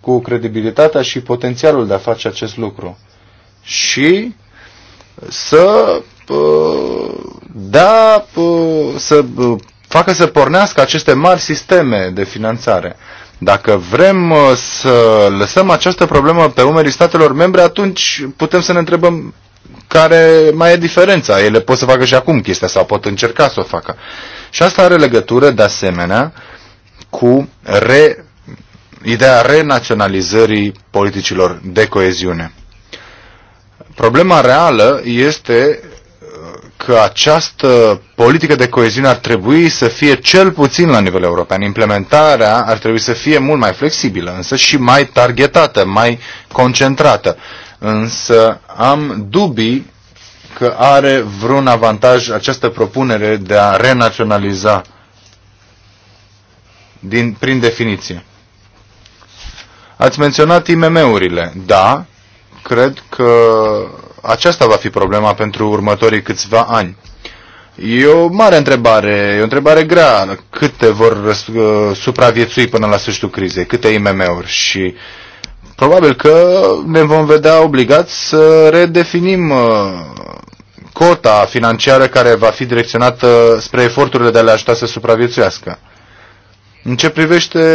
cu credibilitatea și potențialul de a face acest lucru. Și să da să facă să pornească aceste mari sisteme de finanțare. Dacă vrem uh, să lăsăm această problemă pe umerii statelor membre, atunci putem să ne întrebăm care mai e diferența. Ele pot să facă și acum chestia sau pot încerca să o facă. Și asta are legătură, de asemenea, cu re, ideea renaționalizării politicilor de coeziune. Problema reală este că această politică de coeziune ar trebui să fie cel puțin la nivel european. Implementarea ar trebui să fie mult mai flexibilă, însă și mai targetată, mai concentrată. Însă am dubii că are vreun avantaj această propunere de a renaționaliza din, prin definiție. Ați menționat IMM-urile. Da, cred că aceasta va fi problema pentru următorii câțiva ani. E o mare întrebare, e o întrebare grea. Câte vor uh, supraviețui până la sfârșitul crizei? Câte IMM-uri? Și probabil că ne vom vedea obligați să redefinim uh, cota financiară care va fi direcționată spre eforturile de a le ajuta să supraviețuiască. În ce privește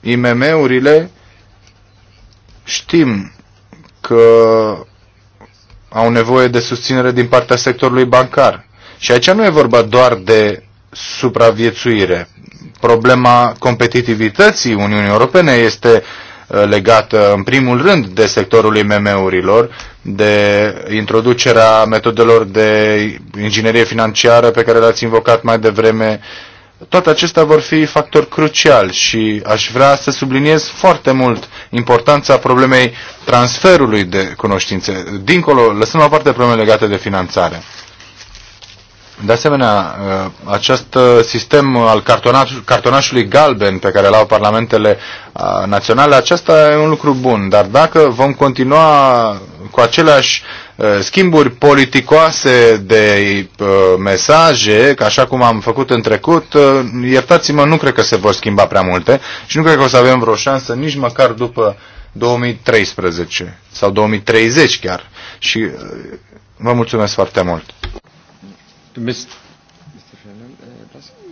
IMM-urile, Știm că au nevoie de susținere din partea sectorului bancar. Și aici nu e vorba doar de supraviețuire. Problema competitivității Uniunii Europene este uh, legată în primul rând de sectorul IMM-urilor, de introducerea metodelor de inginerie financiară pe care le-ați invocat mai devreme uh, toate acestea vor fi factori cruciali și aș vrea să subliniez foarte mult importanța problemei transferului de cunoștințe, dincolo, lăsând la parte probleme legate de finanțare. De asemenea, uh, acest sistem al cartonașului galben pe care l-au parlamentele uh, naționale, acesta e un lucru bun, dar dacă vom continua cu aceleași Uh, schimburi politicoase de uh, mesaje, ca așa cum am făcut în trecut, uh, iertați-mă, nu cred că se vor schimba prea multe și nu cred că o să avem vreo șansă nici măcar după 2013 sau 2030 chiar. Și vă mulțumesc foarte mult.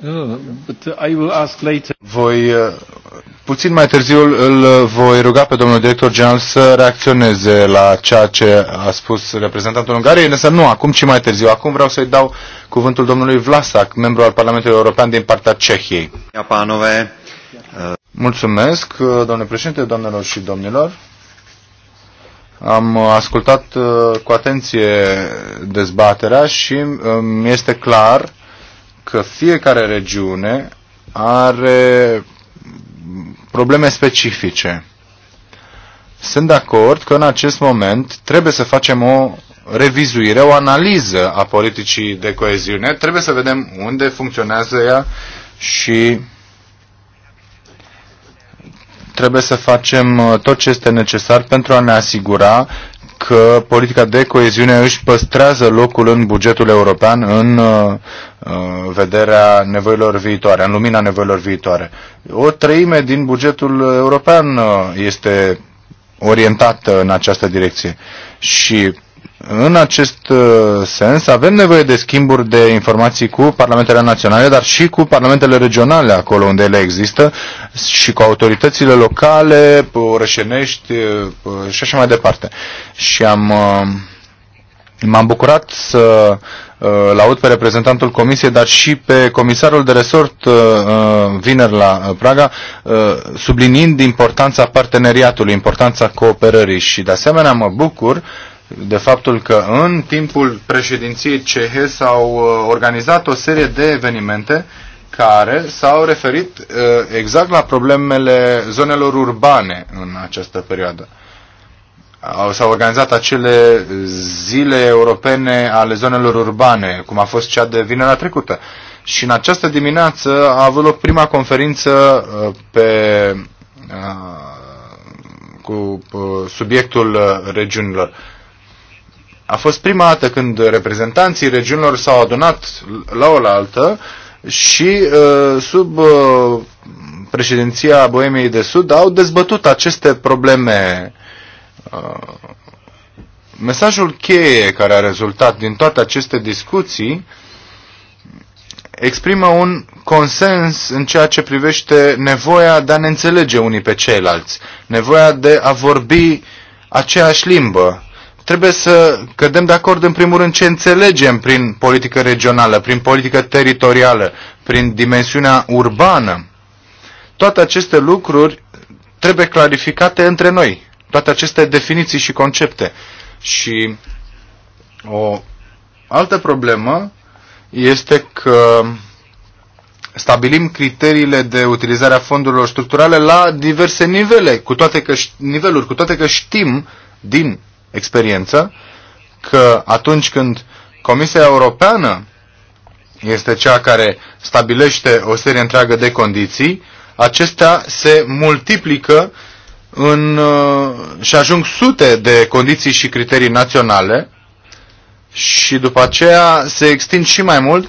Uh, voi, uh, puțin mai târziu îl uh, voi ruga pe domnul director general să reacționeze la ceea ce a spus reprezentantul Ungariei, însă nu acum, ci mai târziu. Acum vreau să-i dau cuvântul domnului Vlasac, membru al Parlamentului European din partea Cehiei. Mulțumesc, domnule președinte, doamnelor și domnilor. Am ascultat cu atenție dezbaterea și mi um, este clar că fiecare regiune are probleme specifice. Sunt de acord că în acest moment trebuie să facem o revizuire, o analiză a politicii de coeziune. Trebuie să vedem unde funcționează ea și trebuie să facem uh, tot ce este necesar pentru a ne asigura că politica de coeziune își păstrează locul în bugetul european în uh, uh, vederea nevoilor viitoare, în lumina nevoilor viitoare. O treime din bugetul european uh, este orientată în această direcție și în acest uh, sens, avem nevoie de schimburi de informații cu parlamentele naționale, dar și cu parlamentele regionale, acolo unde ele există, și cu autoritățile locale, orășenești uh, uh, și așa mai departe. Și am, m-am bucurat să laud pe reprezentantul comisiei, dar și pe comisarul de resort vineri la Praga, subliniind importanța parteneriatului, importanța cooperării și de asemenea mă bucur de faptul că în timpul președinției cehe s-au uh, organizat o serie de evenimente care s-au referit uh, exact la problemele zonelor urbane în această perioadă. S-au organizat acele zile europene ale zonelor urbane, cum a fost cea de vinerea trecută. Și în această dimineață a avut loc prima conferință uh, pe, cu subiectul regiunilor a fost prima dată când reprezentanții regiunilor s-au adunat la oaltă și uh, sub uh, președinția Boemiei de Sud au dezbătut aceste probleme. Uh, mesajul cheie care a rezultat din toate aceste discuții exprimă un consens în ceea ce privește nevoia de a ne înțelege unii pe ceilalți, nevoia de a vorbi aceeași limbă, trebuie să cădem de acord în primul rând ce înțelegem prin politică regională, prin politică teritorială, prin dimensiunea urbană. Toate aceste lucruri trebuie clarificate între noi, toate aceste definiții și concepte. Și o altă problemă este că stabilim criteriile de utilizare a fondurilor structurale la diverse nivele, cu toate că, niveluri, cu toate că știm din experiență că atunci când Comisia Europeană este cea care stabilește o serie întreagă de condiții, acestea se multiplică în, uh, și ajung sute de condiții și criterii naționale și după aceea se extind și mai mult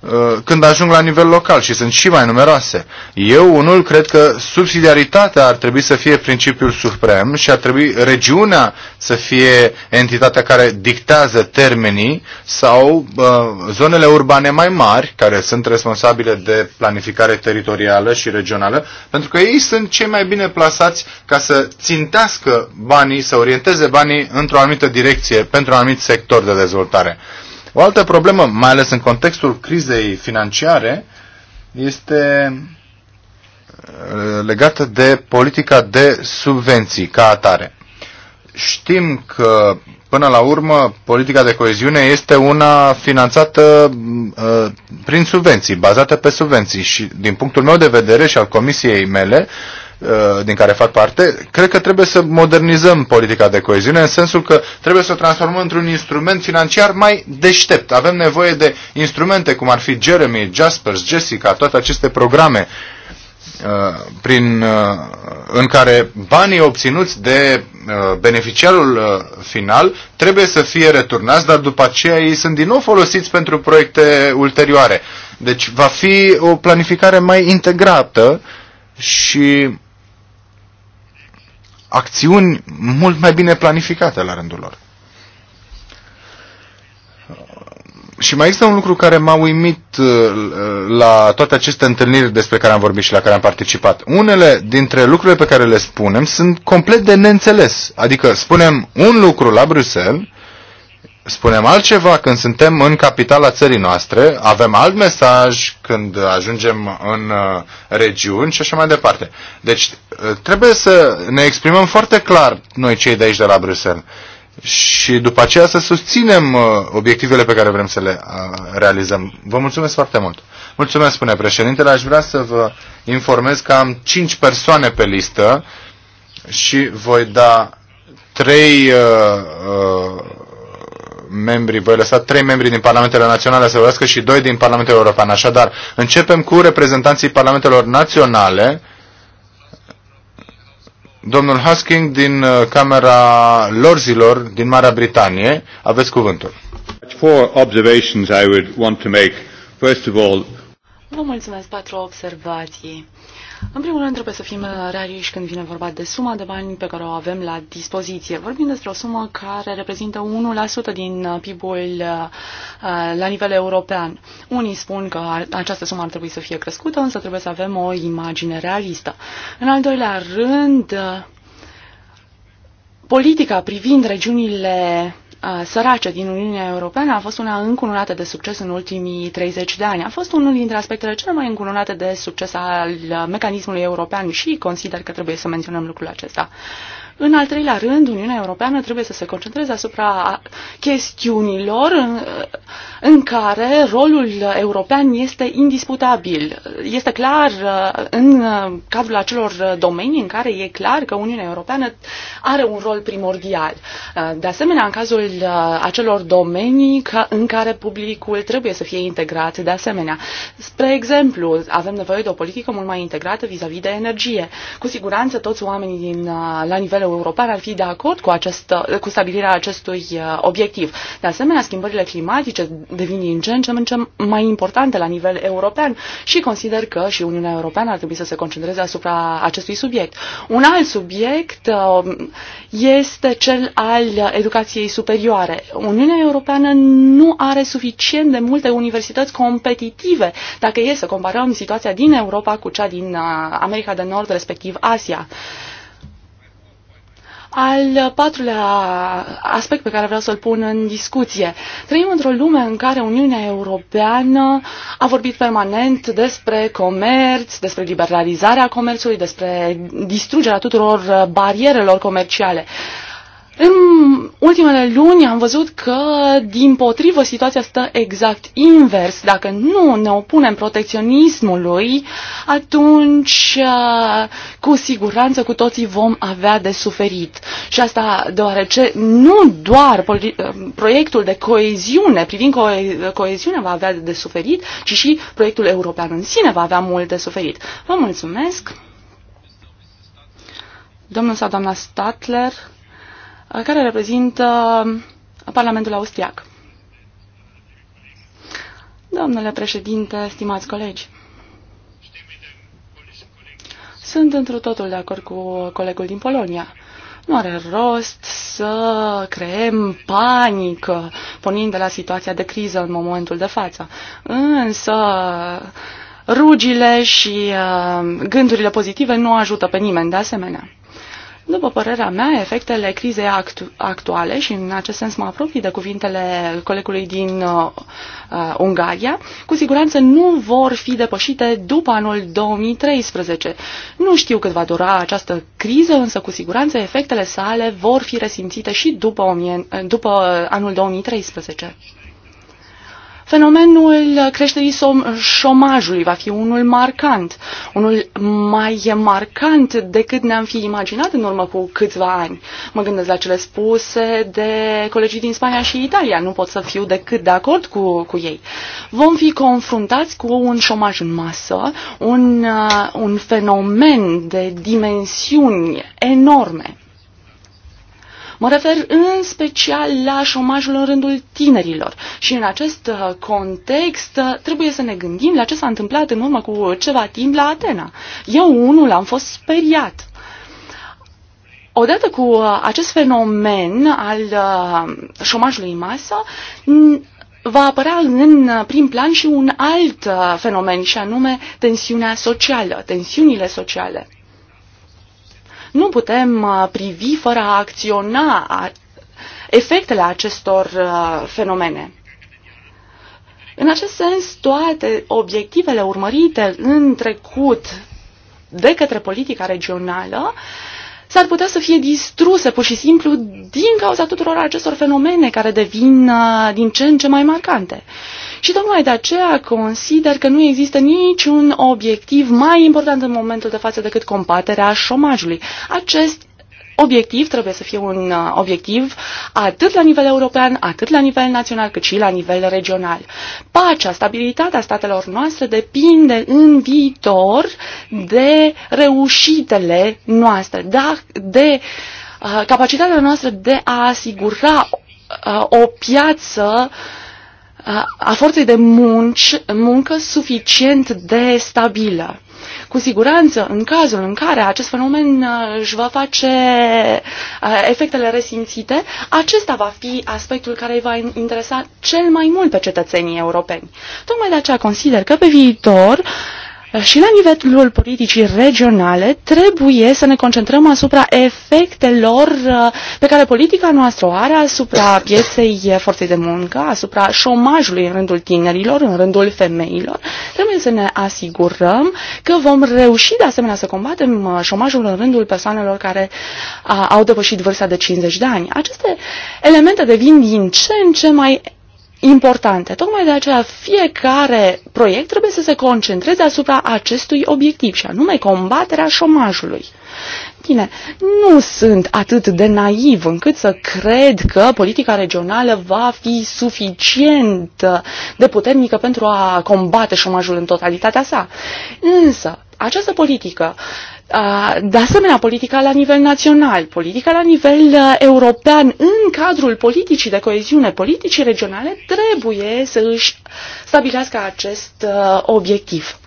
Uh, când ajung la nivel local și sunt și mai numeroase. Eu, unul, cred că subsidiaritatea ar trebui să fie principiul suprem și ar trebui regiunea să fie entitatea care dictează termenii sau uh, zonele urbane mai mari, care sunt responsabile de planificare teritorială și regională, pentru că ei sunt cei mai bine plasați ca să țintească banii, să orienteze banii într-o anumită direcție, pentru un anumit sector de dezvoltare. Uh, o altă problemă, mai ales în contextul crizei financiare, este uh, legată de politica de subvenții ca atare. Știm că, până la urmă, politica de coeziune este una finanțată uh, prin subvenții, bazată pe subvenții și, din punctul meu de vedere și al comisiei mele, uh, Uh, din care fac parte, cred că trebuie să modernizăm politica de coeziune în sensul că trebuie să o transformăm într-un instrument financiar mai deștept. Avem nevoie de instrumente cum ar fi Jeremy, Jaspers, Jessica, toate aceste programe uh, prin, uh, în care banii obținuți de beneficiarul final trebuie să fie returnați, dar după aceea ei sunt din nou folosiți pentru proiecte ulterioare. Deci va fi o planificare mai integrată și acțiuni mult mai bine planificate la rândul lor. Și mai există un lucru care m-a uimit uh, la toate aceste întâlniri despre care am vorbit și la care am participat. Unele dintre lucrurile pe care le spunem sunt complet de neînțeles. Adică spunem un lucru la Bruxelles spunem altceva când suntem în capitala țării noastre, avem alt mesaj când ajungem în uh, regiuni și așa mai departe. Deci uh, trebuie să ne exprimăm foarte clar noi cei de aici de la Bruxelles și după aceea să susținem uh, obiectivele pe care vrem să le realizăm. Vă mulțumesc foarte mult. Mulțumesc, spune președintele. Aș vrea să vă informez că am 5 persoane pe listă și voi da 3 uh, uh, membri, voi lăsa trei membri din Parlamentele Naționale să vorbească și doi din Parlamentul European. Așadar, începem cu reprezentanții Parlamentelor Naționale, domnul Husking din uh, Camera Lorzilor din Marea Britanie. Aveți cuvântul. Four observations I would want to make. First of all, Vă mulțumesc patru observații. În primul rând trebuie să fim uh, realiști când vine vorba de suma de bani pe care o avem la dispoziție. Vorbim despre o sumă care reprezintă 1% din uh, PIB-ul uh, la nivel european. Unii spun că această sumă ar trebui să fie crescută, însă trebuie să avem o imagine realistă. În al doilea rând, politica privind regiunile sărace din Uniunea Europeană a fost una încununată de succes în ultimii 30 de ani. A fost unul dintre aspectele cele mai încununate de succes al mecanismului european și consider că trebuie să menționăm lucrul acesta. Uh, în al treilea rând, Uniunea Europeană trebuie să se concentreze asupra chestiunilor în, în care rolul european este indisputabil. Este clar în cadrul acelor domenii în care e clar că Uniunea Europeană are un rol primordial. De asemenea, în cazul acelor domenii în care publicul trebuie să fie integrat, de asemenea. Spre exemplu, avem nevoie de o politică mult mai integrată vis-a-vis -vis de energie. Cu siguranță toți oamenii din, la nivel european ar fi de acord cu, acest, cu stabilirea acestui uh, obiectiv. De asemenea, schimbările climatice devin din ce în ce, mai importante la nivel european și consider că și Uniunea Europeană ar trebui să se concentreze asupra acestui subiect. Un alt subiect um, este cel al educației superioare. Uniunea Europeană nu are suficient de multe universități competitive dacă e să comparăm situația din Europa cu cea din uh, America de Nord, respectiv Asia. Uh, al patrulea aspect pe care vreau să-l pun în discuție. Trăim într-o lume în care Uniunea Europeană a vorbit permanent despre comerț, despre liberalizarea comerțului, despre distrugerea tuturor barierelor comerciale. În ultimele luni am văzut că, din potrivă, situația stă exact invers. Dacă nu ne opunem protecționismului, atunci uh, cu siguranță cu toții vom avea de suferit. Și asta deoarece nu doar uh, proiectul de coeziune, privind co- coeziunea, va avea de suferit, ci și proiectul european în sine va avea mult de suferit. Vă mulțumesc! Domnul sau doamna Statler, care reprezintă Parlamentul Austriac. Domnule președinte, stimați colegi, sunt într totul de acord cu colegul din Polonia. Nu are rost să creem panică, pornind de la situația de criză în momentul de față. Însă, rugile și uh, gândurile pozitive nu ajută pe nimeni, de asemenea. După părerea mea, efectele crizei actu- actuale, și în acest sens mă apropii de cuvintele colegului din uh, uh Ungaria, cu siguranță nu vor fi depășite după anul 2013. Nu știu cât va dura această criză, însă cu siguranță efectele sale vor fi resimțite și după, după anul 2013. Fenomenul creșterii șomajului va fi unul marcant, unul mai marcant decât ne-am fi imaginat în urmă cu câțiva ani. Mă gândesc la cele spuse de colegii din Spania și Italia, nu pot să fiu decât de acord cu, cu ei. Vom fi confruntați cu un șomaj în masă, un, uh, un fenomen de dimensiuni enorme. Mă refer în special la șomajul în rândul tinerilor și în acest uh, context uh, trebuie să ne gândim la ce s-a întâmplat în urmă cu ceva timp la Atena. Eu unul am fost speriat. Odată cu uh, acest fenomen al șomajului masă, va apărea în prim plan și un alt fenomen, și anume tensiunea socială, tensiunile sociale. Nu putem uh, privi fără a acționa efectele acestor uh, fenomene. În acest sens, toate obiectivele urmărite în trecut de către politica regională uh, s-ar putea să fie distruse pur și simplu din cauza tuturor acestor fenomene care devin uh, din ce în ce mai marcante. Și tocmai de aceea consider că nu există niciun obiectiv mai important în momentul de față decât combaterea șomajului. Acest obiectiv trebuie să fie un uh, obiectiv atât la nivel european, atât la nivel național, cât și la nivel regional. Pacea, stabilitatea statelor noastre depinde în viitor de reușitele noastre, da, de uh, capacitatea noastră de a asigura uh, o piață a forței de munci, muncă suficient de stabilă. Cu siguranță, în cazul în care acest fenomen uh, își va face uh, efectele resimțite, acesta va fi aspectul care îi va interesa cel mai mult pe cetățenii europeni. Tocmai de aceea consider că pe viitor Eh, și la nivelul politicii regionale trebuie să ne concentrăm asupra efectelor eh, pe care politica noastră o are asupra pieței forței de muncă, asupra șomajului în rândul tinerilor, în rândul femeilor. Trebuie să ne asigurăm că vom reuși de asemenea să combatem eh, șomajul în rândul persoanelor care au depășit vârsta de 50 de ani. Aceste elemente devin din ce în ce mai importante. Tocmai de aceea fiecare proiect trebuie să se concentreze asupra acestui obiectiv și anume combaterea șomajului. Bine, nu sunt atât de naiv încât să cred că politica regională va fi suficient de puternică pentru a combate șomajul în totalitatea sa. Însă, această politică de asemenea politica la nivel național, politica la nivel uh, european, în cadrul politicii de coeziune, politicii regionale, trebuie să își stabilească acest uh, obiectiv.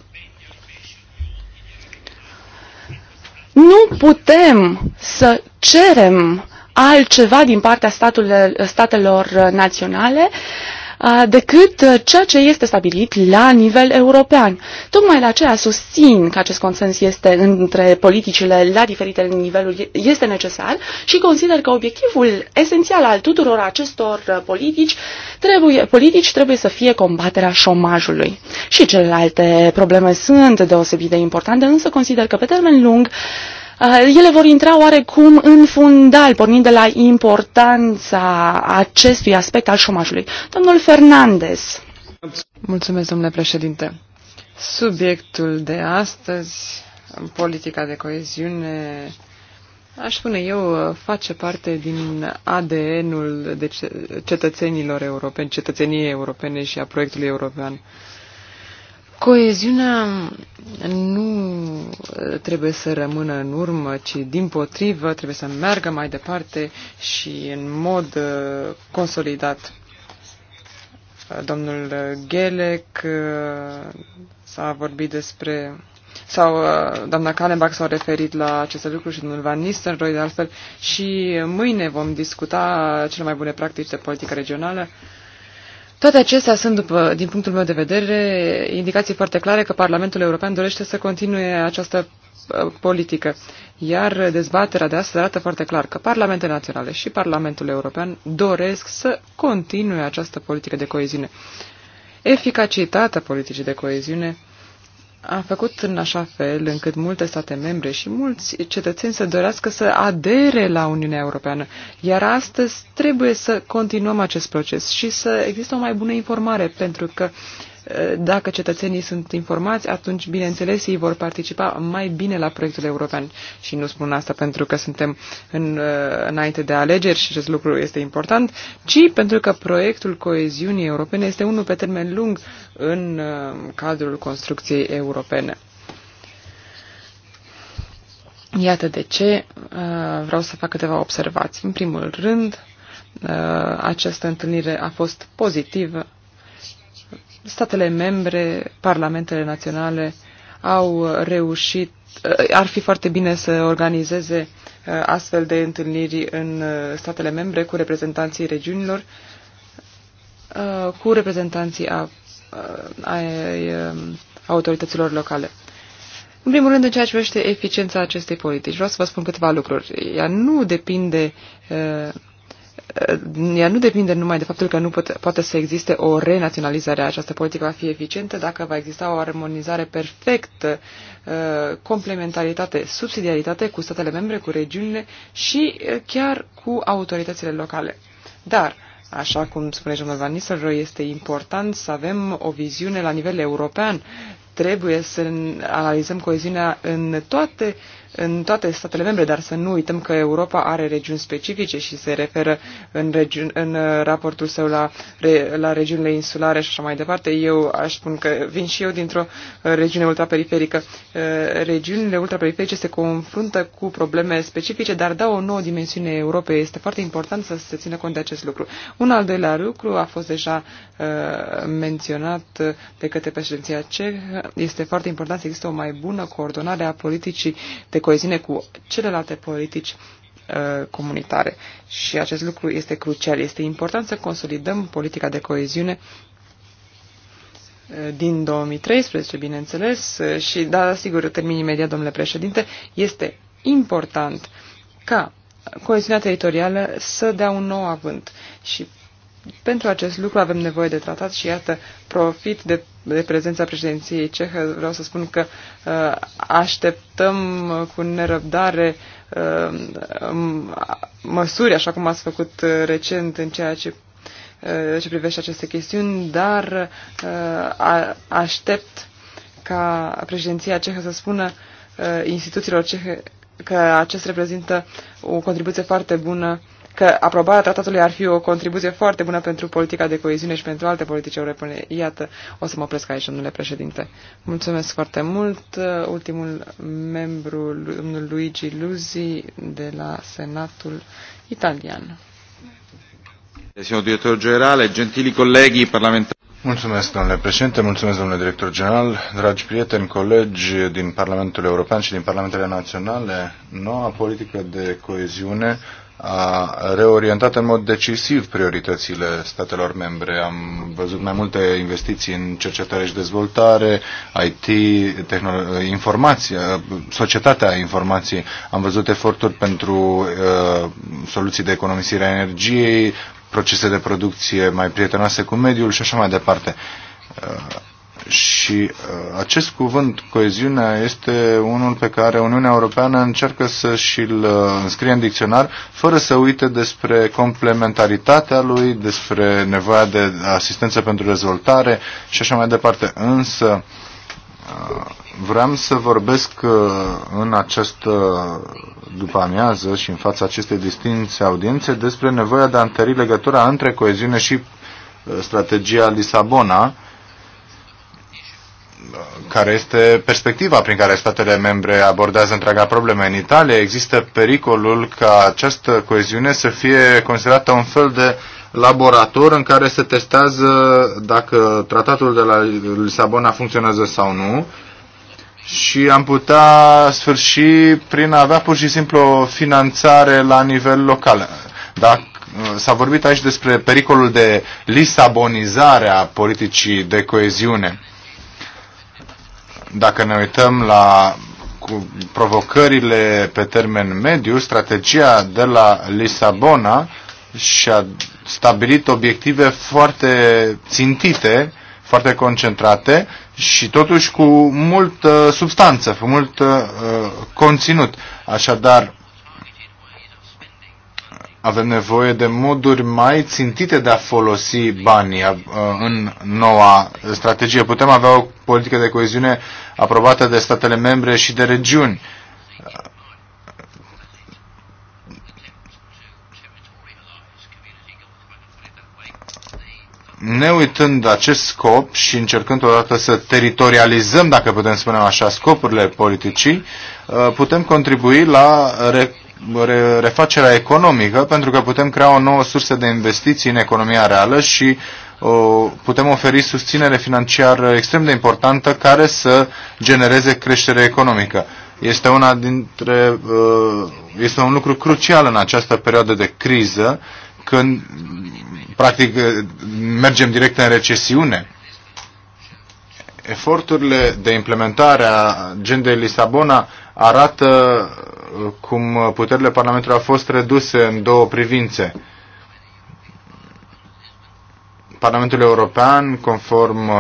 Nu putem să cerem altceva din partea statelor uh, naționale uh, decât uh, ceea ce este stabilit la nivel european. Tocmai de aceea susțin că acest consens este între politicile la diferite niveluri este necesar și consider că obiectivul esențial al tuturor acestor uh, politici trebuie, politici trebuie să fie combaterea șomajului. Și celelalte probleme sunt deosebit de importante, însă consider că pe termen lung Eh, ele vor intra oarecum în fundal, pornind de la importanța acestui aspect al șomajului. Domnul Fernandez. Mulțumesc, domnule președinte. Subiectul de astăzi, politica de coeziune, aș spune eu, face parte din ADN-ul de cetățenilor europeni, cetățeniei europene și a proiectului european. Coeziunea nu uh, trebuie să rămână în urmă, ci din potrivă trebuie să meargă mai departe și în mod uh, consolidat. Uh, domnul Gelec s-a vorbit despre sau doamna Kallenbach s a referit la aceste lucruri și domnul Van Nistelrooy de altfel și mâine vom discuta cele mai bune practici de politică regională toate acestea sunt, după, din punctul meu de vedere, indicații foarte clare că Parlamentul European dorește să continue această ă, politică. Iar dezbaterea de astăzi arată foarte clar că Parlamentele Naționale și Parlamentul European doresc să continue această politică de coeziune. Eficacitatea politicii de coeziune a făcut în așa fel încât multe state membre și mulți cetățeni să dorească să adere la Uniunea Europeană. Iar astăzi trebuie să continuăm acest proces și să există o mai bună informare, pentru că uh, dacă cetățenii sunt informați, atunci, bineînțeles, ei vor participa mai bine la proiectul european. Și nu spun asta pentru că suntem în, uh, înainte de alegeri și acest lucru este important, ci pentru că proiectul coeziunii europene este unul pe termen lung în uh, cadrul construcției europene. Iată de ce uh, vreau să fac câteva observații. În primul rând, această întâlnire a fost pozitivă statele membre, parlamentele naționale au reușit, eh, ar fi foarte bine să organizeze eh, astfel de întâlniri în eh, statele membre cu reprezentanții regiunilor, cu reprezentanții a, a autorităților locale. În primul rând, în ceea ce privește eficiența acestei politici, vreau să vă spun câteva lucruri. Ea nu depinde Uh, ea nu depinde numai de faptul că nu pot, poate să existe o renaționalizare a această politică va fi eficientă dacă va exista o armonizare perfectă, uh, complementaritate, subsidiaritate cu statele membre, cu regiunile și uh, chiar cu autoritățile locale. Dar, așa cum spune domnul Van Nistelrooy, este important să avem o viziune la nivel european. Trebuie să analizăm coeziunea în toate uh, în toate statele membre, dar să nu uităm că Europa are regiuni specifice și se referă în, regiun, în uh, raportul său la, la regiunile insulare și așa mai departe. Eu aș spun că vin și eu dintr-o uh, regiune ultraperiferică. Uh, regiunile ultraperiferice se confruntă cu probleme specifice, dar dau o nouă dimensiune Europei. Este foarte important să se țină cont de acest lucru. Un al doilea lucru a fost deja menționat de către președinția ceh. Este foarte important să există o mai bună coordonare a politicii de coeziune cu celelalte politici uh, comunitare. Și acest lucru este crucial. Este important să consolidăm politica de coeziune uh, din 2013, bineînțeles, uh, și da, sigur, termin imediat, domnule președinte, este important ca coeziunea teritorială să dea un nou avânt și pentru acest lucru avem nevoie de tratat și iată, profit de, de prezența președinției cehă. Vreau să spun că uh, așteptăm cu nerăbdare uh, um, măsuri, așa cum ați făcut uh, recent în ceea ce uh, ce privește aceste chestiuni, dar uh, a, aștept ca președinția cehă să spună uh, instituțiilor cehe că acest reprezintă o contribuție foarte bună că aprobarea tratatului ar fi o contribuție foarte bună pentru politica de coeziune și pentru alte politici europene. Iată, o să mă opresc aici, domnule președinte. Mulțumesc foarte mult. Ultimul membru, domnul Luigi Luzi, de la Senatul Italian. Signor director general, gentili colegi parlamentari. Mulțumesc, domnule președinte, mulțumesc, domnule director general, dragi prieteni, colegi din Parlamentul European și din Parlamentele Naționale. Noua politică de coeziune a reorientat în mod decisiv prioritățile statelor membre. Am văzut mai multe investiții în cercetare și dezvoltare, IT, informație, societatea informației. Am văzut eforturi pentru uh, soluții de economisire a energiei, procese de producție mai prietenoase cu mediul și așa mai departe. Uh, și uh, acest cuvânt, coeziunea, este unul pe care Uniunea Europeană încearcă să și-l uh, înscrie în dicționar, fără să uite despre complementaritatea lui, despre nevoia de asistență pentru dezvoltare și așa mai departe. Însă, uh, vreau să vorbesc în această după amiază și în fața acestei distinse audiențe despre nevoia de a întări legătura între coeziune și strategia Lisabona, care este perspectiva prin care statele membre abordează întreaga problemă. În Italia există pericolul ca această coeziune să fie considerată un fel de laborator în care se testează dacă tratatul de la Lisabona funcționează sau nu și am putea sfârși prin a avea pur și simplu o finanțare la nivel local. Dacă uh, S-a vorbit aici despre pericolul de lisabonizare a politicii de coeziune. Dacă ne uităm la cu provocările pe termen mediu, strategia de la Lisabona și-a stabilit obiective foarte țintite, foarte concentrate și totuși cu multă substanță, cu mult uh, conținut. Așadar, avem nevoie de moduri mai țintite de a folosi banii în noua strategie. Putem avea o politică de coeziune aprobată de statele membre și de regiuni. ne uitând acest scop și încercând odată să teritorializăm, dacă putem spune așa, scopurile politicii, putem contribui la refacerea economică, pentru că putem crea o nouă sursă de investiții în economia reală și putem oferi susținere financiară extrem de importantă care să genereze creștere economică. Este, una dintre, este un lucru crucial în această perioadă de criză, când practic mergem direct în recesiune Eforturile de implementare a agendei Lisabona arată uh, cum puterile Parlamentului au fost reduse în două privințe. Parlamentul European, conform uh,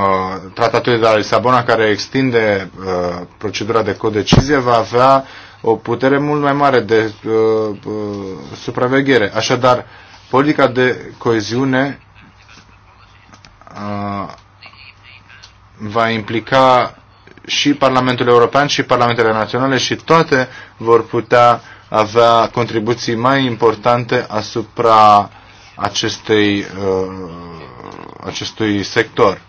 tratatului de la Lisabona, care extinde uh, procedura de codecizie, va avea o putere mult mai mare de uh, uh, supraveghere. Așadar, politica de coeziune uh, va implica și Parlamentul European și Parlamentele Naționale și toate vor putea avea contribuții mai importante asupra acestei, uh, acestui sector.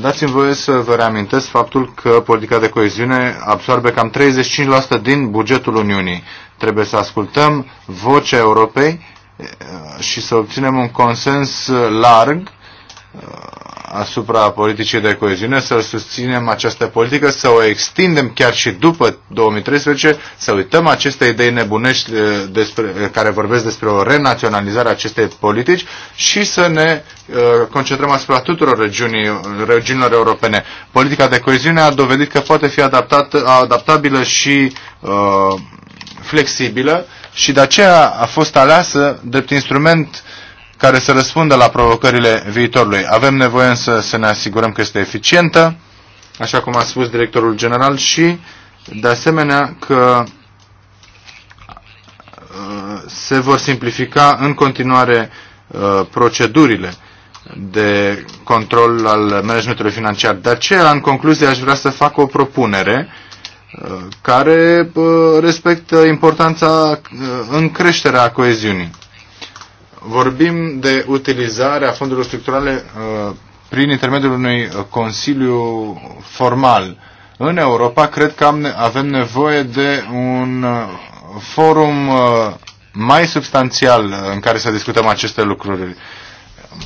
Dați-mi voie să vă reamintesc faptul că politica de coeziune absorbe cam 35% din bugetul Uniunii. Trebuie să ascultăm vocea Europei uh, și să obținem un consens uh, larg Uh, asupra politicii de coeziune, să susținem această politică, să o extindem chiar și după 2013, să uităm aceste idei nebunești uh, despre, uh, care vorbesc despre o renaționalizare a acestei politici și să ne concentrăm asupra tuturor regiunii, regiunilor europene. Politica de coeziune a dovedit că poate fi adaptat, adaptabilă și uh, flexibilă și de aceea a fost aleasă drept instrument care să răspundă la provocările viitorului. Avem nevoie însă să ne asigurăm că este eficientă, așa cum a spus directorul general, și de asemenea că uh, se vor simplifica în continuare uh, procedurile de control al managementului financiar. De aceea, în concluzie, aș vrea să fac o propunere uh, care respectă importanța în creșterea coeziunii. Vorbim de utilizarea fondurilor structurale uh, prin intermediul unui uh, consiliu formal. În Europa cred că am, avem nevoie de un uh, forum mai substanțial în care să discutăm aceste lucruri.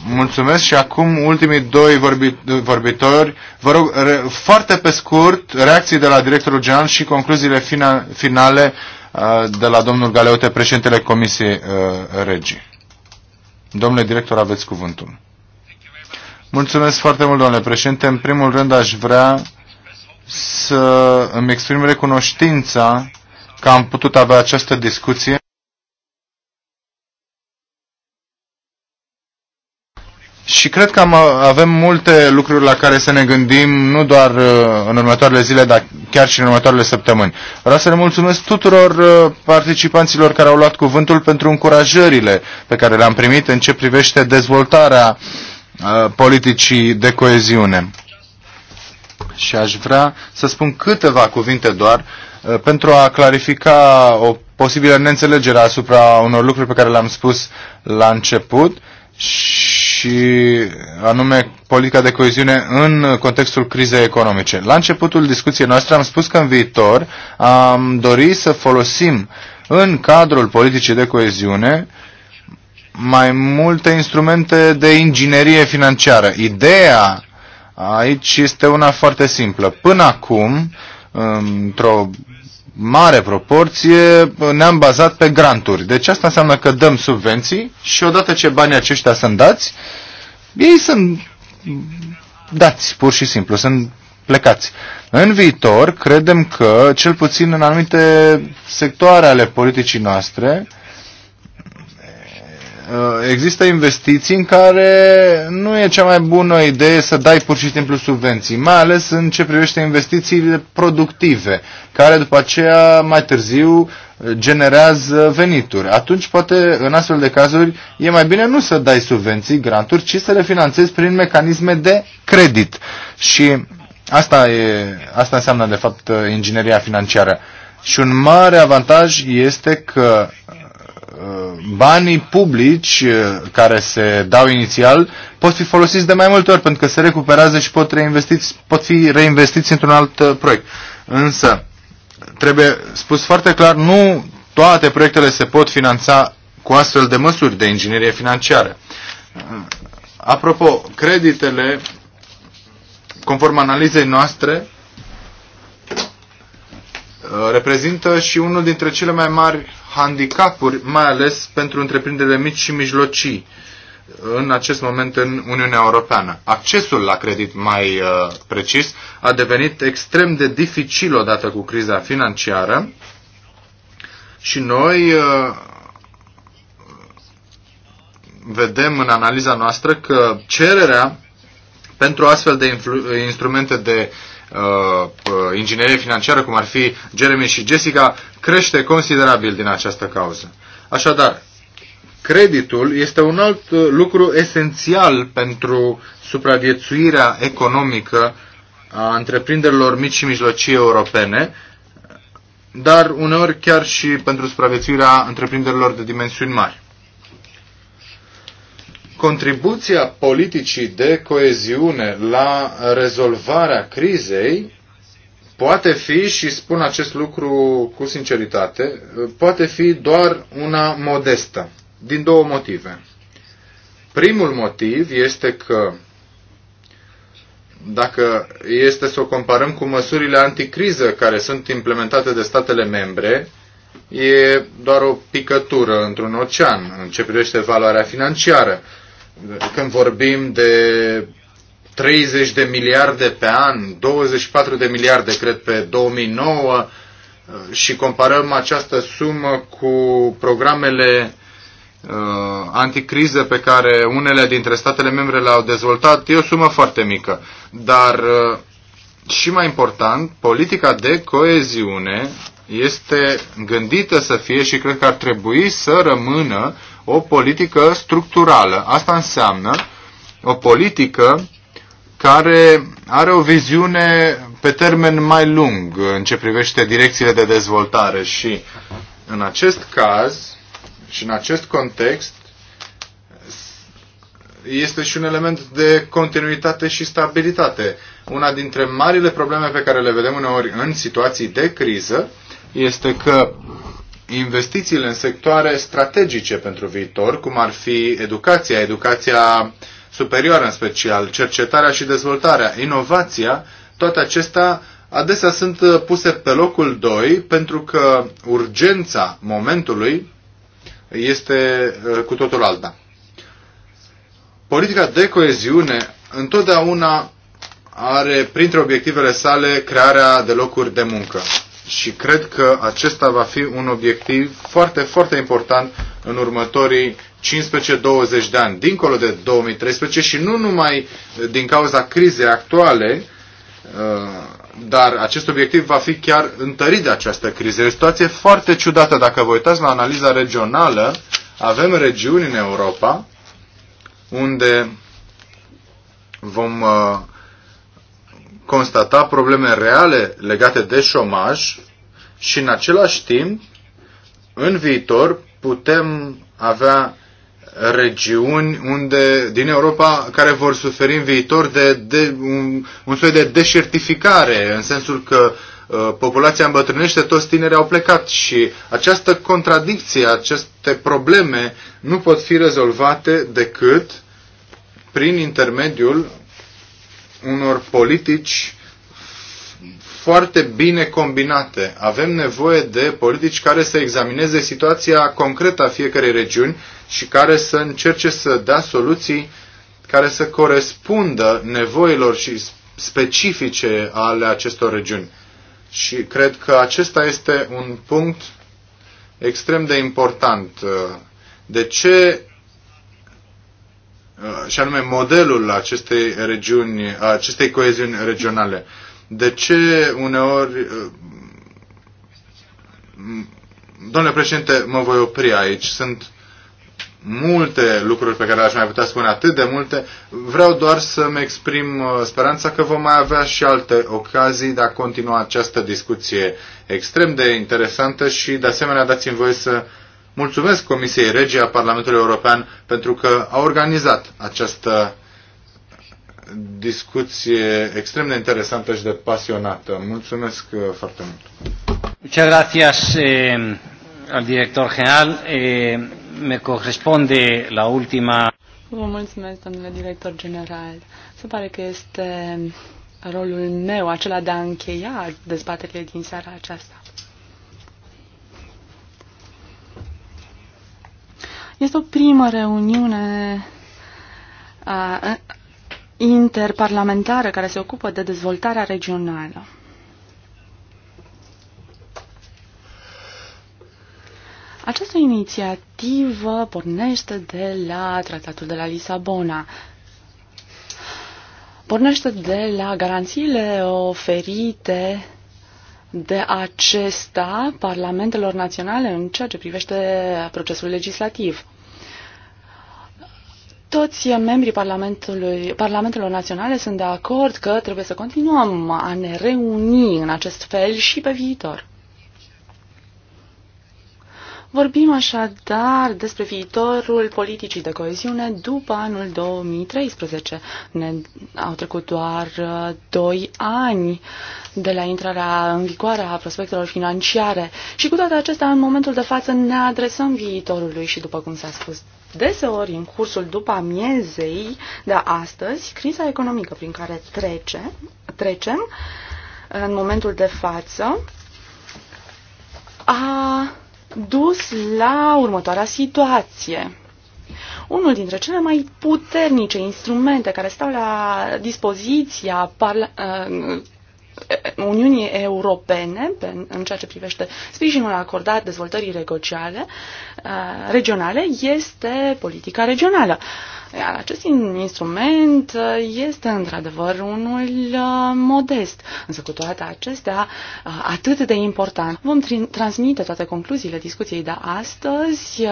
Mulțumesc și acum ultimii doi vorbi, vorbitori. Vă rog, re, foarte pe scurt, reacții de la directorul general și concluziile fina, finale uh, de la domnul Galeote, președintele Comisiei uh, Regii. Domnule director, aveți cuvântul. Mulțumesc foarte mult, domnule președinte. În primul rând aș vrea să îmi exprim recunoștința că am putut avea această discuție Și cred că am, avem multe lucruri la care să ne gândim, nu doar uh, în următoarele zile, dar chiar și în următoarele săptămâni. Vreau să le mulțumesc tuturor uh, participanților care au luat cuvântul pentru încurajările pe care le-am primit în ce privește dezvoltarea uh, politicii de coeziune. Și aș vrea să spun câteva cuvinte doar pentru a clarifica o posibilă neînțelegere asupra unor lucruri pe care le-am spus la început și și anume politica de coeziune în contextul crizei economice. La începutul discuției noastre am spus că în viitor am dori să folosim în cadrul politicii de coeziune mai multe instrumente de inginerie financiară. Ideea aici este una foarte simplă. Până acum, într-o mare proporție ne-am bazat pe granturi. Deci asta înseamnă că dăm subvenții și odată ce banii aceștia sunt dați, ei sunt dați pur și simplu, sunt plecați. În viitor, credem că, cel puțin în anumite sectoare ale politicii noastre, Uh, există investiții în care nu e cea mai bună idee să dai pur și simplu subvenții, mai ales în ce privește investițiile productive, care după aceea mai târziu uh, generează venituri. Atunci poate în astfel de cazuri e mai bine nu să dai subvenții, granturi, ci să le finanțezi prin mecanisme de credit. Și asta, e, asta înseamnă de fapt ingineria financiară. Și un mare avantaj este că Uh, banii publici uh, care se dau inițial pot fi folosiți de mai multe ori pentru că se recuperează și pot, reinvestiți, pot fi reinvestiți într-un alt uh, proiect. Însă, trebuie spus foarte clar, nu toate proiectele se pot finanța cu astfel de măsuri de inginerie financiară. Apropo, creditele, conform analizei noastre, reprezintă și unul dintre cele mai mari handicapuri, mai ales pentru întreprinderile mici și mijlocii în acest moment în Uniunea Europeană. Accesul la credit mai uh, precis a devenit extrem de dificil odată cu criza financiară și noi uh, vedem în analiza noastră că cererea pentru astfel de instrumente de uh, Uh, uh, inginerie financiară, cum ar fi Jeremy și Jessica, crește considerabil din această cauză. Așadar, creditul este un alt uh, lucru esențial pentru supraviețuirea economică a întreprinderilor mici și mijlocii europene, dar uneori chiar și pentru supraviețuirea întreprinderilor de dimensiuni mari contribuția politicii de coeziune la rezolvarea crizei poate fi, și spun acest lucru cu sinceritate, poate fi doar una modestă, din două motive. Primul motiv este că dacă este să o comparăm cu măsurile anticriză care sunt implementate de statele membre, e doar o picătură într-un ocean în ce privește valoarea financiară când vorbim de 30 de miliarde pe an, 24 de miliarde cred pe 2009 uh, și comparăm această sumă cu programele uh, anticriză pe care unele dintre statele membre le-au dezvoltat, e o sumă foarte mică. Dar uh, și mai important, politica de coeziune este gândită să fie și cred că ar trebui să rămână o politică structurală. Asta înseamnă o politică care are o viziune pe termen mai lung în ce privește direcțiile de dezvoltare și în acest caz și în acest context este și un element de continuitate și stabilitate. Una dintre marile probleme pe care le vedem uneori în situații de criză este că investițiile în sectoare strategice pentru viitor, cum ar fi educația, educația superioară în special, cercetarea și dezvoltarea, inovația, toate acestea adesea sunt puse pe locul 2 pentru că urgența momentului este uh, cu totul alta. Politica de coeziune întotdeauna are printre obiectivele sale crearea de locuri de muncă și cred că acesta va fi un obiectiv foarte, foarte important în următorii 15-20 de ani, dincolo de 2013 și nu numai din cauza crizei actuale, uh, dar acest obiectiv va fi chiar întărit de această criză. E o situație foarte ciudată. Dacă vă uitați la analiza regională, avem regiuni în Europa unde vom uh, constata probleme reale legate de șomaj și în același timp, în viitor, putem avea regiuni unde, din Europa care vor suferi în viitor de, de un, un soi de deșertificare, în sensul că uh, populația îmbătrânește, toți tinerii au plecat și această contradicție, aceste probleme nu pot fi rezolvate decât prin intermediul unor politici foarte bine combinate. Avem nevoie de politici care să examineze situația concretă a fiecarei regiuni și care să încerce să dea soluții care să corespundă nevoilor și specifice ale acestor regiuni. Și cred că acesta este un punct extrem de important. De ce Uh, și anume modelul acestei regiuni, a acestei coeziuni regionale. De ce uneori uh, Domnule președinte, mă voi opri aici. Sunt multe lucruri pe care le-aș mai putea spune, atât de multe. Vreau doar să-mi exprim uh, speranța că vom mai avea și alte ocazii de a continua această discuție extrem de interesantă și, de asemenea, dați-mi voie să Mulțumesc Comisiei Regii a Parlamentului European pentru că a organizat această discuție extrem de interesantă și de pasionată. Mulțumesc uh, foarte mult. Muchas gracias eh, al director general. Eh, me corresponde la ultima. Vă mulțumesc, domnule director general. Se pare că este rolul meu acela de a încheia dezbaterile din seara aceasta. Este o primă reuniune uh, interparlamentară care se ocupă de dezvoltarea regională. Această inițiativă pornește de la Tratatul de la Lisabona, pornește de la garanțiile oferite de acesta parlamentelor naționale în ceea ce privește procesul legislativ. Toți membrii Parlamentului, Parlamentelor Naționale sunt de acord că trebuie să continuăm a ne reuni în acest fel și pe viitor. Vorbim așadar despre viitorul politicii de coeziune după anul 2013. Ne au trecut doar uh, doi ani de la intrarea în vigoare a prospectelor financiare și cu toate acestea, în momentul de față, ne adresăm viitorului și, după cum s-a spus deseori în cursul după amiezei de astăzi, criza economică prin care trece, trecem în momentul de față a dus la următoarea situație. Unul dintre cele mai puternice instrumente care stau la dispoziția parla- uh, Uniunii Europene în ceea ce privește sprijinul acordat dezvoltării regociale, uh, regionale este politica regională. Iar acest instrument uh, este într-adevăr unul uh, modest, însă cu toate acestea atât de important. Vom transmite toate concluziile discuției de astăzi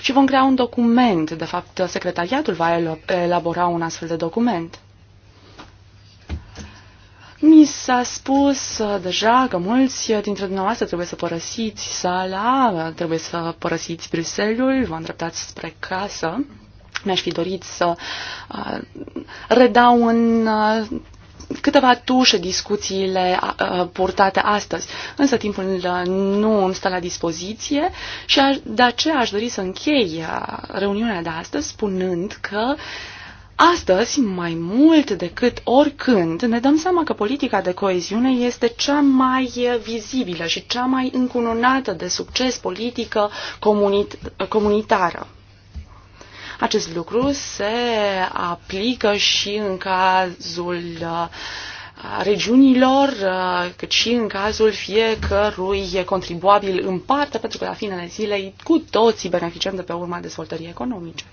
și vom crea un document. De fapt, secretariatul va elabora un astfel de document. Mi s-a spus uh, deja că mulți uh, dintre dumneavoastră trebuie să părăsiți sala, uh, trebuie să părăsiți Bruselul, vă îndreptați spre casă. Mi-aș fi dorit să redau în câteva tușe discuțiile purtate astăzi, însă timpul nu îmi stă la dispoziție și de aceea aș dori să închei reuniunea de astăzi spunând că Astăzi, mai mult decât oricând, ne dăm seama că politica de coeziune este cea mai vizibilă și cea mai încununată de succes politică comunit- comunitară. Acest lucru se aplică și în cazul uh, regiunilor, uh, cât și în cazul fiecărui contribuabil în parte, pentru că la finele zilei cu toții beneficiem de pe urma dezvoltării economice.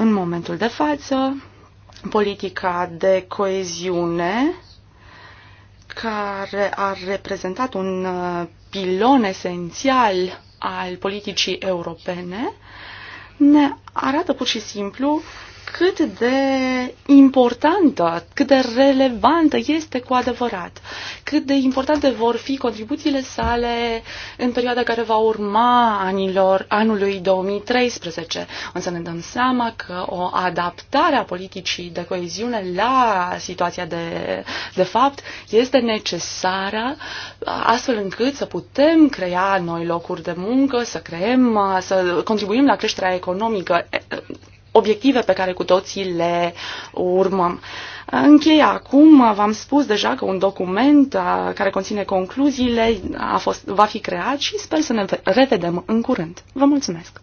În momentul de față, politica de coeziune care a reprezentat un uh, pilon esențial al politicii europene, ne arată pur și simplu cât de importantă, cât de relevantă este cu adevărat, cât de importante vor fi contribuțiile sale în perioada care va urma anilor, anului 2013. Însă ne dăm seama că o adaptare a politicii de coeziune la situația de, de fapt este necesară astfel încât să putem crea noi locuri de muncă, să creăm, să contribuim la creșterea economică obiective pe care cu toții le urmăm. Încheie acum, v-am spus deja că un document care conține concluziile a fost, va fi creat și sper să ne revedem în curând. Vă mulțumesc!